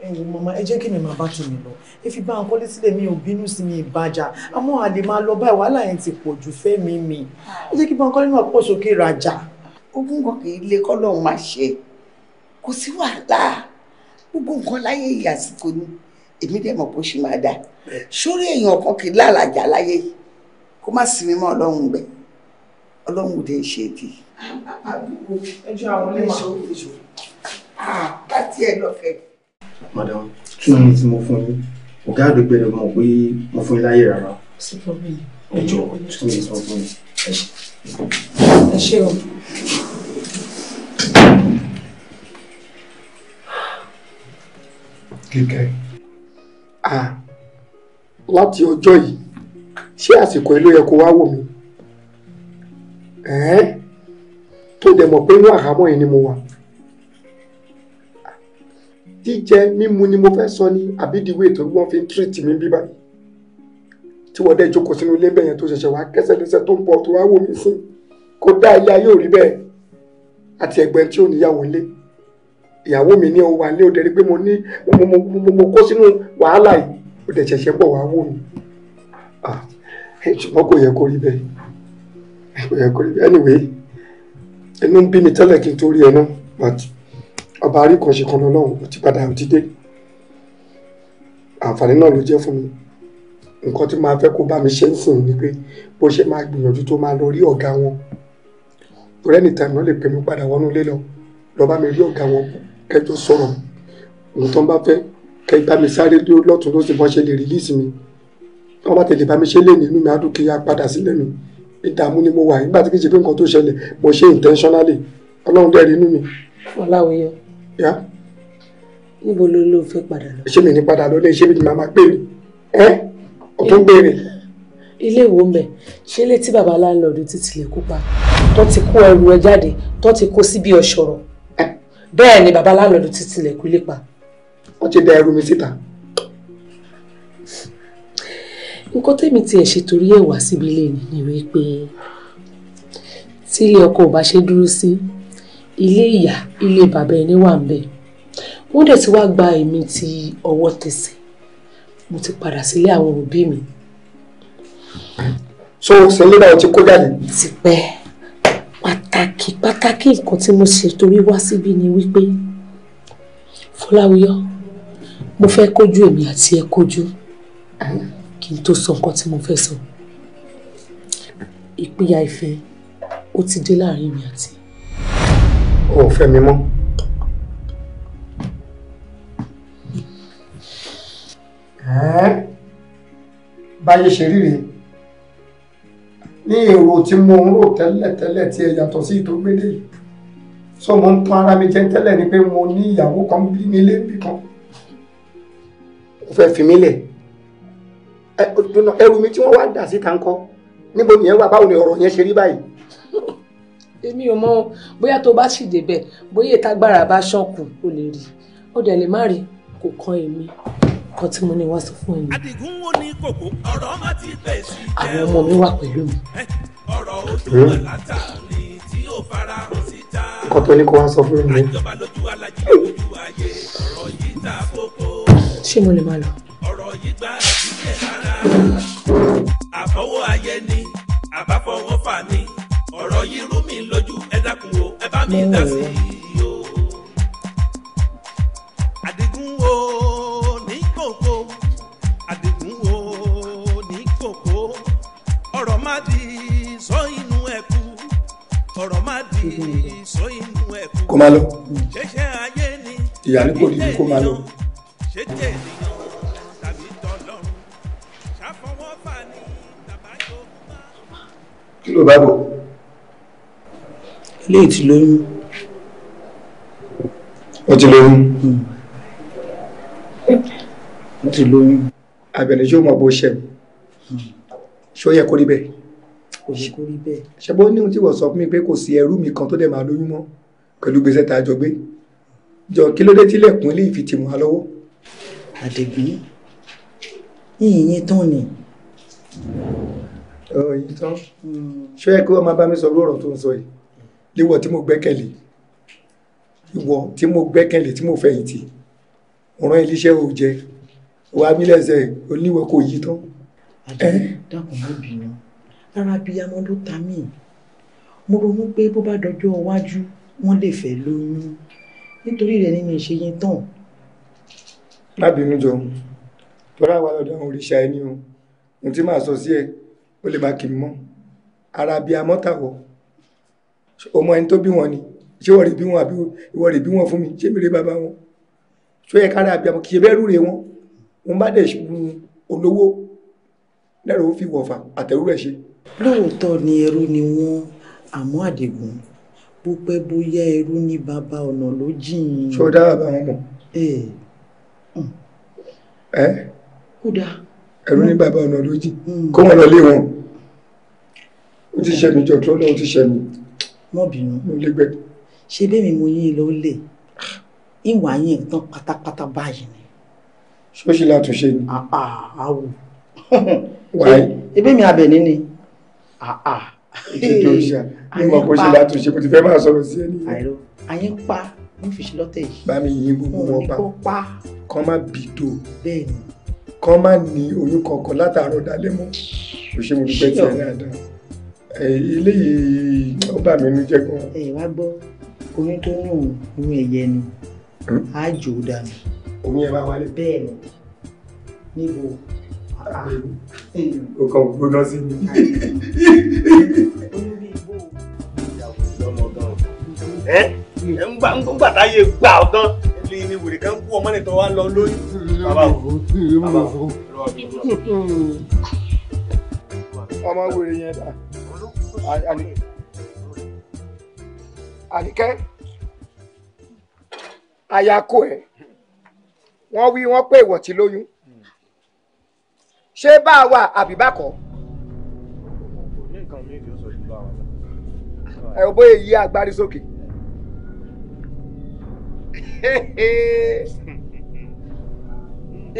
ẹ wò màmá ẹ jẹ́ kí mi máa bá tèmi lọ ẹ bá ń kọ́lé mi ò bínú sí mi ìbàjá àmọ́ a lè máa lọ báyìí wàhálà yẹn ti pọ̀ jù fẹ́ mi mi ẹ jẹ́ kí bá ń kọ́lé náà pọ̀ sókè rajà. ogún kan kì í lé kọ́lọ̀ máa ṣe kò sí wàhálà gbogbo nǹkan láyé ìyàsìkò ni èmi dẹ̀ mọ̀ bó ṣe máa dà sórí èèyàn kan kì í lálàjà láyé kó má sinmi mọ́ ọlọ́run gbẹ ọlọ́run dé ṣe é kì í. ẹ àwọn ah, ilé madam two minutes mo fún yín ọ̀gá àdúgbò rẹ̀ mọ̀ pé mo fún yín láyè rárá. ẹ jọ two minutes mo fún yín. ẹ ṣé o. kíkẹ́. ah láti ọjọ́ yìí ṣé àsìkò ẹ ló yẹ kó wá wò mí tó dẹ̀ mọ̀ pé inú àhámọ́ yìí ni mo wà jíjẹ mímu ni mo fẹ́ sọ ni àbí ìdíwé ètò wọn fi ń tírìtì mi bí báyìí tí wọ́n dẹ́ jókòó sínú ilé bẹ́yẹn tó ṣẹ̀ṣẹ̀ wá kẹsẹ̀kẹsẹ̀ tó ń bọ̀ tó wá wò mí sí kó dá ilé ayé òrí bẹ́ẹ̀ àti ẹ̀gbẹ́ tí ò níyàwó lé ìyàwó mi ní òun wà ní òde rí pé mo ní mo kó sínú wàhálà yìí ó dẹ̀ ṣẹ̀ṣẹ̀ bọ̀ wá wò mí ṣùgbọ́n kò yẹ kó rí bẹ́ẹ̀ kò yẹ kó rí bẹ́ẹ̀ anyway inú ń bí mi tẹ́lẹ̀ kí n tó rí ẹ náà ọba àríkànṣe kan lọ́lọ́run ó ti padà ó ti dé àǹfààní náà ló jẹ́ fún mi nǹkan tí màá fẹ́ kó bá mi ṣe ń sìn ni pé bó ṣe máa gbìyànjú tó máa lọ rí ọ̀gá wọn rẹ́ níta náà lè pè mí padà wọnú ilé lọ lọ bá mi rí ọ̀gá wọn kẹjọ sọ̀rọ̀ nǹkan bá fẹ́ kẹ bá mi sáré dé lọ́tún lọ́sìn bọ́n ṣe lè rìlíìsì mi wọ́n bá tẹ̀lé bá mi ṣe lè ní inú mi á dùn padà sílé mi ìdààmú ni mo wà nígbà tí kì í ṣe pé nǹkan tó ṣẹlẹ̀ mo ṣe intentionally ọlọ́run dẹ́rẹ́ inú mi. ọláwìyọ yá. níbo ló ló fẹ́ padà lọ. ṣé mi ní padà lọ lé ṣé mi ní màmá gbé mi ẹ ọtún gbére. ilé ìwò ń bẹ ṣé ilé tí bàbá láńlọ́ọ̀dù ti tilẹ̀ kópa tó ti kó ẹrù ẹ jáde tó ti kó síbi ọ̀ṣọ̀rọ̀ bẹ́ẹ̀ ni bàbá láńlọ́ọ̀dù ti tilẹ̀ kú lépa. wọ́n ti da ẹrù mi síta. nǹkan tẹ́mi tiẹ̀ ṣe torí ẹ̀ wá síbi ilé ni ni wípé tí ilé ọkọ ò bá ṣe dúró sí. Si ilé ìyá ilé bàbá ẹni wà ń bẹ̀ wọ́n dẹ̀ ti wá gba èmi ti ọwọ́ tẹsẹ̀ mo ti padà sílé àwọn òbí mi. so sílé náà ti kó jáde. ti pẹ́ pàtàkì pàtàkì nǹkan tí mo ṣe torí wá síbí ni wípé Fọláwíyọ mo fẹ́ kójú èmi àti ẹ kójú kí n tó sọ nǹkan tí mo fẹ́ sọ ìpínyà ìfẹ́ ó ti dé láàrin mi àti o ò fẹ́ mi mọ́. báyé ṣe rí rèé ní èrò tí mo ń rò tẹ́lẹ̀tẹ́lẹ̀ tí ẹ yàtọ̀ sí ìtògbélé yìí so mo ń tún ara mi jẹ tẹ́lẹ̀ ni pé mo ní ìyàwó kan bí nílé bí kan ó fẹ́ fi mí lẹ̀ ẹrù mi tí wọ́n wá dà síta ńkọ́ níbo nìyẹn wà báwo ni ọ̀rọ̀ yẹn ṣe rí báyìí èmi ò mọ bóyá tó bá sì débẹ̀ bóyá ìtagbára bá ṣọ̀kù ó lè rí ó dẹ̀ lè má rí kò kan èmi kan tí mo ní wá sọ fún ẹni. àdìgún wo ni kòkó ọ̀rọ̀ má ti bẹ̀ sí i. àwọn ọmọ mi wà pẹ̀lú mi. ọ̀rọ̀ ojú àlàtà ni tí ó fara hàn síta. nǹkan tó ní kó wá sọ fún mi. àjọba lójú alájí lójú ayé ọ̀rọ̀ yìí ta kókó. ṣé mo lè máa lọ. ọ̀rọ̀ yìí gba àtìlẹ̀ rárá. àfọwọ́ ayé ni àbáfọwọ́ fà ni ọ̀rọ̀ yìí rú mi lójú ẹ dákun o ẹ bá mi mm. dá sí i o. àdìgún o ní kòkó àdìgún o ní kòkó ọ̀rọ̀ má di sọ inú ẹ̀ kú ọ̀rọ̀ má di sọ inú ẹ̀ kú. kó máa lọ ṣẹṣẹ ayé ni ìyá ní kó máa lọ. ṣé ènìyàn tàbí tọ́lọ́run ṣàfọwọ́fà ni tàbá yóò máa. kí ló bá bọ̀ ilé ti lóyún. ó ti lóyún. Hmm. ó ti lóyún. àbẹ̀lẹ̀ yóò mọ̀ bó ṣe hmm. ṣé ó yẹ kó rí bẹ́ẹ̀. kò yẹ kó rí bẹ́ẹ̀. ṣé bó ní ohun tí wọ́n sọ fún mi pé kò sí ẹrú mi kan tó dẹ̀ máa lóyún mọ́ pẹ̀lú gbèsè tá a jọ gbé jọ kí ló dé tílẹ̀kùn ilé ìfitìmọ̀ alọ́wọ́. àdègbín yìnyín tán ni ọ̀yìn tán ṣó yẹ kí wọ́n máa bá mi sọ lóòrọ̀ tó ń sọ yìí níwọ tí mo gbẹ́kẹ̀lé ìwọ tí mo gbẹ́kẹ̀lé tí mo fẹ̀yìntì ọ̀ràn iléeṣẹ́ ò jẹ wàá mi lẹ́sẹ̀ oníwọ̀ kò yí tán. àdéhùn dákun má bínú rárá abiyamọ ló ta mí mo ronú pé bó bá dọjọ́ iwájú wọ́n lè fẹ́ lóyún nítorí rẹ̀ ni mi ṣe yín tán. má bínú jọ tọ́lá wa lọ́dọ̀ àwọn òrìṣà ẹni o ohun tí màá sọ sí ẹ ó lè má kì í mọ́ ara abiyamọ tàwọ̀ o mọ ẹni tó bí wọn ni ṣé wọ́n rè bí wọn àbí ìwọ́n rè bí wọn fún mi ṣé mi rè bàbá wọn ṣó yẹ kára àbí àmọ́ kì í bẹ́rù rè wọn mo bá dẹ̀ ṣùgbọ́n olówó lẹ́rọ ó fi wọ̀fà àtẹ̀rù ṣe. lóòótọ́ ni ẹrú ni wọ́n àmọ́ àdìgún bó pẹ́ bóyá ẹrú ní bàbá ọ̀nà ló jìn. ṣó dá bàbá wọn mọ̀. ẹ kó dá. ẹrú ní bàbá ọ̀nà ló jìn hmm. kó wọn lọ lé wọn ó ti ṣẹnu jọ tó lọ ó ti ṣẹnu mọ́ bínú. mo lè gbẹ. mo yín ló lè ìwà yín tán pátápátá báyìí ni. ṣó látúnṣe ni. àwò ebí mi abẹ níní. ètò ìṣà ìwà kò ṣe látúnṣe kò ti fẹ́ máa sọ̀rọ̀ sí ẹni. àìró àyín pa mo fi ṣe lọ́tẹ̀ yìí. bá mi yín gbogbo wọn pa kán má bìdó kán má ní oyún kankan látàárọ̀ dalẹ́ mọ́ kò ṣe mo dúpẹ́ tí ẹ dáadáa eléyìí ó bà mí nú jẹ́ gan. ẹ wá gbọ́ oyún tó ní òun oyún ẹyẹ ni á hmm? jò ó dànù. oyún ẹ bá wálé. bẹ́ẹ̀ ni níbo o ah, kàn gbóná sí mi. ẹ ń gbà táyé gbà ọ gan ni wèrè kan kú ọmọ nìkan wá lọ lóyún. bàbá o bàbá o ọmọ wèrè yẹn dà àníkẹ́ àyàkó ẹ̀ wọ́n wí wọ́n pé ìwọ̀ ti lóyún ṣé bá a wà àbí bá kọ́. ẹ ò bóyá yí agbárí sókè.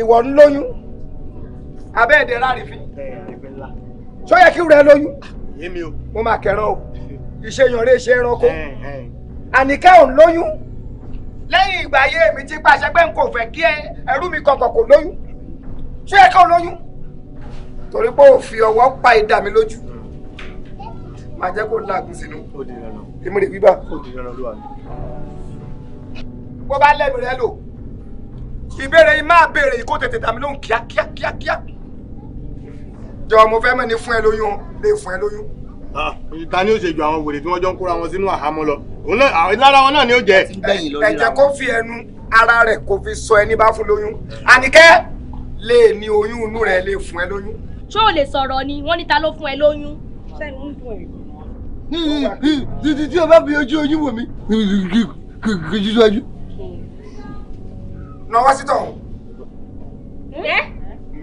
ìwọ ń lóyún abẹ́ ẹ̀dẹ̀ rárífín ṣó yẹ kí rẹ lóyún èmi o. mo máa kẹran o iṣẹ́ yanre iṣẹ́ ẹranko àníkẹ́ òun lóyún lẹ́yìn ìgbà ayé mi ti pàṣẹ pé n kò fẹ́ kí ẹrú mi kankan kò lóyún ṣé ẹ kọ́ lóyún torí pé ó fi ọwọ́ pa ìdá mi lójú máa jẹ́ kó láàgùn sínú èmi rè bó bá lẹ́nu rẹ lò ìbéèrè yìí máa béèrè yìí kó tètè dà lóhùn kíákíákíá jọ mo fẹ́ mọ̀ ní fún ẹ lóyún lè fún ẹ lóyún. ta ni ó ṣe ju àwọn wèrè tí wọ́n jọ ń kóra wọn sínú àhámọ́ lọ lára wọn náà ni ó jẹ. ẹ jẹ́ kó fi ẹnu ara rẹ̀ kó fi sọ ẹni bá fún lóyún àníkẹ́ lè ní oyún inú rẹ̀ lè fún ẹ lóyún. ṣé o lè sọ̀rọ̀ ni wọ́n ní ta ló fún ẹ lóyún. títí tí o bá fi ojú oyún wò mí kò nọwọ́ sí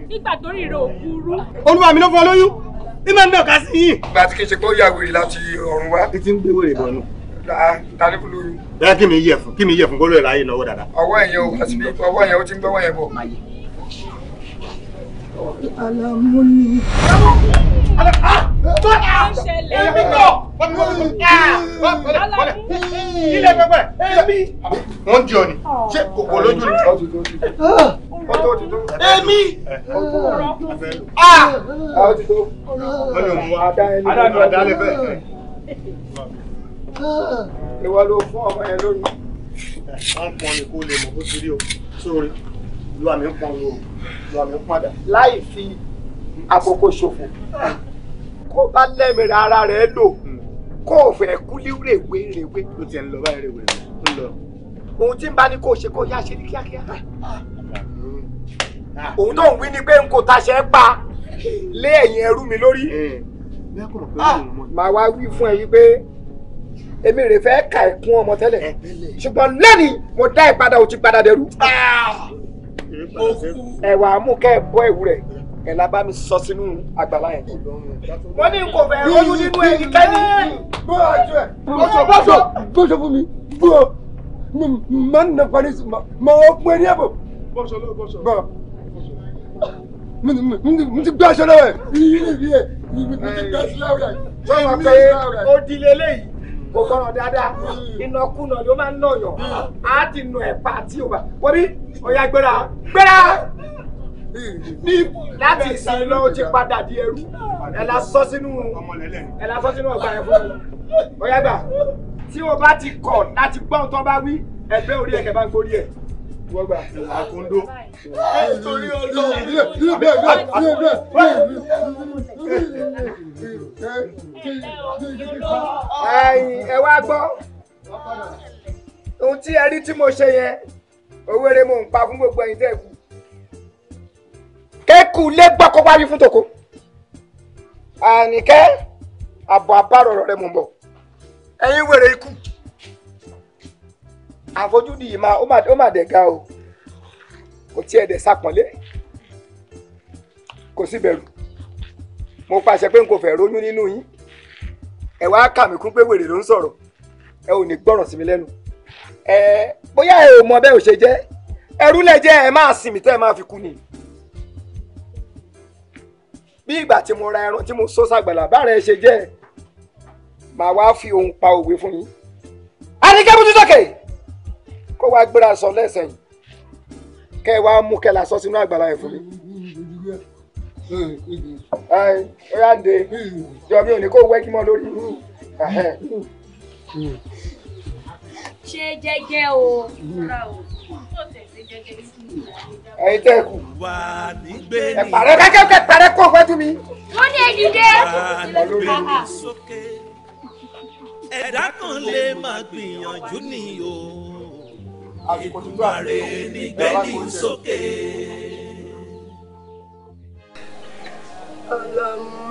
nígbà tó rí rẹ̀ òkúrú. olúwa mi ló fọ lóyún bí máa ń dàn ká sí yìí. ìgbà tí kì í ṣe pé ó yà wèrè láti ọ̀run wá. etí ń gbé wèrè bọ̀ nù. tani kú lóyún. ẹ kí mi yẹ fún kí mi yẹ fún kó lóye láàyè lọ́wọ́ dáadáa. ọwọ́ ẹ̀yẹ o àti bí ọwọ́ ẹ̀yẹ o ti ń gbọ́wọ́ yẹn bọ̀. alamu ni. èmi kọ́ ilé pẹpẹ. wọ́n di ọ ni ṣé kòkó lójú ni èmi ah adáni bẹ́ẹ̀. ìwọ ló fún ọmọ yẹn lónìí. wọ́n pọn ní kó lè mọ̀ bó ti rí o sórí lu àmì pọn lu lu àmì padà. láì fi àkókò ṣòfò kó bá lẹ́mìíràn ara rẹ̀ lò kó o fẹ́ kú léwéréwé rèwé. ó ti ẹ̀ ń lọ báyìí rèwé ń lọ. ohun tí ń bá ní kó o ṣe kó o yá ṣe ní kíákíá òun tó ń wí ni pé n kò taṣẹ́ pa lé ẹ̀yìn ẹrú mi lórí. màá wá wí fún ẹ yìí pé èmi rè fẹ́ ka ẹ̀kún ọmọ tẹ́lẹ̀ ṣùgbọ́n lẹ́ni mo dá ẹ̀ padà ò ti padà dẹrú. ẹ̀wà mú kẹ́ ẹ̀ bọ́ ẹ̀wù rẹ̀ ẹ̀ la bá mi sọ sínú àgbàlá yẹn. wọ́n ní kò fẹ́ rọ́jú nínú ẹnikẹ́ni. bọ́sọ̀ bọ́sọ̀ fún mi bọ́ mọ̀ nà parí ma ọ̀ pẹ́ẹ́rẹ́ bọ̀. bọ́sọ̀ lọ bọ́sọ̀ n ti gbé aṣọ lọ́wọ́ ẹ̀ iye iye ibi tó ti gbé aṣọ lọ́wọ́ ẹ̀ sọ́wọ́ àpẹ́ òdìlé léyìí kò sọ̀rọ̀ dáadáa ìnàkúnà ló máa ń nọ̀yọ̀ á ti nù ẹ̀ pa àti òbá wọ́n ọ̀yà gbéra gbéra ní láti ìsìn lọ ti padà di ẹrú ẹ la sọ sínú ẹ la sọ sínú ọgbà ẹ fún mi ọ̀yà gbà tí o bá ti kọ̀ láti gbọ́n tó bá wí ẹgbẹ́ orí ẹ̀kẹ́ bá ń gorí ẹ̀ wọ́n gbà àkóńdó. nítorí ọlọ́run. bẹ́ẹ̀ bẹ́ẹ̀ bẹ́ẹ̀ bẹ́ẹ̀ bẹ́ẹ̀. ẹ̀yin ẹ wá gbọ́ ohun tí ẹ rí tí mo ṣe yẹn owó eré mo ń pa fún gbogbo ẹ̀yin tẹ́ ẹ kú. kéèkù lé gbọ́ kó wáyé fún tòkó. àníkẹ́ àbọ̀ àbárò rẹ̀ mò ń bọ̀ ikú àfojúdi yìí máa ó mà dẹ̀ ga o kò tiẹ̀ dẹ̀ sàpọ̀nlé kò sí bẹ̀rù mo pàṣẹ pé n kò fẹ́ róyún nínú yín ẹ wá kà mí kún pé wèrè ló ń sọ̀rọ̀ ẹ ò ní gbọ́ràn sí mi lẹ́nu ẹ bóyá ẹ ò mọ bẹ́ẹ̀ ò ṣe jẹ́ ẹrú lẹ jẹ́ ẹ máa sìn mí tẹ́ ẹ máa fi kú ni bí ìgbà tí mo ra ẹran tí mo sọ sàgbàlà bára ẹ ṣe jẹ́ màá wá fi ohun pa òwe fún yín. àdìgẹ́ bùtù sókè wá gbéra sọ lẹ́sẹ̀ yìí kẹ́ ẹ wá mú kẹ́ ẹ la sọ sínú àgbàlá yẹn fún mi. ó yá de jọ mi ò ní kó wẹ́jú mọ́ lórí. ṣe jẹ́jẹ́ o ẹ̀yin tẹ́ kù ẹ pàrẹ́ kẹ́kẹ́ pàrẹ́ kó wẹ́jú mi. wọ́n ní ẹni dé kan lè máa gbìyànjú nìyó. Èdùmàrè nígbẹ́ni sókè. Ọlọ́mú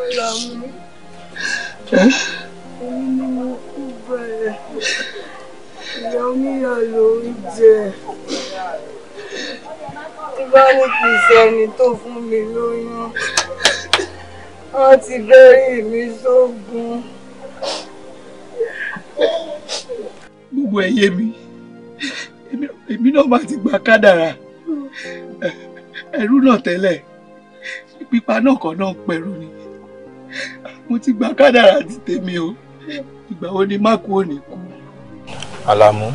Ọlọ́mú èmi ni mo kú bẹ̀rẹ̀ ìyá oníyà ló tó fún mi lóyún, wọ́n ti bẹ́rí mi sógun gbogbo ẹ̀ yé mi èmi náà má ti gba kádàrà ẹ̀rú náà tẹ́lẹ̀ pípa náà kọ́ náà pẹ̀rù ni mo ti gba kádàrà ti tèmi o ìgbà wo ni má kú ò ní kú. Alamu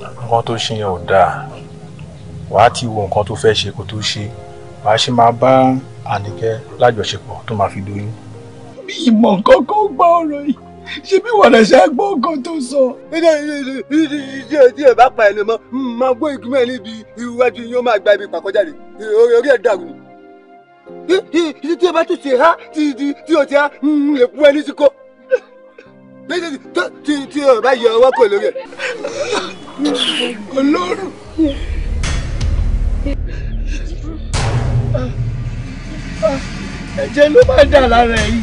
nǹkan tó ṣe yẹn ò dáa wàá ti wo nǹkan tó fẹ́ ṣe kó tó ṣe wàá ṣe máa bá Àníkẹ́ lájọṣepọ̀ tó máa fi doyún. mi ì mọ̀ nǹkan kan gbọ́ ọ̀rọ̀ yìí ṣe bí wọn lè ṣe gbọ́ nǹkan tó sọ. iṣẹ́ tí ẹ bá pa ẹnu mọ́ máa gbọ́ ìgbìmọ̀ níbi iwájú yóò máa gba ibi pàkọ́jáde orí ẹ̀ dàrú ni. tí ẹ bá tún ṣe há tí o ti há lè fún ẹni sí kó. tí ẹ bá yọ ọwọ́ kò lórí ẹ̀. ọlọ́run. ẹ̀jẹ̀ ló máa dà lára ẹ̀ yìí.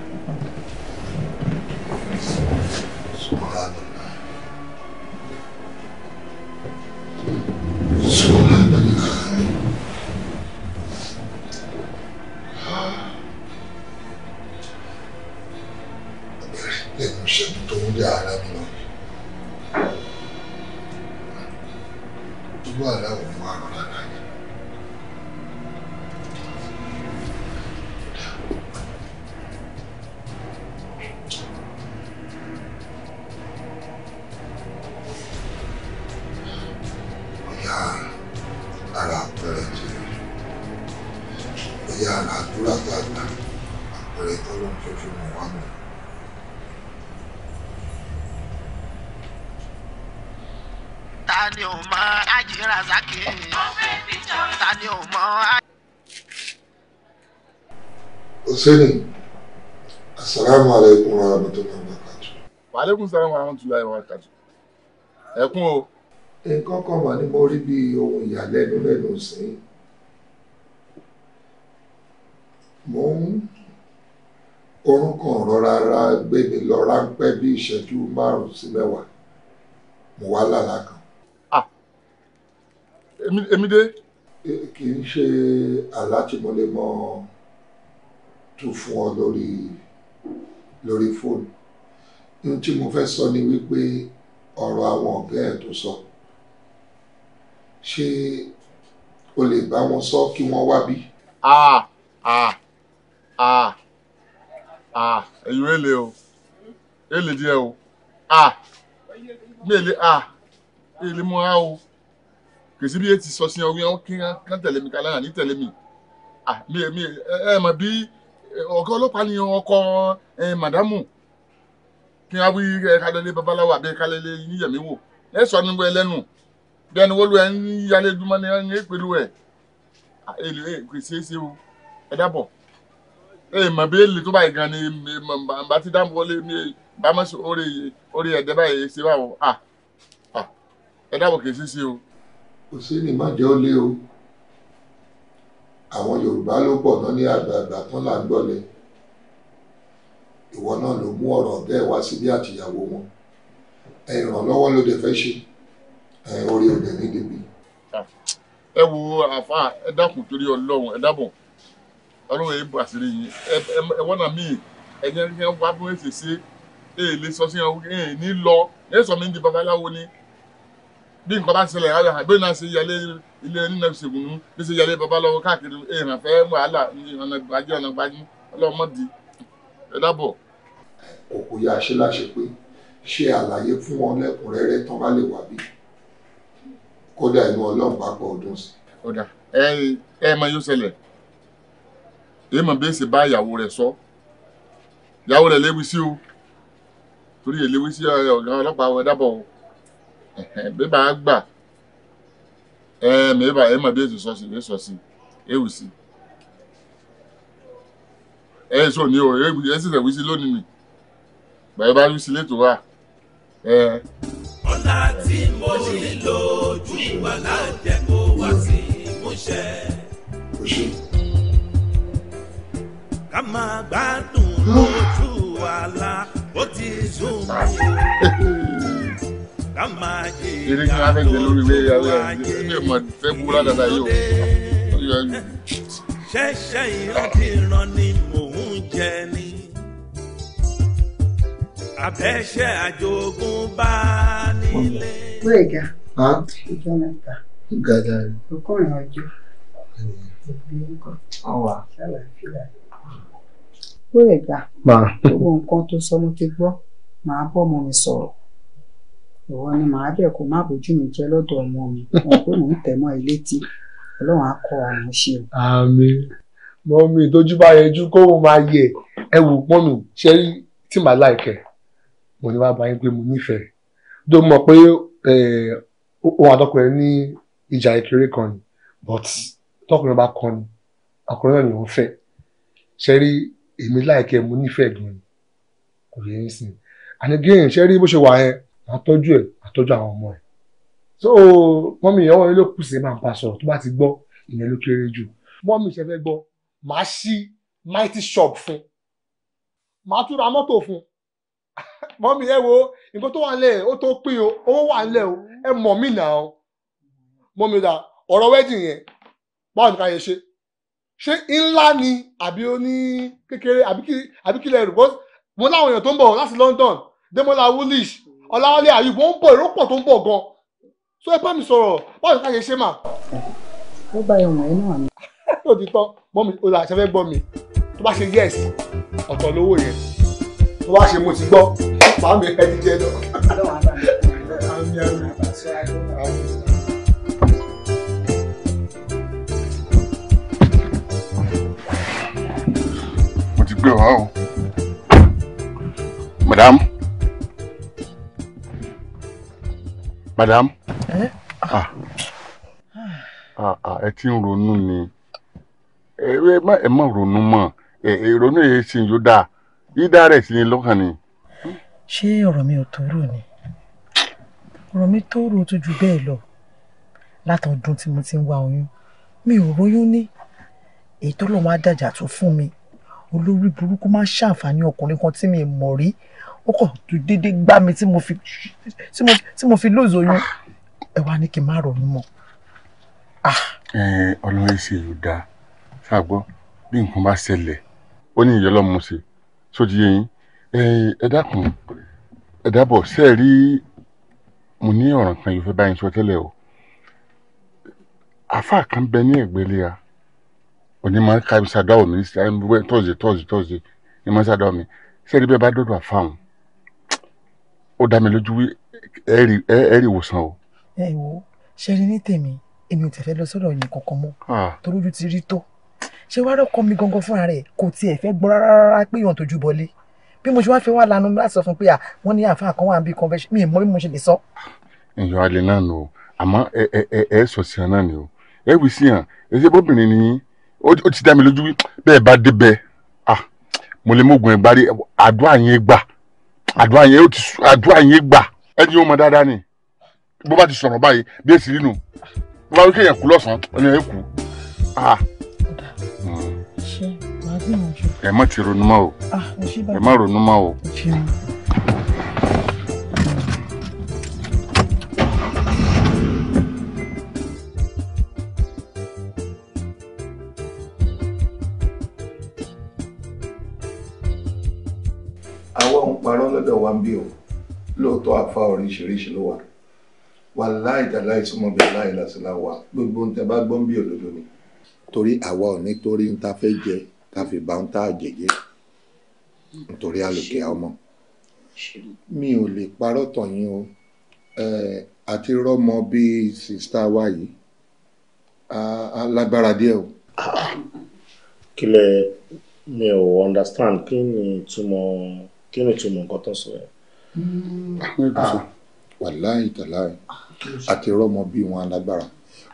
dá ara mi lọ irú àlá ò fún àrùn lára yẹn bóyá ara àpẹẹrẹ jẹ bóyá ara àdúrà tá a gbà àpẹẹrẹ fún mi. ta ni ò mọ Aji Razaki ta ni ò mọ. Hussaini asalaamu aleykum wa rahmatulahi wa barakatu. wa salaam wa rahmatulahi wa barakatu. ẹkún o. nǹkan kan mà ní mo rí bí ohun ìyàlẹ́nu lẹ́nu sí i mo ń oorun rọra gbé mi lọ ráńpẹ́ bí ìṣẹ́jú márùn-ún sí mẹ́wàá mo wá lálàá kan èmi dé. kì í ṣe alátìmọ́lẹ́mọ́ tó fún ọ lórí lórí fóònù ohun tí mo fẹ́ sọ ni wípé ọ̀rọ̀ àwọn ọ̀gá ẹ̀ tó sọ ṣé o lè bá wọn sọ kí wọ́n wá bí. ah ah ah ah ẹ̀yin rẹ̀ o èlè díẹ̀ o ah mi èlè ah èlè mọ́ra o kèsì bí etí sọ sí ọ wíwọ́n kí kán tẹ̀lé mi kálá ní tẹ̀lé mi ah, mi mi ẹ mọ̀ bí ọ̀gá ọlọ́pàá ni ọkọ màdámù kí wọ́n wí kálẹ́lé babaláwo àbí kálẹ́lé yíyẹ̀mí wò ẹ sọ ní wọ́n ẹlẹ́nu bí ẹni wọ́n lu ẹ ń yálé dúmọ́ ní ẹ ń pẹ̀lú ẹ èlò ah, ẹ kèsì èsì o ẹ dábọ̀ ẹ mọ̀ bí èlò tó báyìí gan ni bá ti dáàbò wọlé mi bá mọ̀ sí orí ẹ̀dẹ́ báyìí ṣe báwo ah, ẹ dábọ̀ kèsì èsì o kò sí ní mọ́jẹ́ ó lé o àwọn yorùbá ló pọ̀ náà ní àgbààgbà tán là ń gbọ́lẹ̀ ìwọ náà ló mú ọ̀rọ̀ ọ̀gá ẹ̀ wá síbí àtìyàwó wọn ìrànlọ́wọ́ ló dẹ̀ fẹ́ ṣe orí ọ̀dẹ̀ ní débi. ẹ wo àfa ẹ dákun torí ọlọ́run ẹ dábọ̀ ọlọ́run ẹ bà sílẹ̀ yìí ẹ wọ́n míì ẹ̀yẹ́ wá bí wọ́n ṣe ṣe é lè sọ sí ẹ ní lọ ẹ sọ mi di babaláwo ni. bí nǹkan bá ṣẹlẹ̀ ọ̀yà àbí ṣe yẹlé ilé nínú ṣègùn bí ṣe yẹlé bàbá lọ́wọ́ káàkiri èèyàn fẹ́ wàhálà ọ̀nà gbajú ọ̀nà gbajú ọlọ́mọdì ẹ ṣe láṣẹ pé ṣe àlàyé fún wọn tán bá lè wà bí kódà inú bá ọdún sí. kódà ẹ ẹ bá ìyàwó rẹ̀ sọ ìyàwó rẹ̀ léwu sí o torí bébà á gbà ẹ mẹ́bà ẹ mọ̀ bí èsì sọ́sì lè sọ́sì ewu sí ẹ sọ ní o ẹ sì tẹ̀wé sí lónìí nì bàbá bá rí sí létò wà ẹ. ọ̀la tí mo nílò ojú ìwà láǹjẹ́ kó wá sí ìmúṣẹ. ká máa gbádùn ojú àlá ó ti sùn eré kí wọn fẹ́ jẹ lórí ilé yàrá yàrá ní ìmọ̀ fẹ́ kú ládàá yìí o. ṣẹ̀ṣẹ̀ ìrandíran ni mò ń jẹ ni abẹ́ṣẹ́ àjogún bá nílé. wọ́n lè ga ọjọ́ mẹ́ta ọkùnrin ọjọ́ obìnrin kan ṣàlàyé wọ́n lè ga gbogbo nǹkan tó sọ mo ti gbọ́ màá bọ́ ọmọ mi sọ̀rọ̀ ìwọ ni màá bẹ̀ kó má bójú mi jẹ́ lọ́dọ̀ ọmọ mi wọn pé mò ń tẹ̀ mọ́ ilé tí ọlọ́run á kọ ọ̀run ṣe o. àmín mọ́mí ìtọ́jú bá yẹjú kó o máa yẹ ẹ wò pọ́nù ṣé tí màá láìkẹ́ mo ní wàá bá yín pé mo nífẹ̀ẹ́ tó mọ̀ pé ohun àtọkùnrin ní ìjà ìkéré kan ni but tọkùnrin bá kan ni ọkùnrin náà ni òun fẹ́ ṣe rí èmi láìkẹ́ mo nífẹ̀ẹ́ gan-an kò yẹ yín sìn àní gẹ́yìn àtọ́jú ẹ̀ àtọ́jú àwọn ọmọ ẹ̀ so mọ́mí ọwọ́ yẹn ló kù sí máa ń pa sọ̀rọ̀ tó bá ti gbọ́ ìyẹn ló kéré jù mọ́mí ṣe fẹ́ gbọ́ màá ṣí mighty shop fún màá tún ra mọ́tò fún mọ́mí ẹ wo nǹkan tó wà nílẹ̀ ó tó pín o owó wà nílẹ̀ o ẹ mọ̀ mí nà o mọ́mí dà ọ̀rọ̀ wedding yẹn báwo ni ká yẹ ṣe ṣé ńlá ni àbí ó ní kékeré àbí kílẹ̀ rẹ̀ mo láwọn èèyàn tó ń bọ̀ láti London Demola Woolish ọláwálé ayub ó ń bọ̀ èrò pọ̀ tó ń bọ̀ gan so ẹ bá mi sọ̀rọ̀ báwo ni ká ṣe ṣe mà. ó bá ẹwọn ẹ náà ni. ó ti tán gbọ́ mi olè àṣẹ fẹ́ gbọ́ mi tó bá ṣe yes ọ̀tọ̀ lówó yẹn tó bá ṣe mo ti gbọ́ màá mi ẹ jẹ lọ. àmì àmì gbé wa o madam madam ah, ah, ah, ah ń ronú ni ẹ má ronú mọ́ ìrònú Ronu ṣì ń yóò dáa yídá rẹ̀ sí ni lọ́kàn ni. ṣé ọ̀rọ̀ mi ò tóóró ni ọ̀rọ̀ mi tóóró tó ju bẹ́ẹ̀ lọ látọdún tí mo ti ń wá oyún o ò róyún ní èyí tó lọ́wọ́ adájà tó fún mi olórí burúkú máa ń ṣàǹfààní ọkùnrin kan tí mi mọ̀ rí ó kàn tó déédéé gbá mi tí mo fi tí mo fi lóòzó yún ẹ wá ní kí n má ronú mọ́. Ah. ọlọ́run ṣe èrò dáa ṣàgbọ́ bí nǹkan bá ṣẹlẹ̀ ó ní ìyọlọ́mú ṣe sójú yẹn ẹ dákun ẹ dábọ̀ ṣe é rí mo ní ọ̀ràn kan yóò fẹ́ báyìí sọ tẹ́lẹ̀ o àáfàá kan bẹ ní ẹ̀gbẹ́lẹ́ ya òní máa ń ka ibi sàdáwọ̀ mi ní sàdáwọ̀ mi máa ń sàdáwọ̀ mi ṣe rí bẹ́ẹ̀ bá dọ̀dọ̀ àfáà wọn ó dá mi lójú wí ẹ rí ìwòsàn o. ẹ wo ṣe rí ní tèmi èmi ò tẹ̀fẹ́ lọ sọ́dọ̀ yín kankan mọ́ torójú ti rí tó ṣé wàá rọ́kọ mi gangan fúnra rẹ̀ kò tiẹ̀ fẹ́ gbọ́ rárá pé yàn tójú bọlé bí mo ṣe wáá fẹ́ wá lanu láti sọ fún pé wọ́n ní àǹfààní kan wà níbi convention mi ì mọ bí mo ṣe lè sọ. ìyọ alẹ náà nù o àmọ́ ẹ ẹ ẹ ẹ sọ sí hàn náà ni o ẹ wí sí hàn èsì bóbìnrin ni ó ti dá mi lójú bẹ́ẹ̀ bá débẹ̀ ah mo lè mú oògùn ẹgbàá rí àdúrà yẹn gbà àdúrà yẹn àdúrà yẹn gbà ẹni yóò mọ dáadáa ni bó bá ti sọ̀rọ̀ báyìí bí èsì nínú bó bá wí kéèyàn kú lọ́sàn-án ẹni yẹn kú. ẹ má ti ronú mọ́ o ah, ẹ má ronú mọ́ o. ọwọ́ ń parọ́ lọ́dọ̀ wa ń bí o lóòótọ́ àfa oríṣiríṣi ló wà wà láì dàláì súnmọ́ bẹ́ẹ̀ láì lásìlá wa gbogbo ohun tẹ́ bá gbọ́ ń bí òdodo ni. torí àwa ò ní torí ń ta fẹ́ jẹ ká fi bá ń ta àjèjì nítorí àlòkè ọmọ mi ò lè parọ́ tàn o àti rọ́mọ bíi sista wa yìí alágbára díẹ̀ o. kílẹ̀ mi ò understand kí ni ìtumọ̀ kí ni ìtumọ̀ nǹkan tó ń sọ yẹn. àwọn ìgbésẹ̀ wàláì tàláì àti rọmọ bí wọn alágbára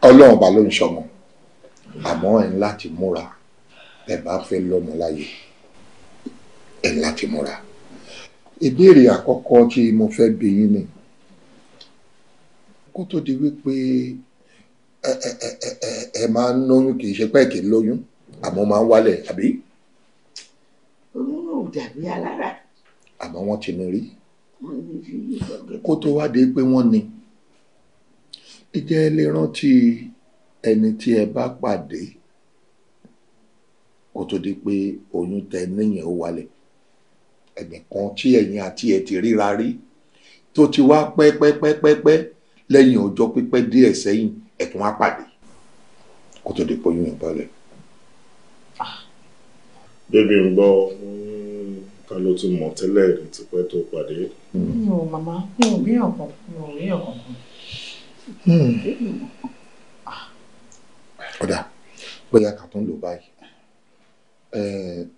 ọlọ́run bá ló ń sọmọ àmọ́ ẹ̀ ń láti múra ẹ̀ bá fẹ́ lọ́mọ láyé ẹ̀ ń láti múra. ìbéèrè àkọ́kọ́ tí mo fẹ́ bi yín ni kó tó di wípé ẹ máa ń lóyún kì í ṣe pé kì í lóyún àmọ́ máa ń wálẹ̀ àbí. oyún ò dàbí alára àmọ́ wọ́n ti ní rí kó tó wá dé pé wọ́n ní ìjẹ́ lè rántí ẹni tí ẹ bá pàdé kó tó di pé oyún tẹ níyẹn ó wálẹ̀ ẹnìkan tí ẹ̀yin àti ẹ̀ ti ríra rí tó ti wá pẹ́pẹ́pẹ́pẹ́ lẹ́yìn ọjọ́ pípẹ́ díẹ̀ sẹ́yìn ẹ̀ tún wá pàdé kó tó di pé oyún yẹn bọ́lẹ̀. Ah. bébí ń gbọ́ fún ká ló ti mọ̀ tẹ́lẹ̀ rí tipẹ́ tó pàdé. mi ò màmá mi ò rí ọ̀kan mi ò rí ọ̀kan. Hmm. Ah. ọ̀dà bóyá kà tó ń lò báyìí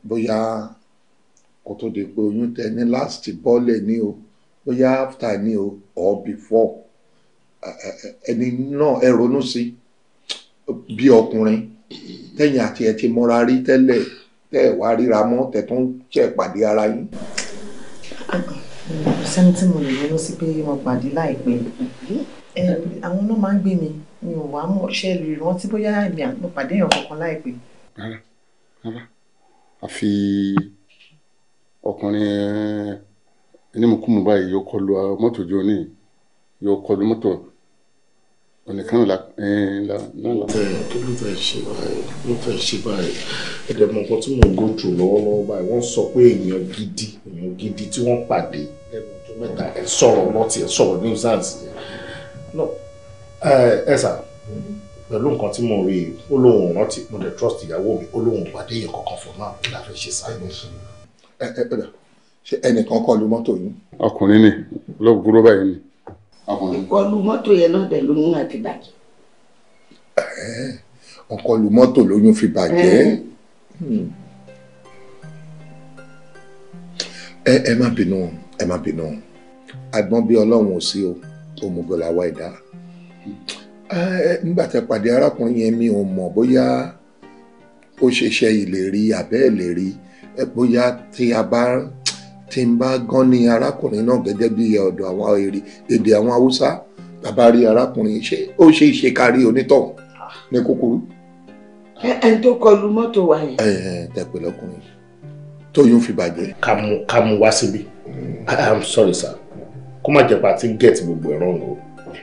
bóyá kó tó di pé oyún tẹ ní last bọ́ọ̀lẹ̀ ni o bóyá after ni o or before ẹni náà ẹ ronú sí bí ọkùnrin tẹ̀yìn àti ẹ̀ ti mọ́ra rí tẹ́lẹ̀ tẹ́ ẹ̀ wá ríra mọ́ tẹ́ tó ń pàdé ara yín. sẹ́ni tí mo lè ronú sí pé wọ́n pàdé láìpẹ́ àwọn náà máa ń gbé mi mi ò wá mọ̀ ṣe lè rántí bóyá èmi àti pàdé èèyàn kankan láìpẹ́. rárá rárá àfi ọkùnrin ẹni mú kú mú báyìí yóò kọlu ah, mọ́tò jóni yóò kọlu mọ́tò ọ̀nìkan la lánàá. kí ló fẹ́ ṣe báyìí ló fẹ́ ṣe báyìí ẹ̀dẹ̀mọ̀ kan tí mò ń gòtò lọ́wọ́lọ́wọ́ báyìí wọ́n sọ pé èèyàn gidi èèyàn gidi tí wọ́n pàdé lẹ́nu ọjọ́ mẹ́ta ẹ̀ sọ̀rọ̀ lọ́tì ẹ̀ sọ̀rọ̀ ní ìsáǹsì ẹ̀ sà pẹ̀lú nǹkan tí mo rí i ó lóun rántí mo dẹ̀ trust ìyàwó mi ó lóun pàdé èèyàn kankan fún náà kí la fẹ́ ṣe sáyẹn. ṣé ẹnìkan kọ lu mọ́tò yìí. ọkùnrin ni olóògùn rọ́bà yìí ni ìkọlù mọ́tò yẹn náà dẹ̀ lóyún àti bàjẹ́. ọkọlù mọ́tò lóyún fi bàjẹ́. Hmm. ẹ ẹ má bínú ẹ má bínú àgbọn bíi ọlọ́run ò sí o òmùgọ̀ làwa ẹ̀dá nígbà tí a pàdé arákùnrin yẹn mi ò mọ̀ bóyá ó ṣe iṣẹ́ ìlérí àbẹ́ bóyá tí a bá ń tí n bá gán ní arákùnrin náà gẹ́gẹ́ bí ọ̀dọ̀ àwọn èrè èdè àwọn haúsá bàbá rí arákùnrin ṣe ó ṣe ìṣekárí onítọ̀hún ní kúkúrú. ẹn tó kọlu mọ́tò wa yẹn. ẹ ẹ tẹpẹ lọkùnrin tóyún fi bàjẹ́. ká mú wá síbí hmm. i am sorry sir kó má jẹ́ àti get gbogbo ẹ̀ rán o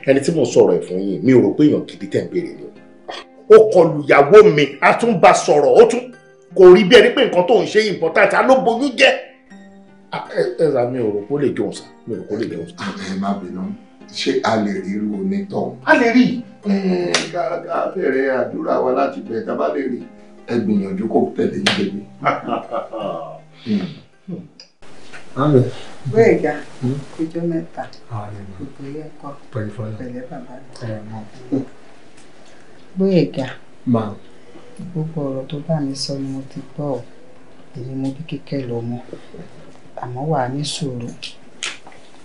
ẹni tí mo sọ̀rọ̀ ẹ̀ fún yín mi ò rò pé èèyàn gidi tẹ̀ ń béèrè ni ó kọlu ìyàwó mi a tún bá sọ̀rọ̀ ó tún kò rí bí ẹni pé nǹkan tó ń ṣe important a ló boyún jẹ́ Ah, ẹ̀sà mi ò rò kó lè jẹun sá mi ò rò kó lè jẹun sá. Ah, ẹ má bínú ṣé a lè rí irú onítọ̀. a lè rí gàgà bẹ̀rẹ̀ àdúrà wa láti bẹ̀ tá a bá lè rí ẹ gbìyànjú kó tẹ̀lé ní bèbè. Àmì. Bóyá ìjà kọjọ́ mẹ́ta. Ìpínlẹ̀ ẹ̀kọ́. Pẹ̀lú fọlá. Pẹ̀lẹ́ bàbá mi. Bóyá ìjà. Máa. Gbogbo ọ̀rọ̀ tó bá mi sọ ni mo ti gbọ́ ọ̀. Èmi mo bí kíkẹ́ lọ́mọ àmọ́ wà á ní sùúrù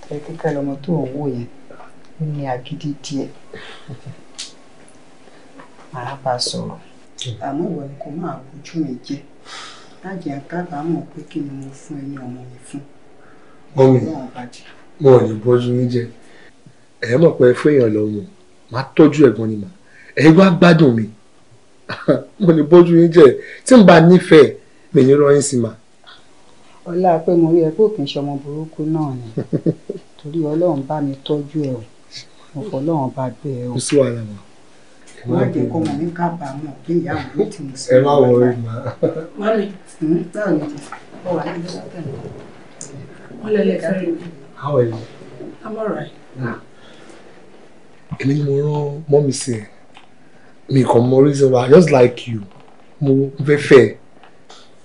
tẹ kíkẹ́ lọmọ tó ń wò yẹn ó ní agídí díẹ̀ màá bá sọ̀rọ̀ àmọ́ ìwọ ni kò máa bójú mi jẹ́ láti ẹ̀ kábàámọ̀ pé kí ni mo fún ẹni ọmọ mi fún ọmọ náà bàjẹ́. wọn ò ní bójú mi jẹ ẹ mọ̀ pé fún èèyàn lọ́mọ màá tọ́jú ẹ̀gbọ́n ni mà ẹ wá gbádùn mi mo ní bójú yín jẹ tí n bá nífẹ̀ẹ́ mi ní sí màá ọlá pé mo rí ẹ pé òkè ṣọmọ burúkú náà ni torí ọlọ́run bá mi tọ́jú ẹ o mo fọ ọlọ́run bá gbé ẹ o. sí wàhálà mà. má jẹ́ kó mọ̀ ní kábàámọ̀ bí ìyá àwọn ló ti mọ̀ sí. ẹ má wọ orí mà. wọ́n lè báwo ni ọ wà ní ìlú tẹ̀lé. wọ́n lè lè fẹ́ mi. how are you. i'm alright. Ah. èmi mo rán mọ́mí sí ẹ̀ mi kàn mọ reason why just like you mo fẹ́ fẹ́.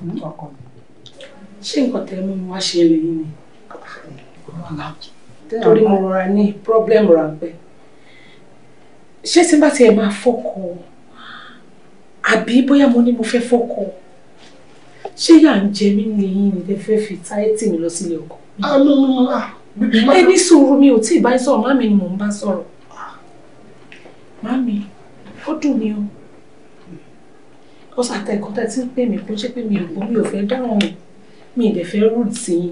Hmm, ọkọ mi ṣé nǹkan tẹ́ mú wá ṣe lèyí ni torí mo rọra ní problem ráńpẹ́ ṣé tí bá tiẹ̀ máa fọ́kọ àbí bóyá mo ní mo fẹ́ fọ́kọ ṣé yà ń jẹ mí nìyí ni tẹ́ fẹ́ fi táyẹ́tì mi lọ sílé ọkọ ah, ah, ẹ ní sùúrù mi ò tí ì bá ń sọ̀rọ̀ màmí ni mò ń bá sọ̀rọ̀ màmí ó dùn mí o ó sàtẹ̀kọ́ tẹ́ tí ń pè mí kó ṣe pé mi ò gbọ́ mi ò fẹ́ dáhùn o mi ì dẹ̀ fẹ́ rúùtì yín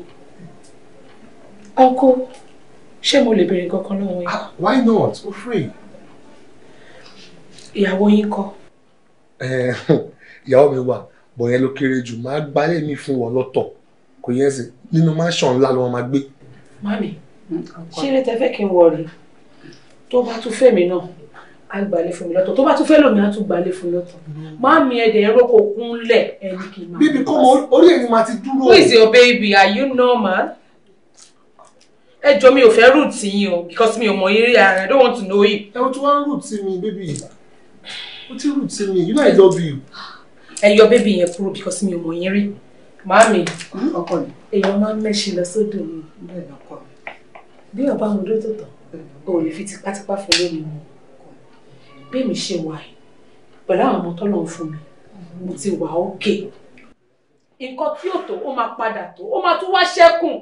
ọkọ ṣé mo lè béèrè kankan lọ́wọ́ yín. Ah, why not o free. ìyàwó yín kọ́. Eh, ìyàwó mi wà bọ̀ yẹn ló kéré jù máa gbálẹ̀ mi fún wọn lọ́tọ̀ kò yẹn sì nínú mansion ńlá ló wọn máa gbé. mami mm, ṣeré tẹ fẹ́ kí n wọrí tó bá tún fẹ́ mi náà agbalẹ̀ fún mi lọ́tọ̀ tó bá tún fẹ́ lòmìnira tún gbalẹ̀ fún lọ́tọ̀ mm. máa mi ẹ̀dẹ̀ ẹ̀rọ kò kúnlẹ̀ ẹni kì í máa. bíbí kọ́ mọ orí ẹ̀yin máa ti dúró. who is your baby are you normal? ẹ jọ mi ò fẹ́ root yín o because mi ò mọ eré ara I don't want to know you. ẹ o ti wá root mi bébì o ti root mi you know I love you. ẹ yọ bébì yẹn kúrò because mi ò mọ yín rí màámi hmm, ọkọ mi èèyàn máa ń mẹ́ṣin lọ sódò mi bí ọba àwọn odó tó tọ̀ o ò lè fi tipátipá fún mi bí èmi ṣe wà yìí pẹ̀lú àwọn ọmọ tọ́lọ̀ ń fún mi mo ti wà ókè nǹkan tí ò tó ó máa padà tó ó máa tún wá ṣẹ́kùn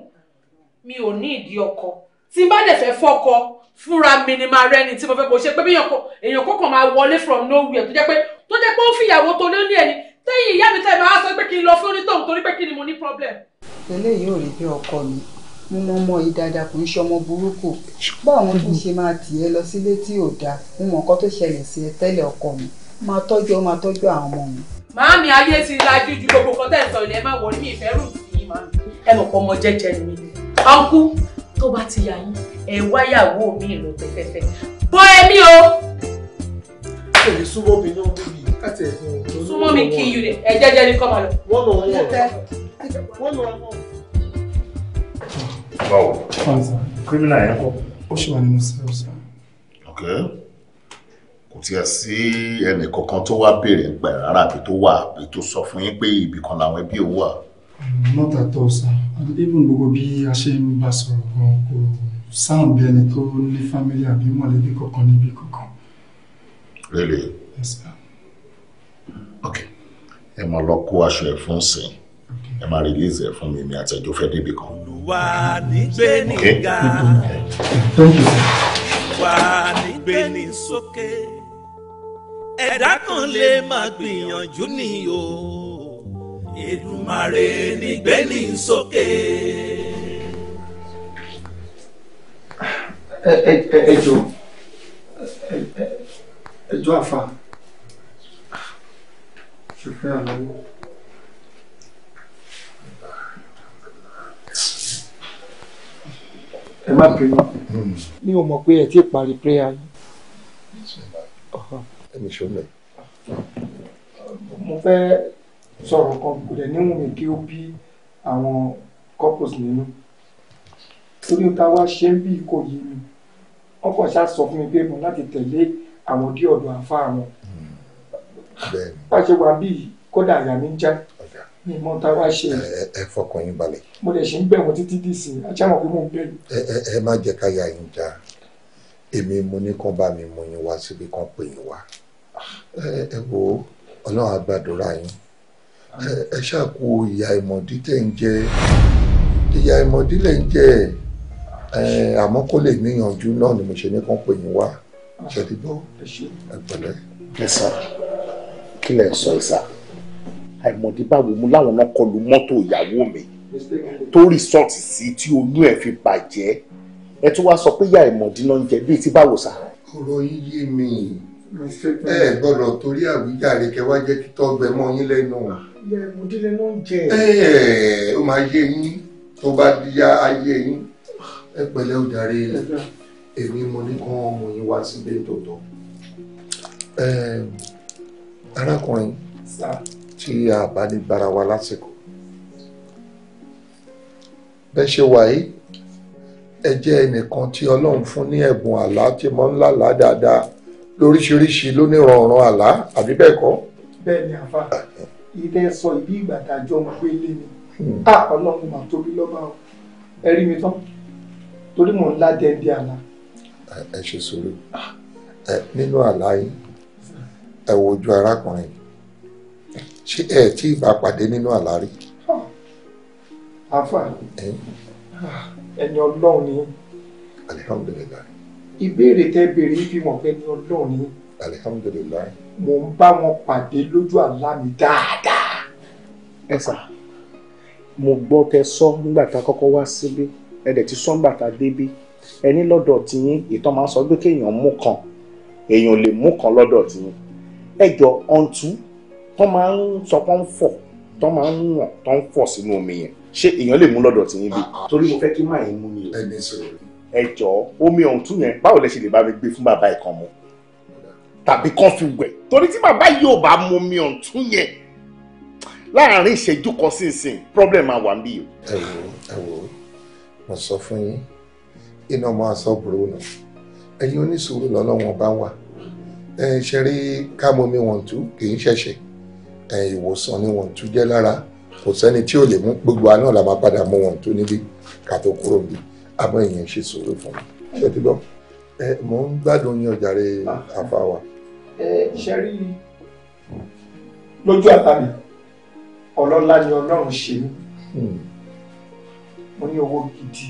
mi ò ní ìdí ọkọ tí n bá dẹ̀ fẹ́ fọ́kọ fúnra mi ni máa rẹ́ni tí mo fẹ́ kó ṣe pé èèyàn kọ̀ọ̀kan máa wọlé from nowhere tó jẹ́ pé tó jẹ́ pé ó fìyàwó tó lé ní ẹni tẹ́yìn ìyá mi tẹ́ máa sọ pé kí n lọ fún onítọ̀hún torí pé kí ni mo ní problem. eléyìí ò rí bí ọkọ mi mo mọ ọmọ yìí dáadáa kò ń ṣe ọmọ burúkú bá àwọn tó ṣe máa tì ẹ lọ sílé tí ò dáa mo mọ nǹkan tó ṣẹlẹ̀ sí ẹ tẹ́lẹ̀ ọkọ mi máa tọ́jú ọ máa tọ́jú àwọn ọmọ mi. màámi ayé ti lajú ju gbogbo kan tẹ̀sán ilẹ̀ ẹ má wọ ní ìfẹ́ rù yìí màámi ẹ mọ̀ pọ̀ ọmọ jẹ́jẹ́ mi ọkú tó bá ti yà yín ẹ wáyàwó mi lọ fẹ́fẹ́fẹ́ bọ́ ẹmí o. kò ní súnmọ́ mi náà níbi káàtì ẹ̀ fún un. súnmọ́ mi kí wọ́n lọ wọ́n lọ wọ́n lọ báwo. kírímìnà yẹn kọ́. ó ṣì wà nínú sẹ́ẹ̀lì ok kò tiẹ̀ sí ẹnì kankan tó wá béèrè ń pẹ̀ rárá àbí tó wà àbí tó sọ fún yín pé ibì kan làwọn ẹbí òun wà. Mm, not at all even gbogbo bí a ṣe ń bá sọ̀rọ̀ gan kò sound bí ẹni tó ní family àbí mọ̀lẹ́bí kankan níbí kankan. really. ok ẹ máa lọ kó aṣọ ẹ fún sìn ẹ máa release ẹ fún mi mi àtẹjọ fẹ débi kan. wà á ní gbé ní ga wà á ní gbé ní sókè ẹ̀dá kan lè máa gbìyànjú ni o Èdùmàrè ní gbé ní sókè. ẹ ẹ àfa ṣe àlọ́. ẹ má bínú mi ò mọ̀ pé ẹ ti parí prayer yìí. ẹni ṣọlẹ. mo fẹ́ sọ̀rọ̀ kan kò dẹ̀ níwọ̀n mi kí ó bí àwọn couples nínú torí ká wá ṣe ń bí ikọ̀ yìí mi wọ́n kàn ṣáà sọ fún mi pé mo láti tẹ̀lé àwọn dí àfa àwọn. bá a ṣe wà bíi kódà àyà mi ń já mi mọ ta wá ṣe. ẹ fọkàn yín balẹ̀. mo lè ṣe ń bẹ̀ wọ́n títí dì sí i ajá mọ̀ pé mo ń bẹ̀ yín. ẹ má jẹ́ ká ya yín já èmi mo ní kán bá mi mú yín wá síbi kan pè yín wá ẹ wo ọlọ́run á yín ẹ ṣàkó ìyá ìmọ̀dí tẹ̀ ń jẹ ìyá ìmọ̀dí lẹ̀ ń jẹ àmọ́ kó lè níyànjú náà ni mo ṣe ní kán pè yín wá ṣe ti gbọ́ ẹ pẹ̀lẹ́. ẹ sá kí lẹ sọ ìsà àìmọ̀dé báwo mu láwọn náà kọlu mọ́tò ìyàwó mi tó rìsọ́ọ̀tì sí tí oyún ẹ̀ fi bàjẹ́ ẹ tún wá sọ pé ìyá àìmọ̀dé náà ń jẹ bíi ti báwo sà. ọ̀rọ̀ yín yé mi ẹ gbọ́dọ̀ torí àwíjàre kẹwàá jẹ́ kí tọ́gbẹ́ mọ́ yín lẹ́nu. ìyá àìmọ̀dé lẹ́nu ń jẹ. ẹ ẹ ó máa yé yín tó bá yá ayé yín ẹ pẹ̀lẹ́ ó darí èmi mo ní kán ọmọ yín wá síbẹ̀ tòótọ́ arákùnrin. sáà tí a bá ní bára wa lásìkò bẹ́ẹ̀ ṣe wà yìí ẹ jẹ́ ẹnìkan tí ọlọ́run fún ní ẹ̀bùn àlá tí mọ́ ńlá là dáadáa lóríṣiríṣi lónírànràn àlá àbí bẹ́ẹ̀ kọ́. bẹ́ẹ̀ ni àfa ilé sọ ìbí ìgbà dájọ́ ń pé lé ni a ọlọ́run mà tóbi lọ́ba o ẹ rí mi tán torí mò ń lá dẹ́ndé àlá. ẹ ṣe sùúrù nínú àlá yìí ẹ wojú arákùnrin yìí ṣé ẹ tí ì bá pàdé nínú àlárí. àfà ẹni ọlọ́run ni. alihamudulilayi. ìbéèrè tẹ́ béèrè fi mọ̀ pé ẹni ọlọ́run ni. alihamudulilayi. mo ń bá wọn pàdé lójú àlá mi dáadáa. ẹ sà mo gbọ́ tẹ sọ nígbà tá a kọ́kọ́ wá síbí ẹ dẹ̀ ti sọ nígbà tá a débí ẹni lọ́dọ̀ tiyín ìtàn máa ń sọ pé kéèyàn mú kan èèyàn lè mú kan lọ́dọ̀ tiyín ẹ jọ ọ̀ǹtún tán máa ń sọ pọ́n fọ̀ tán máa ń wọ̀n tán fọ̀ sínú omi yẹn ṣé èèyàn lè mú lọ́dọ̀ tí yín bí. torí mo fẹ́ kí máa yín mú mi o. ẹni sọ̀rọ̀ ẹ jọ omi ọ̀hún tún yẹn báwo lẹ ṣe lè bá mi gbé fún bàbá ẹ̀ kan mu tàbí kán fi wẹ̀ torí tí bàbá yìí ò bá mu omi ọ̀hún tún yẹn láàárín ìṣẹ́jú kan sínsìn problem máa wà ń bí o. ẹ wò ẹ wò mo sọ fún yín iná máa sọ bùrọ̀ nù ẹ̀yin oníṣòro lọ́lọ́wọ́n bá wà ẹ ṣe rí ká mọ omi wọ̀n kì í ṣẹ̀ṣẹ̀ ìwòsàn ni wọ́n tún jẹ́ lára kò sẹ́ni tí ò lè mú gbogbo àná la máa padà mú wọn tó níbi ká tó kúrò níbi àmọ́ èèyàn ṣe sọ̀rọ̀ fún mi ṣe ti gbọ́ ẹ mò ń gbádùn ní ọjà rẹ àfàwà. ẹ ṣe rí lójú àtàmì ọlọ́lá ni ọlọ́run ṣe mí hmm. mo ní owó gidi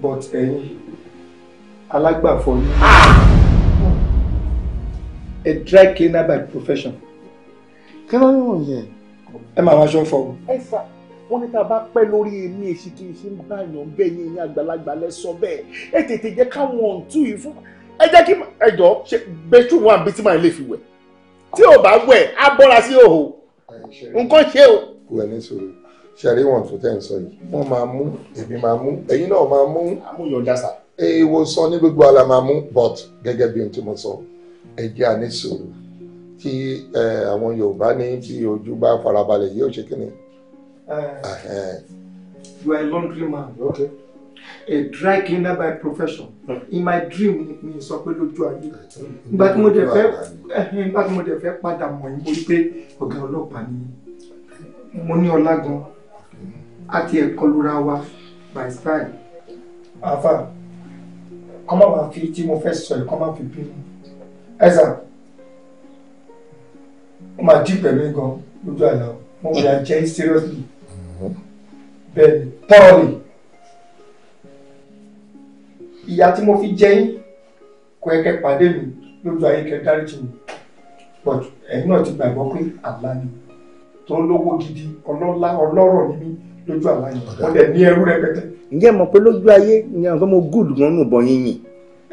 but ẹ̀yin alágbàfọ̀ ni a dry cleaner by profession kí ló ń wò yẹn. ẹ máa wá aṣọ fọ. ẹ sà wọn ní tá a bá pẹ́ lórí èmi èsì kì í ṣe ń bá èèyàn bẹ́ẹ̀ yín ní àgbàlagbà lẹ sọ bẹ́ẹ̀ ẹ tètè jẹ́ káwọn ọ̀ǹtú yìí fún ẹ jẹ́ kí ẹ jọ ṣe bẹ́tù wọn àbí tí màá lè fi wẹ̀ tí ò bá wẹ̀ á bọ́ra sí òhò nǹkan ṣe o. wẹ̀ ní sòrò ṣẹ̀rí wọn tó tẹ̀ ń sọ yìí wọ́n máa mú èmi máa mú ẹ̀yin náà máa mú. àmúyọ̀dá sà. èèwọ̀ sọ ní gbogbo ala máa mú but gẹ́gẹ́ bí ohun tí mo sọ ẹ jẹ́ àníṣòro tí àwọn Yorùbá ní bí ojú bá farabalẹ̀ yóò ṣe kí ni. You are a laundry man. Okay. A dry cleaner by profession. Hmm. In my dream mi sọ pé lójú ayé. Nígbà tí mo dẹ̀ fẹ́ nígbà tí mo dẹ̀ fẹ́ padà mọ̀ yín mo rí pé ọ̀gá ọlọ́pàá ni mo ní ọlá gan àti ẹ̀kọ́ lóra wa by style. Àfà, kọ́ máa fi tí mo fẹ́ sọ ẹ̀ kọ́ máa fi bínú. Ẹ sà wọ́n máa dí pẹ̀lú gan lójú àlá wọ́n wọ́n yà jẹ́ seriously bẹ́ẹ̀ tọ́ọ̀lì ìyá tí mo fi jẹ yín kò yẹ kẹ́ pàdé mi lójú ayé kẹ́ dáríjì mi but ẹ̀yin náà ti gbàgbọ́ pé àlá ni tó ń lówó gidi ọlọ́lá ọlọ́rọ̀ ni mí lójú àlá yìí wọ́n dẹ̀ ní ẹrú rẹpẹtẹ. ǹjẹ́ mọ̀ pé lójú ayé ni àwọn ọmọ good gan nù bọ̀ yín yìn.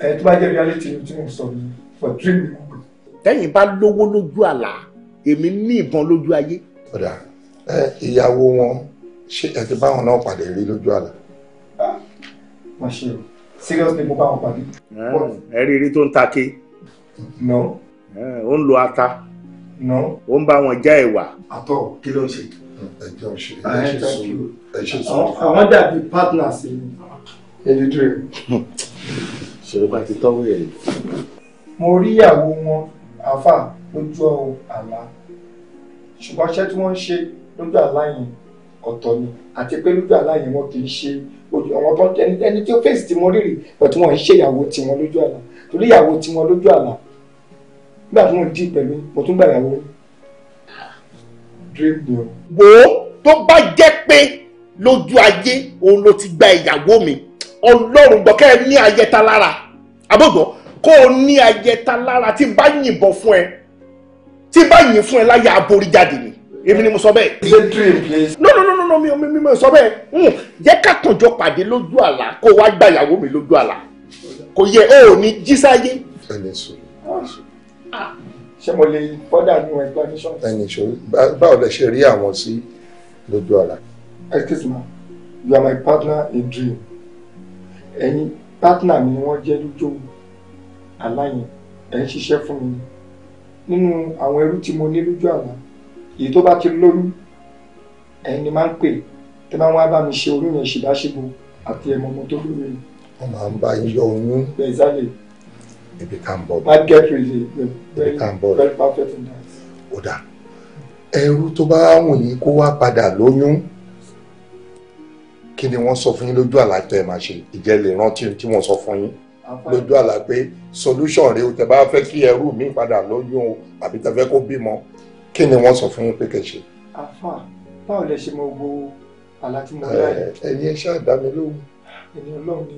ẹ tó bá jẹ́ reality tí mo sọ ni for dream mi kò gbé. tẹ́yìn bá lówó lójú àlá èmi ní ìbọn lójú ayé. ọ̀dà ìyàwó wọn ṣé ẹ ti báwọn náà pàdé rí lójú àlá. wọ́n ah, ṣe o seriously mo bá wọn pàdé. Eh, ẹ rí rí tó ń ta ké. no. Eh, ó ń lo ata. no. ó ń bá wọn já ẹ̀wà. àtọ kí ló ń ṣe. ẹ jọ ṣe ẹ eh, ṣe sùúrù ẹ ṣe sùúrù. àwọn dàbí partners ni ẹni tó yẹ. ṣèlú bá ti tọ́wọ́ yẹn. mo rí ìyàwó wọn àáfàá lójú àlá ṣùgbọ́n iṣẹ́ tí wọ́n ń ṣe lójú àlá yẹn ọ̀tọ̀ ni àti pé lójú àlá yẹn wọn kì í ṣe ojú àwọn tó ẹni ẹni tí ó fèsì tí mo rírì bọ̀tí wọn ń ṣe ìyàwó tiwọn lójú àlá torí ìyàwó tiwọn lójú àlá nígbà tí mo dì pẹ̀lú mo tún gbà ìyàwó ni o. wo tó bá jẹ́ pé lójú ayé òun ló ti gba ìyàwó mi ọlọ́run gbọ́ ní ayẹta lára àbọ̀gbọ́ kó o ní ayẹta lára tí bá yìnbọn fún ẹ tí báyìí fún ẹ láyà aborí jáde ni èmi ni mo sọ bẹ́ẹ̀. it's a dream please. no no no no mi ò mi mi ò sọ bẹ́ẹ̀ hmm, jẹ́ ká kànjọ pàdé lójú àlá kó wá gba ìyàwó mi lójú àlá kò yẹ o ò ní jí sáyé. ẹni sùn ah, ṣé mo lè fọ́dà ní explanation. ẹni sùn báwo lẹ ṣe rí àwọn sí lójú àlá. excuse me you are my partner in dream ẹ̀yin partner mi ni wọ́n jẹ́ lójú àlá yẹn ẹ̀ ń ṣiṣẹ́ fún mi nínú àwọn ẹrú tí mo ní lójú àlá èyí tó bá ti lóyún ẹ̀yin ni máa ń pè tẹ́ bá wọn bá mi ṣe oyún yẹn ṣìbáṣìbò àti ẹ̀mọ̀mọ́ tó lóyún yẹn. wọ́n máa ń bá yín yọ oyún. bẹ́ẹ̀ sáré. ibi ká ń bọ̀ bọ̀. máa get ready. ibi ká ń bọ̀ very perfect in that. ó dà ẹrú tó bá wù yín kó wá padà lóyún kí ni wọ́n sọ fún yín lójú àlá tó máa ṣe ìjẹ́ lè tí wọ́n sọ fún yín lójú àlá pé solution rèé o tẹ bá fẹ́ kí ẹrú mi padà lóyún o àbí tẹ fẹ́ kó bímọ kí ni wọ́n sọ fún yín pé kẹ́ ṣe. àfà báwo lẹ ṣe mọ gbogbo àlá tí mo dá yìí. ẹni ẹ ṣáà dá mi lóhùn. ẹni Ọlọ́run ni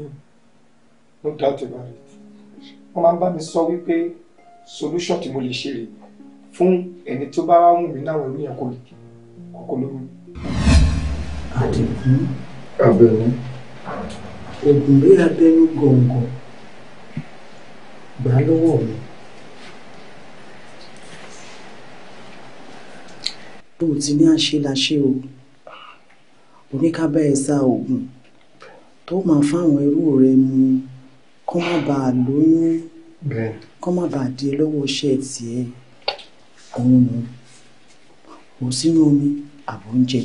no doubt about it wọ́n máa ń bá mi sọ wípé solution tí mo lè ṣe rèé fún ẹni tó bá wù mí náà wọ̀nyí yẹn kò lóyún. àdìgún abẹnú ògùn rí abẹnú gọ̀ǹgọ̀ gbà á lọ́wọ́ mi. o ti ní àṣeláṣe o oníkábà ẹ̀sà oògùn tó máa fáwọn irú rẹ mu kó má bàa lóyún kó má bàa di lọ́wọ́ iṣẹ́ tiẹ̀ òun mu o sínú omi àbóúnjẹ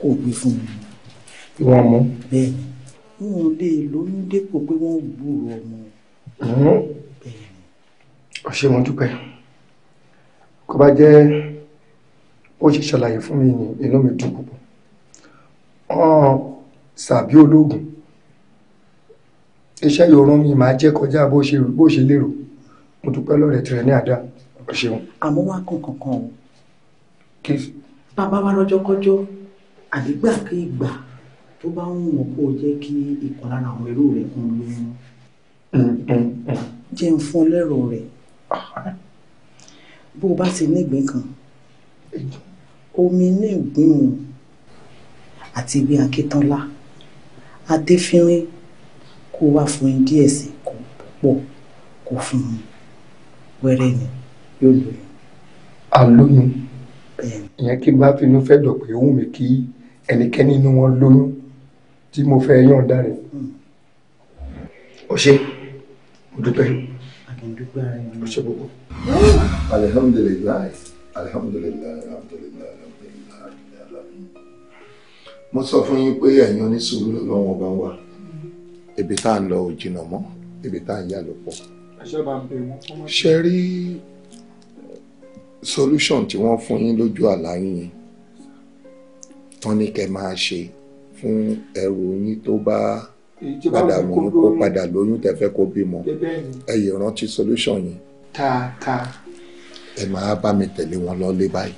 kò gbé fún mi. wọ́n mú. bẹ́ẹ̀ ni wọn lè lóyún dépò pé wọ́n gbúrò ọmọ. Hm? ó ṣé mo dúpẹ́ kó bá jẹ́ ó ṣe ṣàlàyé fún mi ní inú mi dùn púpọ̀ ọ̀n sàbí ológun iṣẹ́ yòórùn mi máa jẹ́ kọjá bó ṣe bó ṣe lérò mo dúpẹ́ lọ́rẹ̀ tirẹ̀ ní àdá ó ṣeun. àmọ́ wá kàn kankan o bàbá wa lọ́jọ́kọ́jọ́ àdígbà kí ìgbà tó bá ń wọ̀n kó jẹ́ kí ìkan lára àwọn ẹrú rẹ̀ kún lóyún jẹ́ ń fún ọ lẹ́rọ rẹ̀ bó o bá ti nígbín kan omi ní ìgbín òun àti ìgbín akíntánlá adéfínrín kó wá fún un díẹ̀ sí kó pọ̀ kó fún un wẹ́rẹ́ ni yóò lóyún. àlóyún ìyẹn kí n bá finú fẹ́ dọ̀ pé òun mi kí ẹnikẹ́ni inú wọn lóyún tí mo fẹ́ yọ̀ǹda rẹ̀. ó Mm dúpẹ́ ó ṣe gbogbo. alihamudulilayi alihamudulilayi alihamudulilayi alihamudulilayi mo sọ fún yín pé ẹ̀yin onísùúrù lọ́wọ́ ọba wa ibi tá à ń lọ ò jìnnà mọ́ ibi tá à ń yà lọ pọ̀. ṣe rí solution tí wọ́n fún yín lójú àlá yín tán ni kẹ́ máa ṣe fún ẹrù yín tó bá. Ba padà lóyún kó padà lóyún tẹ́ fẹ́ kó bímọ ẹ yìí rántí solution yìí. ta ta. ẹ máa bá mi tẹ̀lé wọn lọ lé báyìí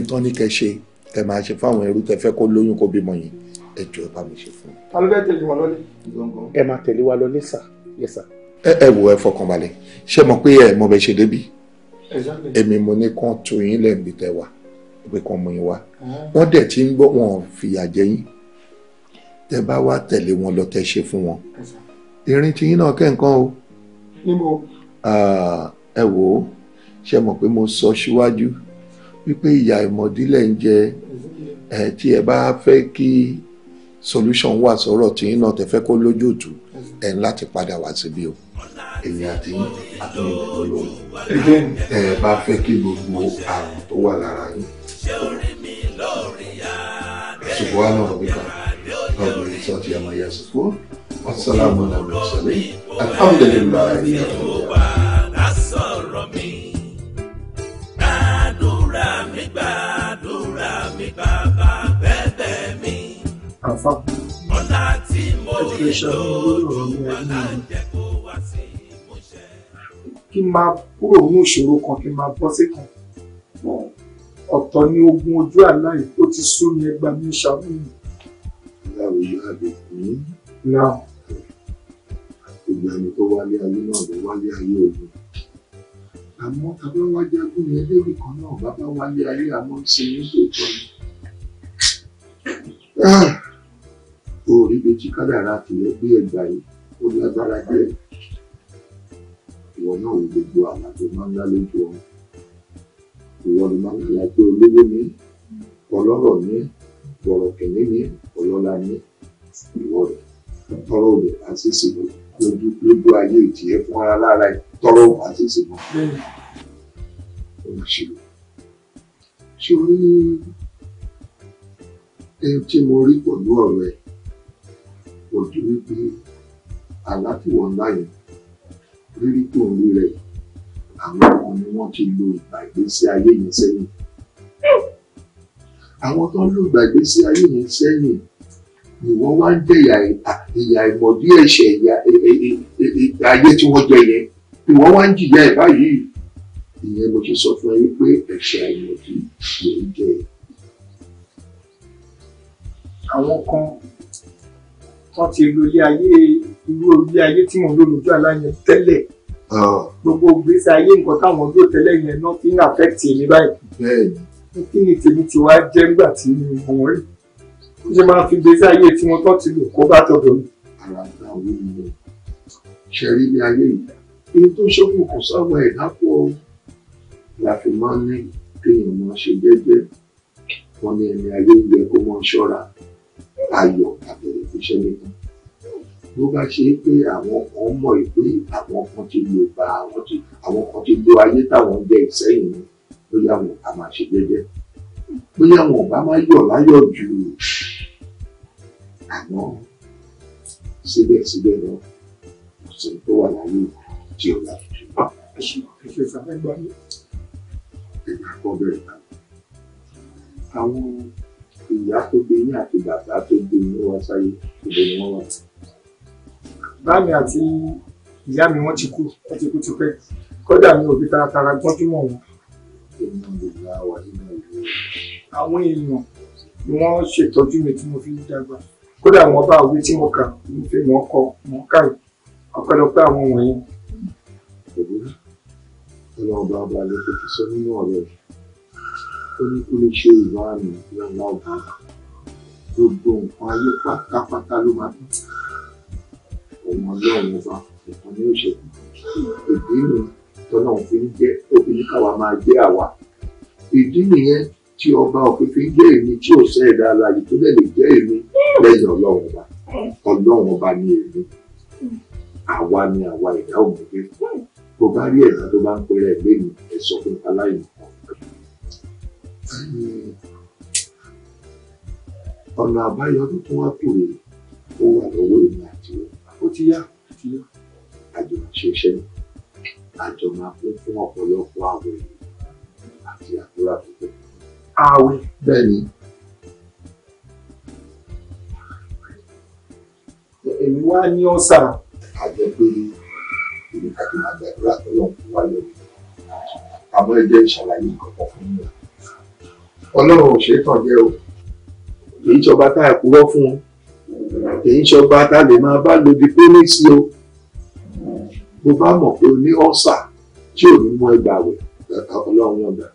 nǹkan ní kẹ́ ṣe ẹ máa ṣe fáwọn ẹrú tẹ́ fẹ́ kó lóyún kó bímọ yìí ẹ jọ ẹ bá mi ṣe fún mi. ta ló fẹ́ tẹ̀lé wọn lọ́lé. ẹ máa tẹ̀lé wa lọ lẹ́sà lẹ́sà. ẹ ẹ wo ẹ fọkànbalẹ̀ ṣé mo pé ẹ mo bẹ ṣe débi èmi mo ní kán tún yín lẹ́ẹ̀mí tẹ wá pé kán mú yín wá wọ́n dẹ̀ ti ń gbọ́ wọn fìyà jẹ tẹ bá wá tẹ̀lé wọn lọ tẹ ṣe fún wọn ìrìn tiyín náà kẹ́ǹkan o níbo ẹ wò ó ṣe mọ̀ pé mo sọ síwájú wípé ìyá ìmọ̀dílẹ̀ ń jẹ ẹ tí ẹ bá fẹ́ kí solution wà sọ̀rọ̀ tiyín náà tẹ fẹ́ kó lójútùú ẹ ń láti padà wá síbí o èmi àti àtúnyẹ̀wò olóhùn ẹ bá fẹ́ kí gbogbo àrùn tó wà lára yín ṣùgbọ́n àná mi kan public Saudi Amaya School. Wassalamu alaikum. Alhamdulillah. àfapò education lórí ọ̀rọ̀ mi kí n máa kúrò ní ìṣòro kan kí n máa bọ́ sí kan ọ̀tọ̀ ni ogun ojú àlá tó ti sú mi ẹgbàá mi ṣàmúlò Now, you have a queen. No. Ìgbà ni tó wálé ayé náà ló wálé ayé òun. Àmọ́ tàbá wá jágún yẹn lébì kan náà bàbá wálé ayé àmọ́ ṣe ní tòótọ́ ni. Orí bèjì kádàrá tìlẹ̀ gbé ẹgbà yìí, ó lágbára jẹ́. Ìwọ náà wo gbogbo àlá tó máa ń lá lójú ọ̀run. Ìwọ ni máa ń gbà olówó ni, ọlọ́rọ̀ ni, tọrọ kìnní ní ọlọ́lá ní ìwọ rẹ̀ tọrọ olè àti ìsìnkú lójú lójú ayé ìjìyẹ fún ara lára tọrọ àti ìsìnkú. olùṣirò ṣé o rí ẹni tí mo rí pẹ̀lú ọ̀rọ̀ ẹ kò ju wípé aláfíwọ̀ ńlá yẹn rírí tó ń rí rẹ̀ àwọn ọmọ ni wọ́n ti lo ìgbà ìgbésí ayé yẹn sẹ́yìn àwọn tó ń lò gbàgbé sí ayé yẹn sẹ́yìn ìwọ wá ń jẹ̀yà ìyà ìmọ̀dí ẹ̀ṣẹ̀ ìyà ayé tí wọ́n jẹ yẹn ìwọ wá ń jìyà ẹ̀ báyìí ìyẹn mo ti sọ fún ẹ wípé ẹ̀ṣẹ̀ àìmọ̀dí ló ń jẹ. àwọn kan wọ́n ti lo ilé ayé irú ilé ayé tí mò ń lò lójú àlá yẹn tẹ́lẹ̀ ah. gbogbo gbèsè ayé nǹkan táwọn lò tẹ́lẹ̀ yẹn náà fi ń àfẹ́tì mi báyìí. bẹ́ẹ̀ni kí ni tèmi ti wá jẹ́ nígbà tí mi ò wọ́n rí ó ṣe máa fi gbèsè ayé tí mo tọ́ ti lò kó bá tọ̀dọ̀ mi. ara gba òwe mi lọ ṣe rí ní ayé ìgbà èyí tó ṣókùn kò sọ́wọ́ ẹ̀ lápò la fi máa ń ní kéèyàn máa ṣe jẹ́jẹ́ wọn ní ẹni ayé yẹ kó máa ṣọ́ra ayọ̀ àbẹ̀rẹ̀ iṣẹ́ nìkan ló bá ṣe é pé àwọn kan mọ̀ pé àwọn kan ti lo bá àwọn kan ti lo ayé táwọn jẹ́ ìsẹ́yìn ni bóyá wọn ò bá máa ṣe jẹ́jẹ́ bóyá wọn ò bá máa yọ̀ láyọ̀ jù àmọ́ síbẹ̀síbẹ̀ lọ ọ̀sẹ̀ tó wà láyé tí ò láti ṣe bá ẹ̀ka kọ́ bẹ̀rẹ̀ bá àwọn ìyá tó gbé ní àti bàbá tó gbé ní wá sáyé ìbò ni wọ́n wà. báàmì àti ìyá mi wọ́n ti kú wọ́n ti kú tipẹ́ kódà mi ò fi taratara gbọ́n kí mọ̀ wọ́n àwọn èèyàn ni wọ́n ṣètọ́jú mi tí mo fi ń dàgbà kódà wọn bá òwe tí mo kà mo fi mọ̀ kọ mọ̀ káyì ọ̀pẹ́lọpẹ́ àwọn wọ̀nyí. ọlọ́run bá bá lè fètò sọ nínú ọ̀rọ̀ rẹ̀ ó ní kó lè ṣe ìwárìn ìyànlá ọ̀gá gbogbo nǹkan ayé pátápátá ló máa tán ọmọ ọlọ́run ọba ìkànnì òṣèlú ìbí tọ́nà òfin jẹ́ òfin ní káwa máa jẹ́ àwa ìdí nìyẹn tí ọba òfin ń jẹ́ èmi tí ò sẹ́ ẹ̀dá alààyè tó lè lè jẹ́ èmi lẹ́yìn ọlọ́run ọba ọlọ́run ọba ni èmi àwa ni àwa ẹ̀dá òmùgbé tó bá rí ẹ̀dá tó bá ń pèrè ẹgbẹ́ mi ẹ sọ fún aláìní ọ̀nà àbáyọ tó tún wá kù ó wà lọ́wọ́ èmi àti ó ti yá àjọ àṣeṣẹ́ mi àjọ máa kún fún ọ̀pọ̀lọpọ̀ àwẹ̀ àti àdúrà púpọ̀. àwẹ̀ bẹ́ẹ̀ ni. èmi wá ní ọ̀sà. àjọ pé èmi kàkí máa gbàdúrà tó lọ fún wa lọ àmọ́ ẹ jẹ́ ìṣàlàyé kankan fún mi. ọlọ́run ò ṣeé tàn jẹ́ o kì í ṣọba tá a kúrọ́ fún un kì í ṣọba tá lè máa bá lòdì pé ní o bó bá mọ̀ pé o ní ọ̀sà tí ò ní mú ẹgbà wẹ̀ ọlọ́run ọ̀dà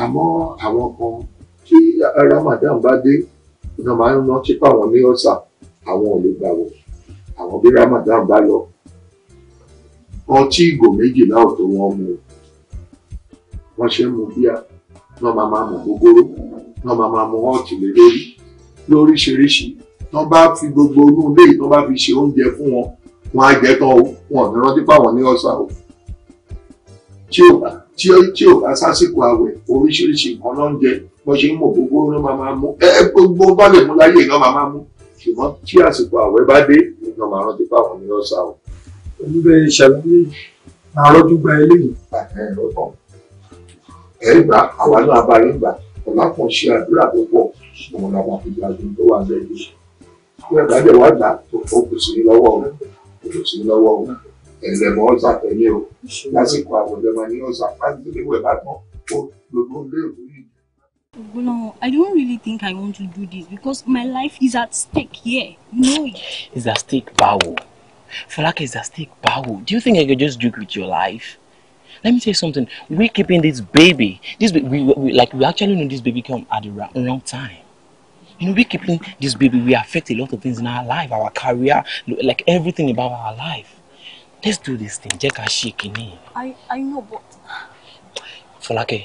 àmọ́ àwọn kan tí Ramadan bá dé náà máa ń rántí páwọn ní ọ̀sà àwọn ò lè gbà wẹ̀ àwọn bí Ramadan bá lọ ọtí ìgò méjìlá ọ̀tọ̀ wọn mu wọ́n ṣe ń mu bíà náà máa máa mu gbogbooro náà máa máa mu ọ̀tí lé lórí lóríṣiríṣi tán bá fi gbogbo inú ilé tán bá fi ṣe oúnjẹ fún wọn wọn á jẹ tán o wọn ò ní rántí fáwọn ní ọ̀sà o tí ò bá tí ó tí ò bá sásìkò àwẹ̀ oríṣiríṣi nǹkan náà ń jẹ bó ṣe ń mọ̀ gbogbo ló máa máa mú ẹ gbogbo bá lè mú láyé iná máa máa mú ṣùgbọ́n tí àsìkò àwẹ̀ bá dé iná máa rántí fáwọn ní ọ̀sà o. pẹ̀lú bẹ́ẹ̀ ṣàlàyé àárọ̀ tó gba eléyìí. ẹ gbà àwa náà bá yín gbà ọ̀làpọ̀ ṣe àdúrà tó pọ̀ òun làwọn àfijọ́ àjò tó wà lẹ́yìn. bí ẹ bá dẹ̀ wá gbà tó fọ́ kù sí lọ́wọ́ rẹ̀ kò sí lọ́wọ́ o ẹ̀lẹ́mọ̀ ọ̀sà tẹ̀lé o lásìkò àwọ̀dẹ́mọ̀ ní ọ̀sà pàǹtí níwẹ̀ bá ó gbogbo ilé yìí. No, I don't really think I want to do this because my life is at stake here. You know it. It's at stake, Bao. Falaka is at stake, Bao. Do you think I could just joke with your life? Let me tell you something. We're keeping this baby. This we, we like we actually know this baby come at the wrong time. You know, we keeping this baby, we affect a lot of things in our life, our career, like everything about our life. Let's do this thing. Jẹ́ ká ṣe I I know but. Fọlákẹ́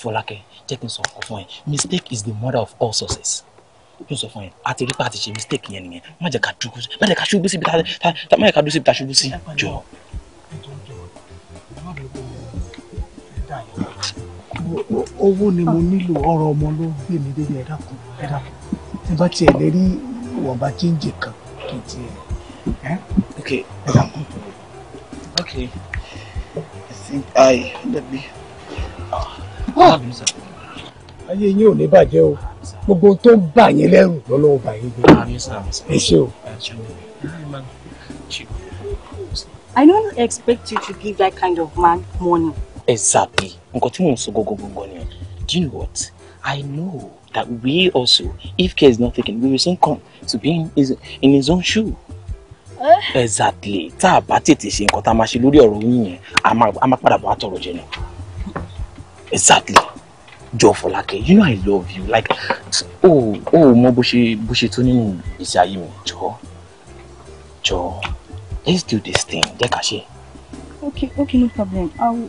Fọlákẹ́ jẹ́ kí n sọ ọkọ fún ẹ mistake is the mother of all success. Kí n sọ fún ẹ àti rí mistake yẹn nìyẹn má jẹ́ ká dúró sí má jẹ́ ká ṣubú síbi tá má jẹ́ ká dúró síbi tá ṣubú sí jọ. ni mo nílò ọ̀rọ̀ ọmọ ló gbé mi débi ẹ̀dá kan tí bá tiẹ̀ lè rí ìwọ̀nba chíńjì kan kì í tiẹ̀ ẹ́ okay okay i think i let me. Ah! ayé yín ò ní bàjẹ́ o gbogbo tó ń bà yín lẹ́rù lọ́lọ́wọ́ bà yín jẹ́ ẹ ṣé o. I don't expect you to give that kind of man money. Exactly. Nǹkan tí mò ń sọ gógógógó ni. Do you know what? I know that we also, if care is not taken, we will soon come to be in his, in his own shoe. Eh? Exactly. Tá a bá tètè ṣe nǹkan tá a máa ṣe lórí ọ̀rọ̀ yín yẹn, a máa padà bọ̀ àtọ̀rọ̀ jẹ náà. Exactly. Jọ Folake, you know I love you. Like, Oh, oh, mọ bó ṣe bó ṣe tó nínú ìgbésí ayé mi. Jọ, jọ, let's do this thing. Jẹ́ ká ṣe. Okay, okay, no problem. I'll.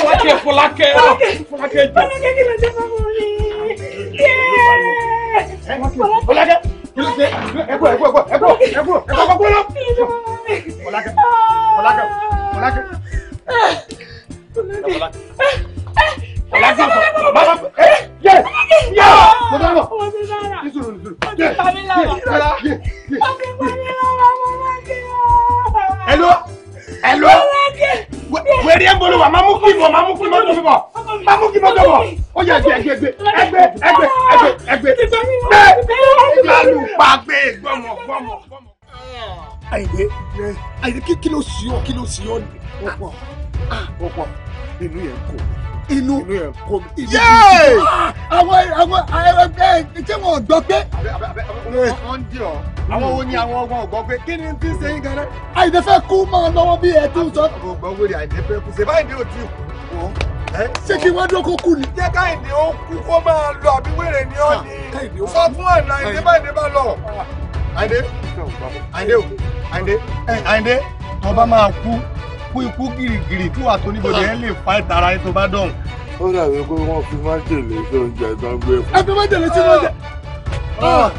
Fọlákẹ́ Fọlákẹ́ Fọlákẹ́ jọ. Fọlákẹ́ kí ló ṣe fún mi? Fọlákẹ́ kí ló ṣe? Ẹ̀kọ́ ẹ̀kọ́ ẹ̀kọ́ ẹ̀kọ́ ẹ̀kọ́ ẹ̀kọ́ ọkọ̀ gbọ́dọ̀. Fọlákẹ́ Fọlákẹ́ Fọlákẹ́. Fọlákẹ́ bàbá ẹ̀ yẹ yẹ mo dáná lọ. Mo ti dára. Nísòro nísòro. Mo ti pa mí lára. Mo ti pa mí lára Fọlákẹ́. Hello hello wẹ̀rí ẹ̀ ń bolo wa máa mú kí bọ̀ máa mú kí mọ́tò fi bọ̀ máa mú kí mọ́tò bọ̀ ó yẹ ẹgbẹ́ ẹgbẹ́ ẹgbẹ́ ẹgbẹ́ ẹgbẹ́ ẹgbẹ́ bẹ́ẹ̀ lálù pàgbé gbọ́mọ̀ gbọ́mọ̀. àyìnbé àyìnbé kí ló sì yọ kí ló sì yọ ọ̀pọ̀ ah, ọ̀pọ̀ inú yẹn kò inú kò mí. àwọn àwọn ẹgbẹ́ tí wọ́n gbọ́ pé. wọ́n dì ọ́ àwọn wo ni àwọn ọgbọ́n ọ̀gbọ́n pé kí ni ti ṣe yín gan àyìnbẹ́ fẹ́ kú máa lọ́wọ́ bí ẹ tó sọ. àwọn ọgbọ́n wèrè àyìnbẹ́ fẹ́ kú ṣe báyìí ni ò ti kú o. ṣé kí wọ́n dúró kó kú ni. jẹ́ káyìndé ó kú kó máa lọ àbí wèrè ni ah, ó ní. sọ fún àná àyìnbẹ́ báyìí bá lọ. àyìnbé àyìnbé àyìnbé tó bá máa kú kú ikú gìrìgìrì tí wàá tó níbodè ẹ lè fa ìtara ẹ tó bá dọ̀hún. ó dàbí pé wọ́n fi májèlé sí oúnjẹ tó ń gbé fún. ẹ fi májèlé sí oúnjẹ. ọ̀ ah,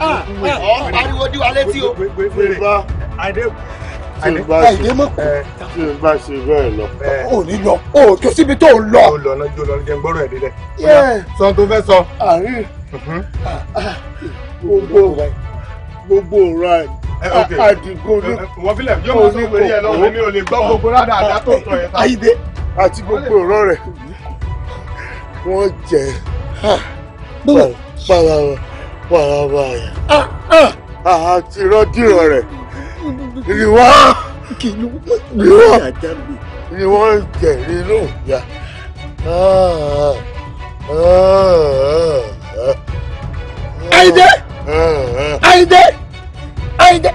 ah, ah. pariwo díwa létí o. àìdè àìdè mọ̀ kù. tí o bá ṣe bẹ́ẹ̀ lọ. o ní lọ o tó síbi tó lọ. o lọ náà jó lọ jẹun gbọ́dọ̀ ẹ̀ délẹ̀. sọ tó fẹ́ sọ. àárín mhm. gbogbo gbogbo right Eh, ah, àdìgún ní eh, eh, wọ́n fílẹ̀ yóò mọ̀ sóko orí ẹ lọ́wọ́ mi ò lè gbọ́ gbogbo rádà àdá tó tọ̀ yẹn. Ayíde àti gbogbo ọ̀rọ̀ rẹ̀ wọ́n jẹ paraba àti rọ́dìrọ̀ rẹ̀ ni wọ́n ni wọ́n ni wọ́n jẹ nínú ìyá. Ayíde Ayíde. Ayinde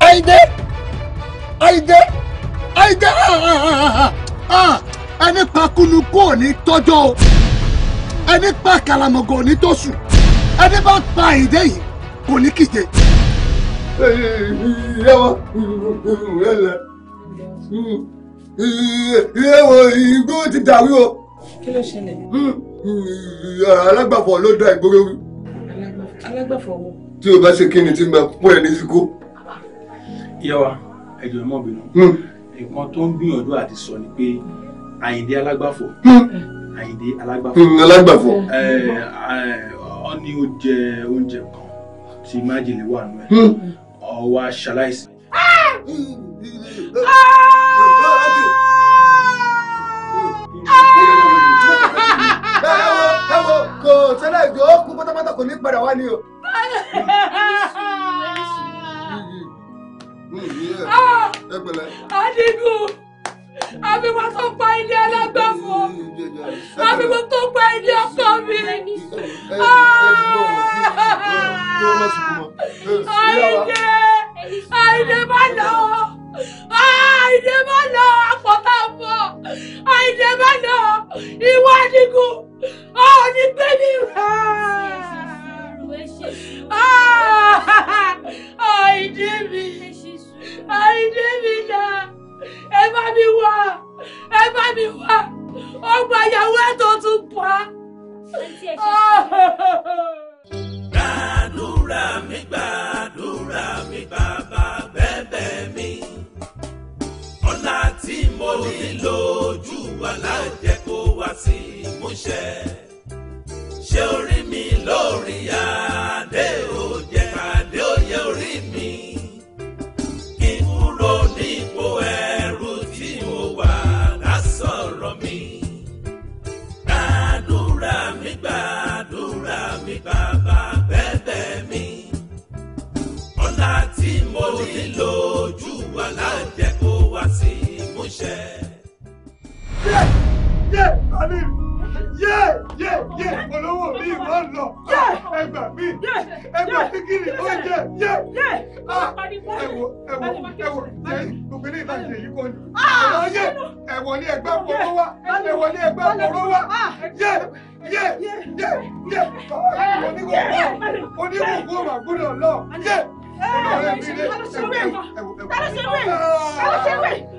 Ayinde Ayinde Ayinde ah, ah, ah, ẹni pa kúnukú òní tọ́jọ́ o ẹni pa kàlàmọ̀gọ̀ òní tó sùn ẹni bá pa Ayinde yìí kò ní kíje. ìyáwó ìwé lẹ ìyáwó igbó ti dàwí o. kí ló ṣẹlẹ̀. Hmm, hmm, alágbàfọ̀ ló da ìgboro. alágbàfọ̀ wo tí o bá ṣe kí ni tí mo pọ ẹ ní síkó. ìyá wa ẹjọ mọ bínú hmm. nǹkan tó ń gbìyànjú àti sọ ni pé àyìndé alágbàfọ̀ hmm. àyìndé alágbàfọ̀ hmm, alágbàfọ̀ ọ ní ó jẹ oúnjẹ kan tí májèlé wà nù ẹ ọwọ aṣaláìsí. ẹ ah! wo ẹ wo kò sẹ́lẹ̀ ìjọ kú pátápátá kò ní padà wá ní o ẹgbẹ̀lẹ́. adigun àfihàn tó pa ilé alágbàfọ̀ àfihàn tó pa ilé ọkọ mi. àìdè àìdè má lọ àìdè má lọ àpọ̀tà pọ̀ àìdè má lọ ìwọ adigun ọ̀ ní pẹ́ẹ́lí rẹ̀ sùúrù ẹ ṣe sùúrù. àìdí mi àìdí mi dà ẹ bá mi wá ẹ bá mi wá ọgbà ìyàwó ẹ tó tún pa. gbàdúrà mi gbàdúrà mi bàbá bẹ́bẹ̀ mi ọlá tí mo ní lójú wa lájẹ kó wá sí ìmúṣẹ ṣe orí mi lórí adé òjẹ adé òye orí mi kí n kúrò nípò ẹrú tí mo wà lásọ̀rọ̀ mi gbàdúrà mi gbàdúrà mi bàbá bẹ̀bẹ̀ mi ọ̀la tí mo nílò ojú wa lájẹ kó wá sí ìmúṣẹ. Yeah! Yeah! I mean yé yé yé olówó mi mọ̀ ń lọ ẹgbà mi ẹgbà kíkiri ó jẹ yé ẹwọ ẹwọ ẹwọ lẹ́yìn gbogbo ilé ìbàjẹ́ yìí kọ́ ni ọ̀rọ̀ ah! yé ẹ̀wọ̀ ni ẹgbẹ́ kọ̀ọ̀rọ̀ wa ẹ̀wọ̀ ni ẹgbẹ́ kọ̀ọ̀rọ̀ wa yé yé yé yé onígbòkó onígbòkó mà gbọ́dọ̀ lọ yé ẹ̀wọ̀ ẹ̀wọ̀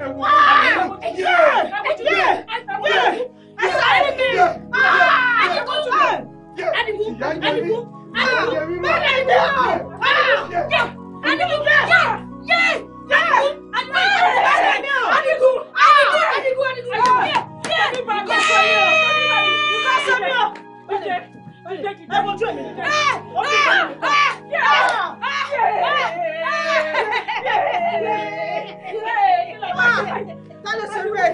ẹ̀wọ̀ ah! ẹ̀wọ̀ ẹ sáré mi kiri àti kó tún bẹ ẹnìmú ẹnìmú ẹnìmú bẹ́ẹ̀ ni ìgbà yẹ ẹnìmú bẹ́ẹ̀ yẹ yẹ ẹnìmú ẹnìmú bẹ́ẹ̀ ni ẹnìmú ẹnìmú ẹnìmú ẹnìmú yẹ yẹ ẹnìmú ẹnìmú yẹ ìgbà sọ mi o. Ẹ wojú èmi nìkan. Má, ta ló ṣe rú ẹ̀?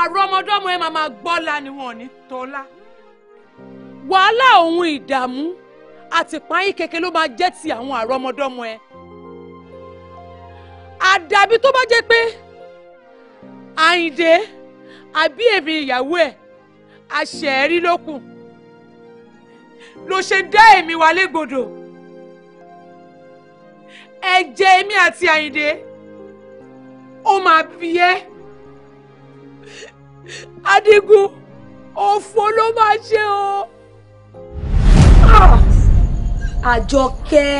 àrò ọmọdọ́mọ ẹ máa máa gbọ́la ni wọn ò ní tọ́lá wàhálà òun ìdààmú àtìpáyín keke ló máa jẹ́ ti àwọn àrò ọmọdọ́mọ ẹ àdàbí tó bá jẹ́ pé àyìndé àbí èmi ìyàwó ẹ̀ àṣẹ̀rí ló ló ṣe dá èmi wá légbodò ẹ̀jẹ̀ èmi àti àyìndé ó máa bí ẹ́. Adigun òfò ló máa ṣe o. Ah! Àjọkẹ́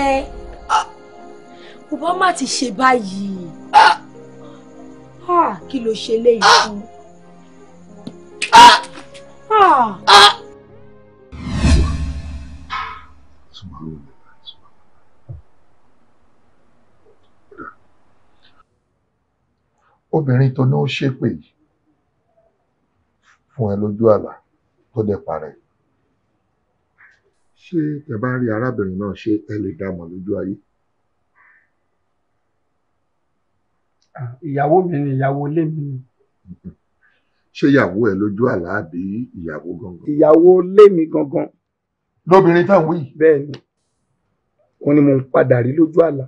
kò bá má ti ṣe báyìí ah! Ah! kí ló ṣe léyìí fún. obìnrin tó náà ṣépè yìí fún ẹ lójú àlá tó dẹ̀ parẹ́ ṣé tẹ́ bá rí arábìnrin náà ṣé ẹ lè dá mọ̀ lójú ayé. ìyàwó mi ni ìyàwó ilé mi ni. ṣé ìyàwó ẹ lójú àlá àbí ìyàwó gangan. ìyàwó ilé mi gangan. lóbìnrin táwọn wí. bẹ́ẹ̀ ni wọ́n ní mo ń padà rí lójú àlá.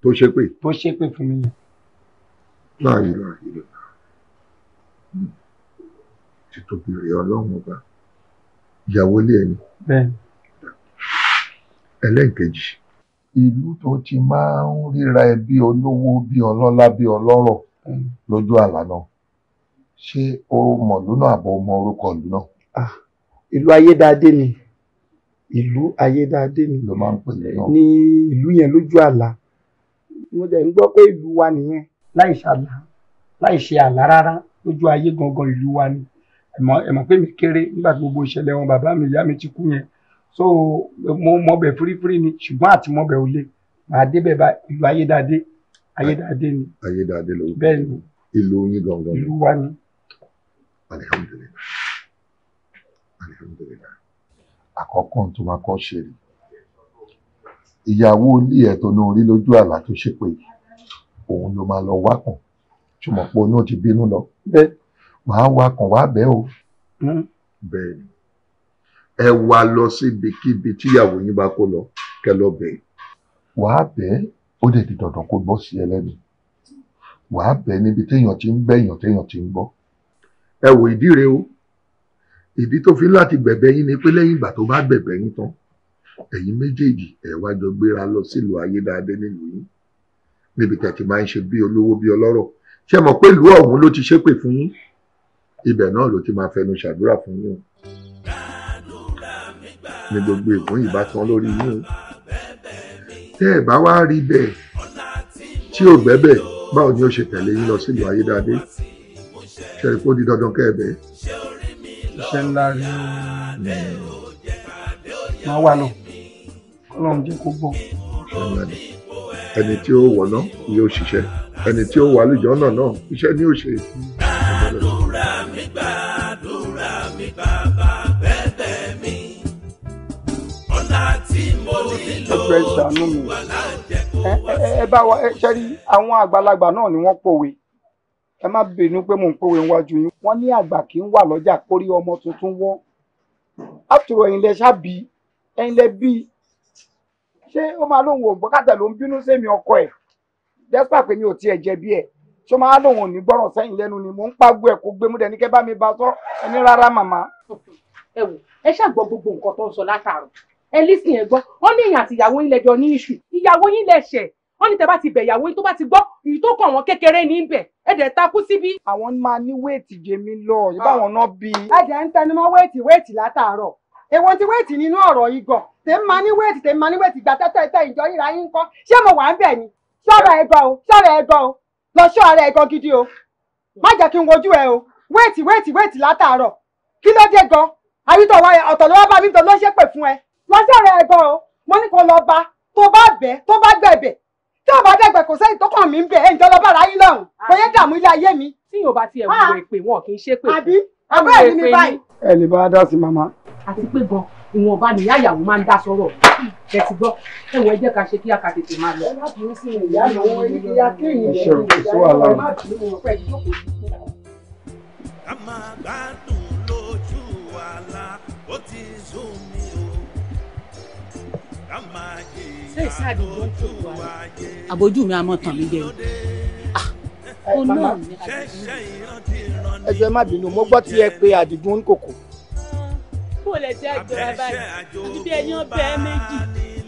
tó ṣe pé. tó ṣe pé fún mi yẹn. láàyè láàyè lọ. Mm-hmm títóbi rẹ̀ ọlọ́run ọba ìyàwó ilé ẹni. ẹlẹ́ǹkejì ìlú tó ti máa ń ríra ẹ bí olówó bí ọlọ́lá bí ọlọ́rọ̀ lójú àlá náà ṣé o mọ̀ lónà àbọ̀ ọmọ orúkọ ìlú náà. ìlú ayédáadé ni ìlú ayédáadé ni ló máa ń pè é ní ìlú yẹn lójú àlá mo dẹ̀ ń gbọ́ pé ìlú wa nìyẹn láì ṣe àlá rárá lójú ayé gangan ìlú wa ni ẹ̀mọ́ ẹ̀mọ́ pé mi kéré nígbà tí gbogbo ìṣẹ̀lẹ̀ wọn bàbá mi ìyá mi ti kú yẹn so mo mọ̀bẹ̀ fúrífúrí ni ṣùgbọ́n àti mọ̀bẹ̀ ò le màá débẹ̀ bá ìlú ayédáadé ayédáadé ni ayédáadé ló bẹ́ẹ̀ ni ìlú yín gangan ìlú wa ni. alihamudulilayi alihamudulilayi àkọ́kọ́ tó máa kọ́ ṣe rè ìyàwó ilé ẹ̀ tó ní orí lójú àlá tó ṣe pé òun ló máa lọ wákùn ṣùgbọ́n pé òun náà ti bínú lọ. bẹ́ẹ̀ wàá wakàn wàá bẹ́ o. Hmm. bẹ́ẹ̀ ni ẹ wá lọ síbikíbi tíyàwó yín bá kó lọ kẹ lọ bẹ́ẹ̀. wàá bẹ́ ó dẹ̀ di dandan kó gbọ́ sí ẹlẹ́nu wàá bẹ́ níbi téèyàn ti ń bẹ́yàn téèyàn ti ń gbọ́. ẹ wò ìdí rẹ o ìdí tó fi láti bẹ̀bẹ̀ yín ni pé lẹ́yìn ìgbà tó bá bẹ̀bẹ̀ yín tán ẹ̀yin méjèèjì ẹ̀ wá jọ gbéra lọ sílùú ayédáadé nílùú yín níbi tàti máa ń ṣe bí olówó bí ọlọ́rọ̀ ṣe mọ̀ pé ìlú ọ̀hún ló ti ṣépè fún yín ibẹ̀ náà ló ti máa fẹnu ṣàdúrà fún yín ní gbogbo ìpín ìbátan lórí yín tẹ́ ẹ̀ bá wá rí bẹ́ẹ̀ tí ò gbẹ́bẹ̀ báwo ni ó ṣe tẹ̀lé yín lọ sílùú ayédáadé ṣẹ́rí kó di dandan kẹ́ẹ̀bẹ́. iṣẹ́ ńlá rí máa wà lọ kọ́lọ́run jẹ́ kó gbọ́. ẹni tí ó wọ̀ náà yóò ṣiṣẹ́ ẹni tí ó wà lùjọ́ náà náà iṣẹ́ ni ó ṣe. ẹjọ́ ẹ ṣàánú mi ẹ bá wa ṣe rí àwọn àgbàlagbà náà ni wọ́n pòwe ẹ má bínú pé mò ń pòwe níwájú yín wọ́n ní àgbà kì í wà lọ́jà kórí ọmọ tuntun wọ́n àtúrò ẹ̀yin lẹ ṣáàbí ẹ̀yin lẹ bí ṣé ó máa lóun ò bọ́kàtà ló ń bínú sẹ́mi ọkọ ẹ̀ dẹ́sípà pé mi ò tiẹ̀ jẹ̀bi ẹ̀ ṣó máa lóun ò ní gbọ́rọ̀ sẹ́yìn lẹ́nu ni mò ń pàgọ́ ẹ̀ kó gbé mú dẹ́ni kẹ́ bá mi bá sọ ẹni rárá màmá. ẹ wò ẹ ṣàgbọ́ gbogbo nǹkan tó ń sọ látàrọ ẹ lísìn ẹ̀ gbọ́ wọ́n ní èèyàn àti ìyàwó yín lẹ́jọ́ ní iṣu ìyàwó yín lẹ́ṣẹ̀ wọ́n ní tẹ́ bá ti bẹ̀ ìyàwó yín tó bá ti gbọ́ èyí tó kàn wọ́n kékeré ní bẹ̀ ẹ dẹ̀ takú síbí. àwọn máa ní wéètì jèmi lọ ìbáwọn náà bí. ẹ jẹ́ ń tẹnumọ́ wéètì wéètì látàárọ̀ èwo ti wéètì nínú ọ̀rọ̀ yìí gan tèmi máa ní wéètì tèmi máa ní wéètì gbà tẹ́tẹ́ tẹ́ ìjọ yíra yín kọ́ ṣé mo wà ń bẹ̀ ni ṣọ́ra ẹ̀ gan o ṣọ́ra ẹ̀ gan o lọ o má jẹ́ kí n o wéètì wéètì wéètì látàárọ̀ kí ló dé gan àyítọ̀ ọ̀tọ̀ ló wá bá mi tó ló ṣépè fún ẹ wọ́n sọ̀rọ̀ ẹ̀gbọ́n o mo ní kó lọ bá tó bá bẹ́ẹ̀ tó bá gbẹ̀bẹ̀ tí ọba dẹ̀gbẹ̀ kò sẹ́yìn tó kàn mí ń bẹ̀ ẹ̀ ń jọlọ bára yín lọ́hùn kò yẹ dààmú ilé ayé mi. tí yóò bá tiẹ̀ wọ èpè ah. wọn kì í ṣe pé àbí ẹgbẹ́ ẹ̀ ní báyìí. ẹ lè bá a dá sí màmá. àti pé gan ìwọ̀nba nìyá ìyàwó máa ń dá sọ̀rọ̀ ẹ ti gbọ́ ẹ wọ ẹ jẹ́ ká ṣe kí a kà tètè ṣé ìsáàdì ló ń tòkó ara àbójú mi àmọ́ tàn mí jẹ ó ah, náà ní àdìgún. ẹ jọ̀ọ́ ẹ má bínú mo gbọ́ tí ẹ pé àdìgún ń kòkò. bó lẹ jẹ́ àjọra báyìí àti bí ẹyin ọbẹ̀ ẹ méjì.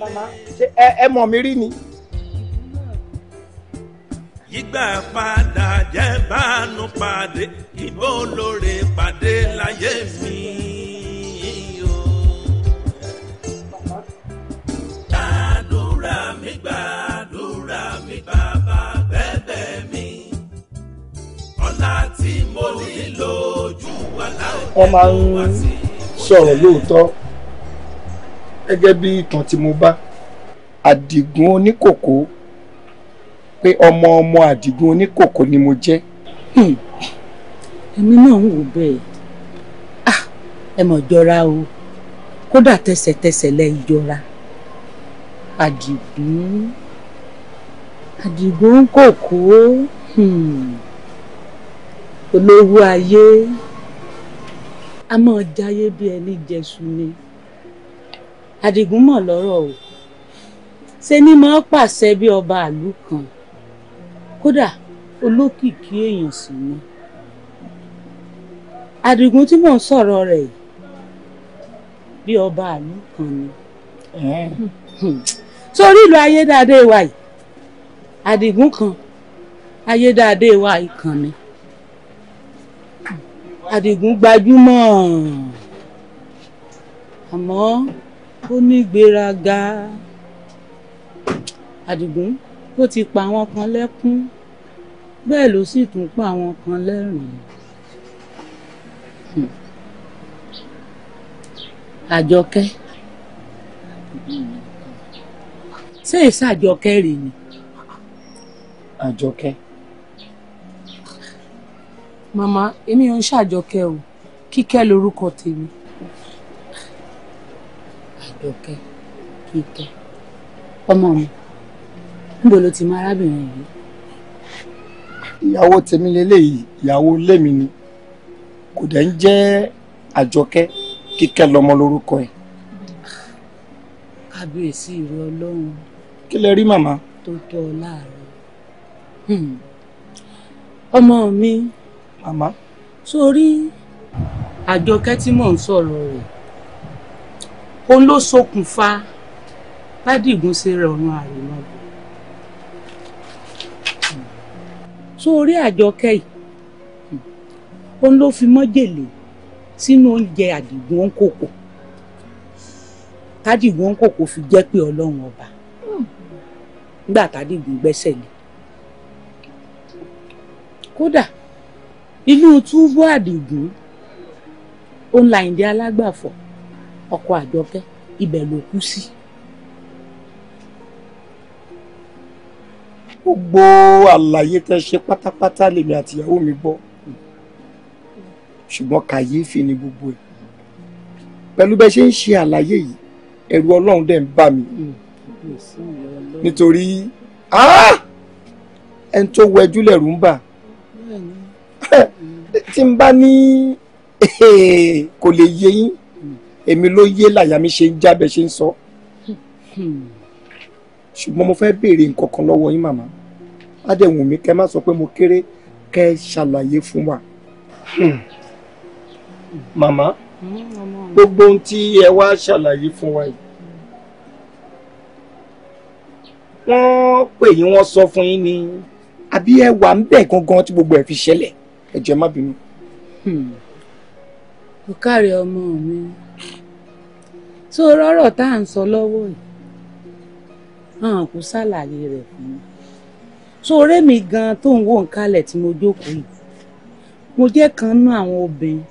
màmá ṣe ẹ mọ̀ mi rí ni. ìgbà padà jẹ́ bánu pàdé ìbò lóore pàdé láyé mi. àdúrà mi gbà àdúrà mi bàbá bẹ́bẹ̀ mi ọlá tí mo nílò ojú wa láì wọ́n máa ń sọ̀rọ̀ lóòótọ́ gẹ́gẹ́ bí ìtàn tí mo bá àdìgún oníkòkó pé ọmọ ọmọ àdìgún oníkòkó ni mo jẹ́. Hmm. èmi náà ń wò bẹ́ẹ̀ ah, ẹ mọ̀ jọra o kódà tẹsẹ̀tẹsẹ̀ lẹ́yìn jọra àdìgún àdìgún kòkó hmm. olówó ayé a máa jayé bí ẹni jẹsùn ni àdìgún mọ̀ lọ́rọ̀ o ṣe ni máa pàṣẹ bí ọba àlù kan kódà olókìkí èèyàn sì ni àdìgún tí mò ń sọ̀rọ̀ rẹ̀ bí ọba àlù kan ni sórí ìlú ayédáadé wa yìí àdìgún kan ayédáadé wa yìí kan ni àdìgún gbajúmọ̀ àmọ́ ó ní ìgbéraga àdìgún ó ti pa àwọn kan lẹ́kún bẹ́ẹ̀ ló sì tún pa àwọn kan lẹ́rìn-ín. Hmm. àjọkẹ́. Hmm. ṣé èsì àjọkẹ́ rè ni. Emi màmá èmi ò ń ṣàjọkẹ́ o kíkẹ́ lorúkọ tèmi. kike ọmọ mi níbo ti mọ arábìnrin yìí. iyawo tèmi lélẹ́yìí iyawo ni kò dẹ̀ ń jẹ́ àjọkẹ́ kíkẹ́ lọmọ lórúkọ ẹ̀. kí lẹ rí màmá. tó tọ́ ọ láàárọ̀ hmm. ọmọ mi. màmá. sórí àjọkẹ́ tí mò ń sọ̀rọ̀ rẹ̀ òun ló ṣokùnfà bádìgún ṣe rẹ̀ ọ̀run àrùnà. sórí àjọkẹ́ yìí òun ló fi mọ́jèlé sínú oúnjẹ àdìgún òǹkòkò tádìgún òǹkòkò fi jẹ́ pé ọlọ́run ọba nígbà tádìgún gbẹ́sẹ̀ lé kódà inú túbú àdìgún òun làyìndé alágbàfọ̀ ọkọ àjọkẹ́ ibẹ̀ ló kú sí. gbogbo àlàyé tẹ ṣe pátápátá lèmi àtìyàwó mi gbọ́ ṣùgbọ́n kàyéfì ni gbogbo ẹ̀ pẹ̀lú bẹ ṣe ń ṣe àlàyé yìí ẹ̀rù Ọlọ́run dẹ̀ ń bà mí. Mm nítorí ah! ẹni tó wẹjú lẹ̀rù ń bà tí n bá ní kò lè yé yín èmi ló yé làyà mi ṣe ń jábẹ ṣe ń sọ ṣùgbọ́n mo fẹ́ béèrè nǹkan kan lọ́wọ́ yín màmá adẹ̀wùn mi kẹ́ má sọ pé mo kéré kẹ́ ṣàlàyé fún wa. màmá gbogbo ohun tí ẹ wá ṣàlàyé fún wa yìí wọ́n pè yín wọ́n sọ fún yín ni àbí ẹ wà ń bẹ̀ gangan tí gbogbo ẹ̀ fi ṣẹlẹ̀ ẹ jẹ́ má bínú. kò hmm. káre ọmọ mi tó rọ́rọ̀ tá à ń sọ lọ́wọ́ yìí hàn kó ṣàlàyé rẹ̀ fún mi tó rémi gan tó ń wò ń kalẹ̀ tí mo jókòó yìí mo jẹ́ kan nú àwọn obìnrin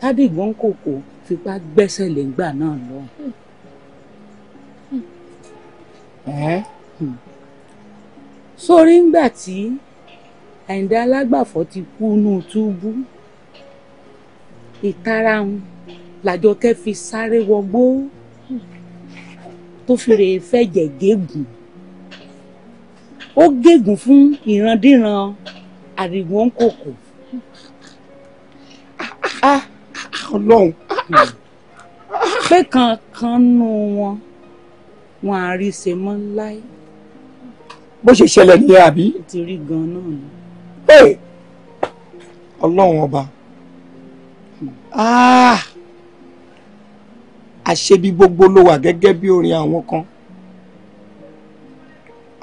tádìgbọ́n kòkó fipá gbẹ́sẹ̀ lé ńgbà náà lọ. Hmm. sórí ńgbà tí àyíndá alágbàfọ́ ti kú inú túbú ìtara ń làjọkẹ́ fi sáré wọgbó tó fi rèé fẹ̀jẹ̀ gégùn ó gégùn fún ìrandíran àrìwọ̀n kòkò. ọlọ́run. pé kankan nù wọn wọn àríṣe mọ́ láyé bó ṣe ṣẹlẹ̀ nìyẹn àbí. ó ti rí gan-an náà ni. ee ọlọ́run ọba ah! àṣebí gbogbo ló wà gẹ́gẹ́ bí orin àwọn kan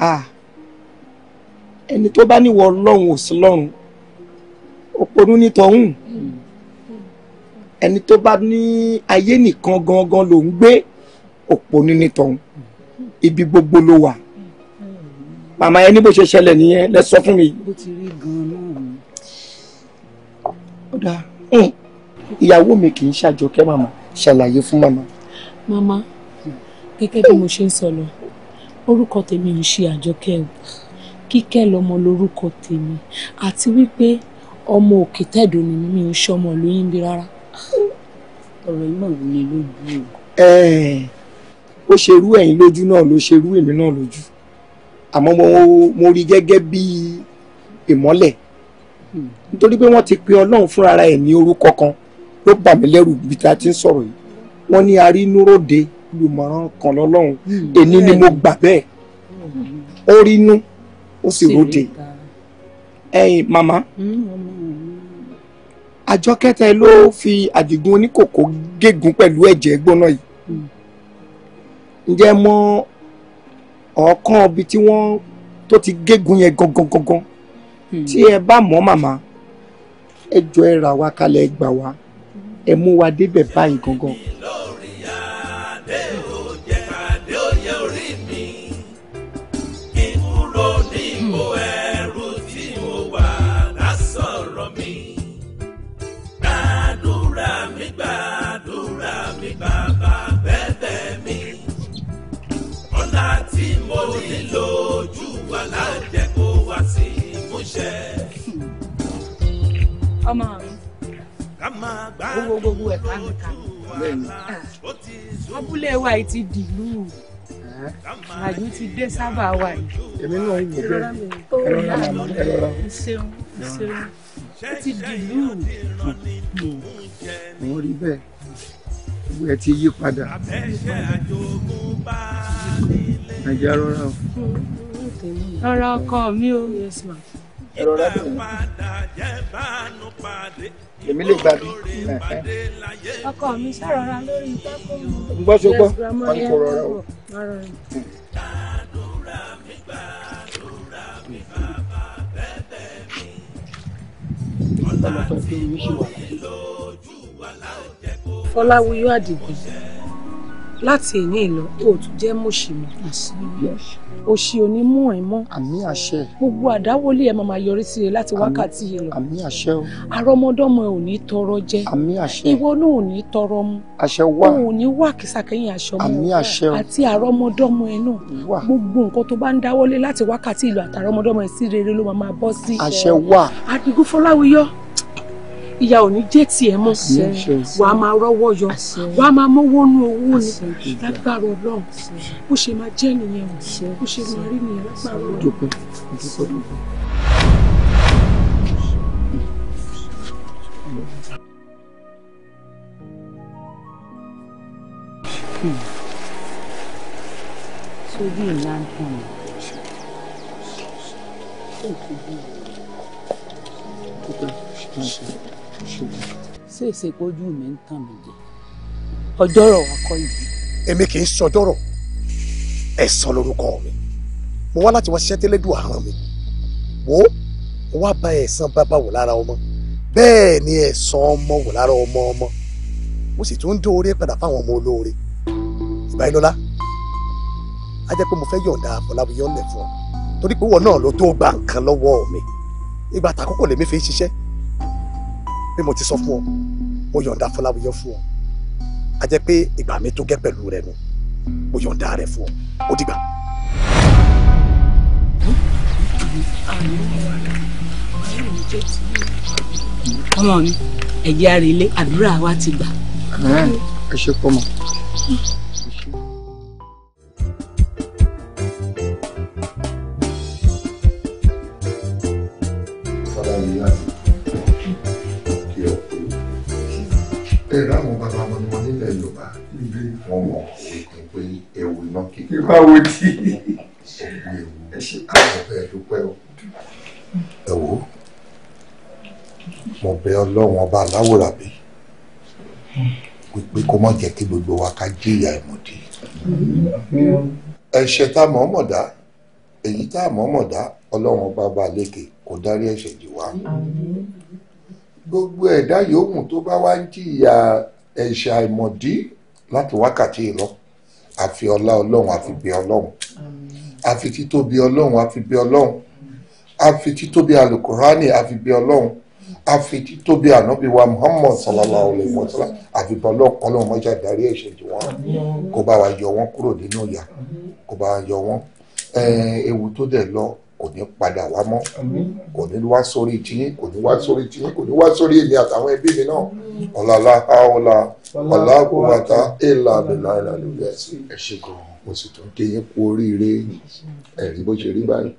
ah! ẹni tó bá níwọ ọlọ́run ò sí lọ́run òponú ní tọ̀hún ẹni tó bá ní ayé nìkan gangan ló ń gbé òponú ní tọ̀hún ibi gbogbo ló wà màmá yẹn ní bó ṣe ṣẹlẹ̀ nìyẹn lẹ sọ fún mi. bó ti rí gan-an ó dáa ìyàwó mi kì í ṣàjọkẹ́ màmá ṣàlàyé fún màmá. màmá gẹ́gẹ́ bí mo ṣe ń sọ lọ orúkọ tèmi ń ṣe àjọkẹ́ o kíkẹ́ lọmọ lórúkọ tèmi àti wípé ọmọ òkè tẹ̀dọ̀ ni mi ò ṣọmọ lóyún bí rárá. ọ̀rọ̀ yìí mọ̀ wọlé lójú o. ẹ ẹ ó ṣerú ẹ̀yin lójú náà ló ṣerú èmi náà lójú àmọ́ mo mo rí gẹ́gẹ́ bí ìmọ́lẹ̀ hmm. nítorí pé wọ́n ti pe ọlọ́run fúnra ara ẹ̀ ní orúkọ kan ló bà mí lẹ́rù bí ta ti ń sọ̀rọ̀ yìí wọ́n ní arínúròde olùmọ̀ràn kan lọ́lọ́run hmm. èní ni mo gbà bẹ́ẹ̀ hmm. ó rínú ó sì ròde ẹ̀yin màmá àjọ kẹta ló fi àdìgún oníkòkò gégùn pẹ̀lú ẹ̀jẹ̀ gbóná yìí ǹjẹ́ mọ́ ọ̀ọ́kán ibi tí wọ́n tó ti gégùn yẹn gangan gangan hmm. tí ẹ bá mọ̀ màmá ẹ jọ ẹ rà wá kalẹ̀ ẹ gbà wá ẹ mú wa débẹ̀ báyìí gangan. ṣe. ọmọ mi owó gbogbo ẹ̀ pàǹkà abúlé wa yìí ti dìlú àjò ti dé sábà wa yìí. èmi náà yìí bẹ́ẹ̀ ẹ rọra màmá ẹ rọra. ṣeun ṣeun ó ti dìlú. àwọn rí bẹ́ẹ̀ gbogbo ẹ̀ ti yí padà. nàìjíríà rọra o. rọra ọkọ mi o. yes ma ẹ̀rọ rẹ sì ni èmi lè gba bí. ọkọ mi ṣàrọra lórí ìtẹ́kùn. n gbọ́ sí gbọ́ wọn kò rọra o. Fọláwíyọ̀ Àdìgún láti ìní ìlọ òòtú jẹ́ mọ̀ṣìmọ̀ òṣì ò ní mú ẹ mọ́. gbogbo àdáwọlé ẹ máa máa yọrí sí i láti wákàtí yìí lọ. àmì ẹ ò ní tọrọ jẹ. ìwọ náà ò ní tọrọ mu. ò ní wà kìsàkẹ́yìn aṣọ mọ́. àti àrọmọdọ́mọ ẹ náà. gbogbo nǹkan tó bá ń dáwọlé láti wákàtí ìlú àtàrọmọdọ́mọ ẹ sí rere ló máa máa sí. àṣẹ wà ìyá ò ní jẹ́ tiẹ̀ mọ́ wàá máa rọ́wọ́ yọ wàá máa mówó nú owó ni lágbára ọlọ́run bó ṣe máa jẹ́ nìyẹn bó ṣe máa rí nìyẹn lágbára ọlọ́run. sójú ìlà ń tàn mí. Thank you ṣèṣe pójú mi ń tàn mí jẹ ọjọ́rọ̀ wa kọ́ yìí. èmi kì í sọjọ́rọ̀ ẹ̀san lórúkọ mi mo wá láti wá ṣiṣẹ́ tẹ́lẹ́dùn àrùn mi wo mo wá ba ẹ̀san bàbá wò lára ọmọ bẹ́ẹ̀ ni ẹ̀san ọmọ wò lára ọmọ ọmọ mo sì tún ń dé oore padà fáwọn ọmọ olóore ìbáyìlọ́lá a jẹ́ pé mo fẹ́ yọ̀ǹda àfọlábíyọ́ lẹ̀ fún ọ torí pé wọn náà ló tó gba nǹkan lọ́wọ́ mi ìgbà tàkókò lèmi fi ṣiṣẹ́ bí mo ti sọ fún ọ mo yọ̀ǹda Fọláwíyọ fún ọ a jẹ́ pé ìgbà mi tó gẹ́ pẹ̀lú rẹ nu mo yọ̀ǹda rẹ fún ọ ó dìgbà. ọmọ mi ẹ̀jẹ̀ àrèlé àdúrà wa ti gbà. ẹ ṣe pọ̀ mọ́. ọlọ́run ọba aláwòrán bí hmm. wípé kó má jẹ́ kí gbogbo wa ká jìyà ìmọ̀dí. Hmm. ẹ̀ṣẹ̀ tá a mọ̀ọ́mọ̀ dá èyí tá a mọ̀ọ́mọ̀ dá ọlọ́run ọba bá lékè kó dárí ẹ̀ṣẹ̀ jì wá. gbogbo ẹ̀dá yòówù tó bá wá ń jìyà ẹ̀ṣẹ̀ àìmọ̀dí láti wákàtí ìlọ àfi ọlá ọlọ́run àfi bí ọlọ́run àfi títóbi ọlọ́run àfi bí ọlọ́run àfi títóbi alukurani àfi bí ọlọ́run àfitì tóbi ànábì wa muhammad sallallahu alayhi wa sallam àfipá ọlọ́kọ́lọ́ mọ́jà ìdarí ẹ̀ṣẹ̀ jù wọ́n kó bá wa yọ wọ́n kúrò nínú ìyà kó bá wa yọ wọ́n ewu tó dẹ̀ lọ kò ní padà wá mọ́ kò ní wá sórí tiyín kò ní wá sórí tiyín kò ní wá sórí èmi àtàwọn ẹbí mi náà ọ̀làlá àọ̀là ọ̀làkùnrata èèlà àbẹ̀là ìlànà ìlú ẹ̀sìn ẹ̀ṣẹ̀ gan mo sì tún kéyìn kú oríire ẹ̀rí bó ṣe rí báyìí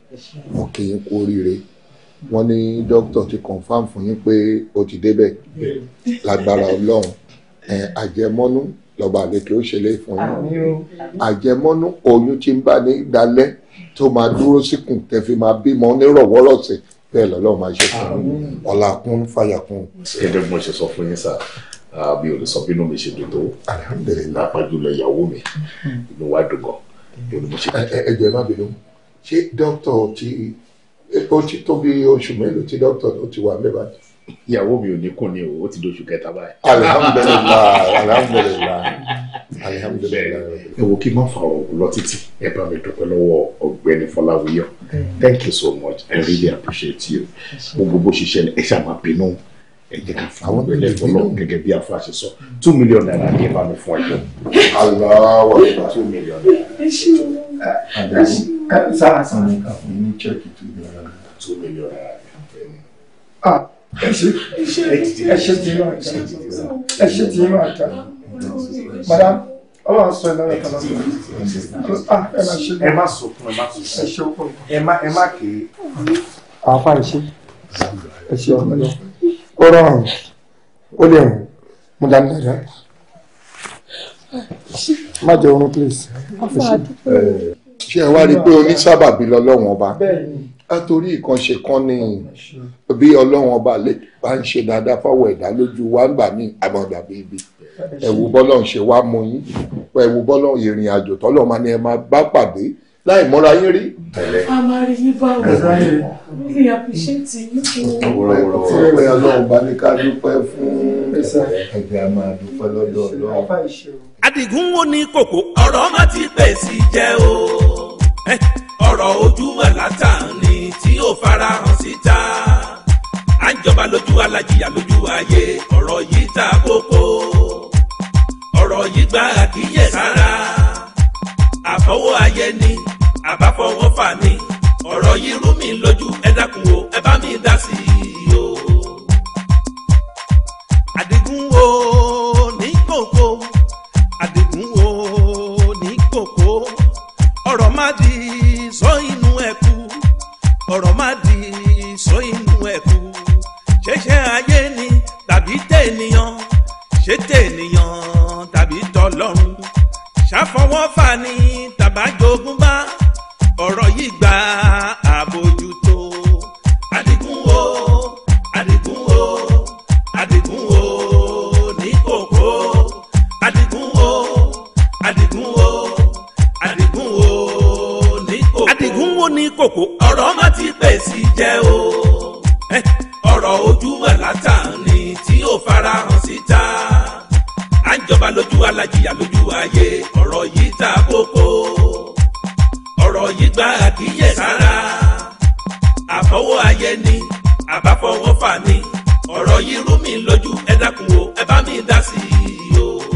mo kéyìn kú oríire wọ́n ní dókítà ti confam fún yín pé o ti débẹ̀ lágbára ọlọ́run àjẹmọ́nú lọ́ba àlekè ó ṣẹlẹ̀ fún yín àjẹmọ́nú oyún ti ń bá ní dalẹ́ tó máa dúró síkùn tẹ̀fí máa bímọ nírọ̀wọ́rọ̀sẹ̀ bẹ́ẹ̀ lọ́lọ́run máa ṣe fún yín ọ̀la kún fàyà kún. gẹ́gẹ́ bí mo ṣe sọ fún yín sá bí o lè sọ bínú mi ṣe dùn tó alhamdulilayi pàjùlọ ìyàwó mi inú wa dùn gan bí o lè mo ṣe dùn tó. ẹ ẹ jọ̀ọ́ ẹ má bínú ṣé dókítà ti ó ti tó bí oṣù mélòó tí dókítà ó ti wà mẹ́ba ìyàwó mi ò ní kùn ní o ó ti di oṣù kẹta báyìí. alihamudulilayi alihamudulilayi alihamudulilayi. ẹ wo kí n má fa ọ̀rọ̀ lọ títí ẹ bá mi dúpẹ́ lọ́wọ́ ọ̀gbẹ́ni Fọláwíyọ thank you so much i really appreciate you mo gbogbo ṣiṣẹ́ ẹ ṣáà máa bínú ẹ jẹ́ ká fún ọgbẹ lẹfọ lọ bí afa ṣe sọ two million naira ni ẹ bá mi fún ẹ jọ aláwọ two million naira. ẹ ṣe o ẹ ṣe o. sáà sàn ní ká ní chẹ́ẹ̀kì two million naira rẹ̀. Ah, ẹ ṣe ẹ ṣe ti yín àjà ẹ ṣe ti yín àjà madam ọlọ́run sọ ìlànà kan lọ́sọ̀rọ̀ ah, ẹ má sọkún ẹ má sọkún ẹ ṣe ó pọ̀ ẹ má ẹ má kéé. àwọn afáàrí ṣe ẹ ṣe ọmọ lọ ó rọrùn ó lè rùn mo dání dáadáa má jẹ oorun please. ṣé ẹ wá rí i pé onísábàbí lọ́lọ́run ọba. bẹ́ẹ̀ ni àtòrí ìkànṣe kan ní bí ọlọ́run ọba lè bá ń ṣe dáadáa fáwọn ẹ̀dá lójú wa ń gbà ní àgbọ̀ndà bíbí ẹ̀wù bọ́lọ̀ ń ṣe wá mú yín ẹ̀wù bọ́lọ̀ ìrìn àjò tọ́lọ̀ máa ní ẹ máa bá pàdé láì mọ́ra yín rí. a máa rí yín bá wọ̀ ní àpèṣẹ́tì yín fún un. ìwé ọlọ́run bá ní ká dúpẹ́ fún ẹ̀jẹ̀ a máa dúpẹ́ lọ́dọ̀ ọlọ́run. Adigun wo ni kòkó ọ̀rọ̀ má ti bẹ̀ jẹ́ o ọ̀rọ̀ ojúmọ̀ látàní tí ó farahàn síta à ń jọba lójú alájìyà lójú ayé ọ̀rọ̀ yìí ta kókó ọ̀rọ̀ yìí gba àkíyèsára àfọwọ́ ayé ni àbáfọwọ́ fà ni ọ̀rọ̀ yìí rú mi lójú ẹ dákun o ẹ bá mi dá sí i o. àdìgún o ní kòkó àdìgún o ní kòkó ọ̀rọ̀ má di sọ inú ẹ̀kú ọ̀rọ̀ má di sọ inú ẹ̀kú ṣẹṣẹ ayé ni tàbí tènìyàn ṣé tènìyàn tàbí tọlọ́run ṣàfọwọ́fà ni tàbájogún bá ọ̀rọ̀ yìí gbà á. kòkó. ọ̀rọ̀ má ti pèsè jẹ́ o ọ̀rọ̀ ojúmọ̀ látàní tí ó farahàn síta à lójú alájìyà lójú ayé ọ̀rọ̀ yìí ta kókó ọ̀rọ̀ yìí gba àkíyèsára àfọwọ́ ayé ni àbáfọwọ́ fà ni ọ̀rọ̀ yìí rú mi lójú ẹ dákun o ẹ bá mi dá sí i o.